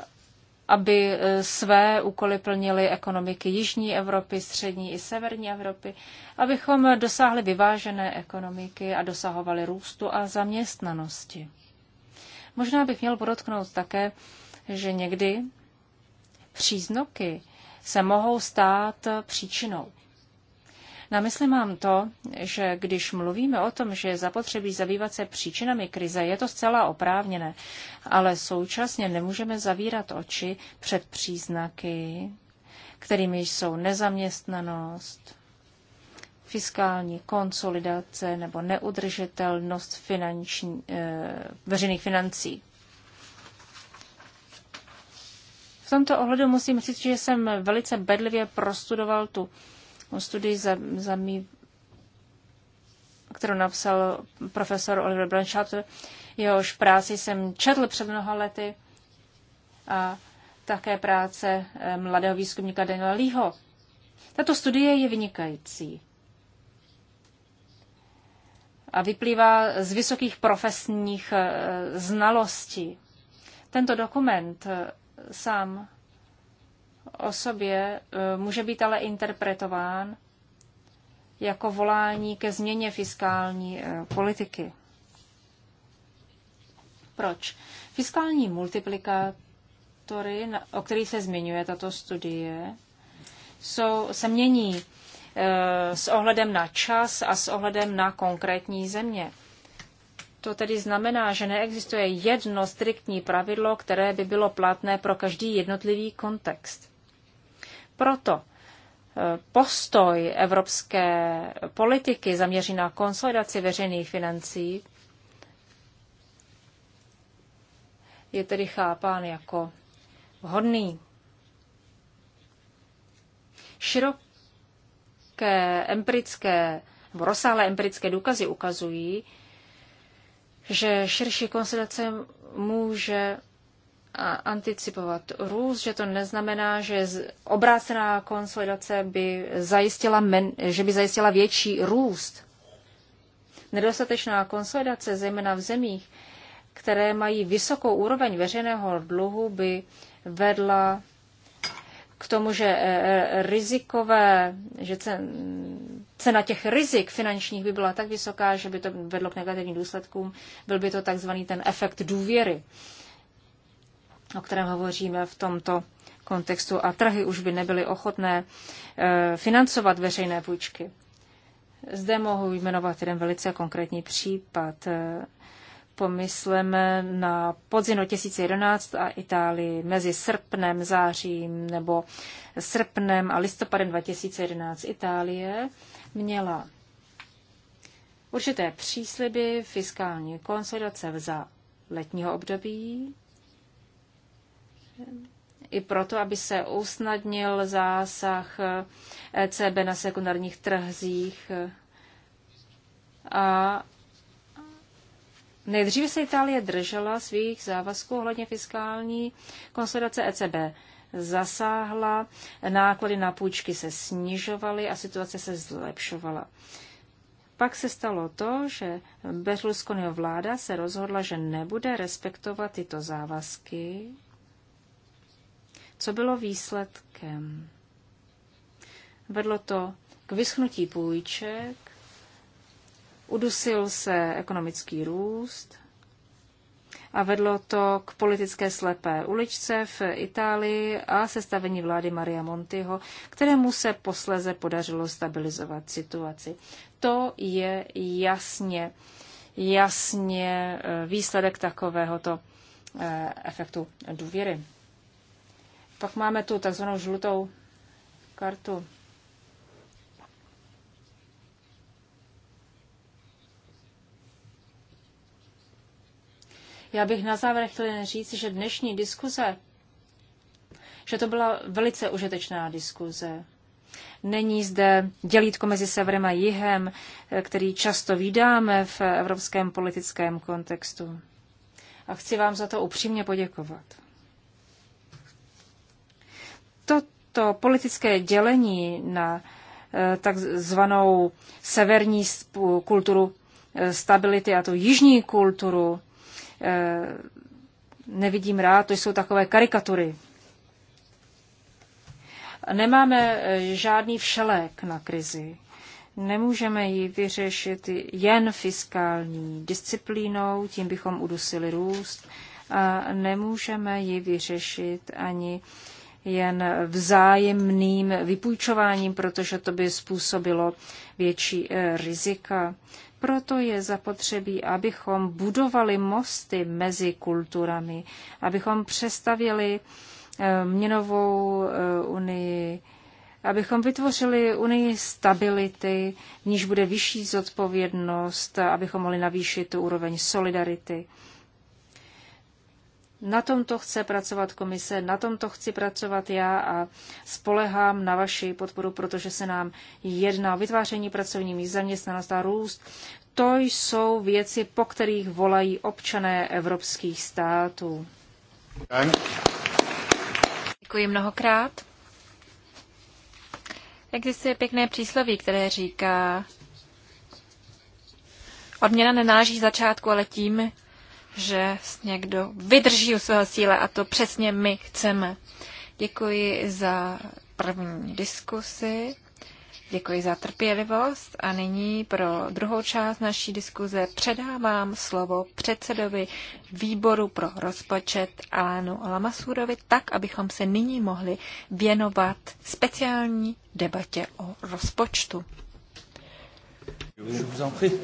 aby eh, své úkoly plnily ekonomiky Jižní Evropy, Střední i Severní Evropy, abychom dosáhli vyvážené ekonomiky a dosahovali růstu a zaměstnanosti. Možná bych měl podotknout také, že někdy příznoky se mohou stát příčinou. Na mysli mám to, že když mluvíme o tom, že je zapotřebí zabývat se příčinami krize, je to zcela oprávněné, ale současně nemůžeme zavírat oči před příznaky, kterými jsou nezaměstnanost, fiskální konsolidace nebo neudržitelnost finanční, e, veřejných financí. V tomto ohledu musím říct, že jsem velice bedlivě prostudoval tu studii za, za mý, kterou napsal profesor Oliver Blanchard. Jehož práci jsem četl před mnoha lety a také práce eh, mladého výzkumníka Daniela Leeho. Tato studie je vynikající a vyplývá z vysokých profesních eh, znalostí. Tento dokument eh, sám o sobě e, může být ale interpretován jako volání ke změně fiskální e, politiky. Proč? Fiskální multiplikátory, o kterých se zmiňuje tato studie, jsou, se mění e, s ohledem na čas a s ohledem na konkrétní země. To tedy znamená, že neexistuje jedno striktní pravidlo, které by bylo platné pro každý jednotlivý kontext. Proto eh, postoj evropské politiky zaměří na konsolidaci veřejných financí je tedy chápán jako vhodný. Široké empirické, nebo rozsáhlé empirické důkazy ukazují, že širší konsolidace může anticipovat růst, že to neznamená, že obrácená konsolidace by zajistila, men, že by zajistila větší růst. Nedostatečná konsolidace, zejména v zemích, které mají vysokou úroveň veřejného dluhu, by vedla k tomu, že eh, eh, rizikové, že cen, cena těch rizik finančních by byla tak vysoká, že by to vedlo k negativním důsledkům. Byl by to takzvaný ten efekt důvěry, o kterém hovoříme v tomto kontextu a trhy už by nebyly ochotné eh, financovat veřejné půjčky. Zde mohu jmenovat jeden velice konkrétní případ. Eh, pomysleme na podzim 2011 a Itálii mezi srpnem, zářím nebo srpnem a listopadem 2011 Itálie měla určité přísliby fiskální konsolidace za letního období, i proto, aby se usnadnil zásah ECB na sekundárních trhzích. A nejdříve se Itálie držela svých závazků ohledně fiskální konsolidace ECB zasáhla, náklady na půjčky se snižovaly a situace se zlepšovala. Pak se stalo to, že Berlusconiho vláda se rozhodla, že nebude respektovat tyto závazky. Co bylo výsledkem? Vedlo to k vyschnutí půjček, udusil se ekonomický růst, a vedlo to k politické slepé uličce v Itálii a sestavení vlády Maria Montiho, kterému se posleze podařilo stabilizovat situaci. To je jasně, jasně e, výsledek takovéhoto e, efektu důvěry. Pak máme tu takzvanou žlutou kartu. Já bych na závěr jen říct, že dnešní diskuze, že to byla velice užitečná diskuze. Není zde dělítko mezi severem a jihem, eh, který často vydáme v evropském politickém kontextu. A chci vám za to upřímně poděkovat. Toto politické dělení na eh, takzvanou severní kulturu eh, stability a tu jižní kulturu Eh, nevidím rád, to jsou takové karikatury. Nemáme eh, žádný všelék na krizi. Nemůžeme ji vyřešit jen fiskální disciplínou, tím bychom udusili růst. A nemůžeme ji vyřešit ani jen vzájemným vypůjčováním, protože to by způsobilo větší eh, rizika. Proto je zapotřebí, abychom budovali mosty mezi kulturami, abychom přestavěli eh, měnovou eh, unii, abychom vytvořili unii stability, v níž bude vyšší zodpovědnost, abychom mohli navýšit tu úroveň solidarity na tomto chce pracovat komise, na tomto chci pracovat já a spolehám na vaši podporu, protože se nám jedná o vytváření pracovní míst, zaměstnanost a růst. To jsou věci, po kterých volají občané evropských států. Děkuji mnohokrát. Existuje pěkné přísloví, které říká, odměna nenáží začátku, ale tím, že někdo vydrží u svého síle a to přesně my chceme. Děkuji za první diskusi, děkuji za trpělivost a nyní pro druhou část naší diskuze předávám slovo předsedovi výboru pro rozpočet Alánu Lamasurovi, tak, abychom se nyní mohli věnovat speciální debatě o rozpočtu. Je vous en prie.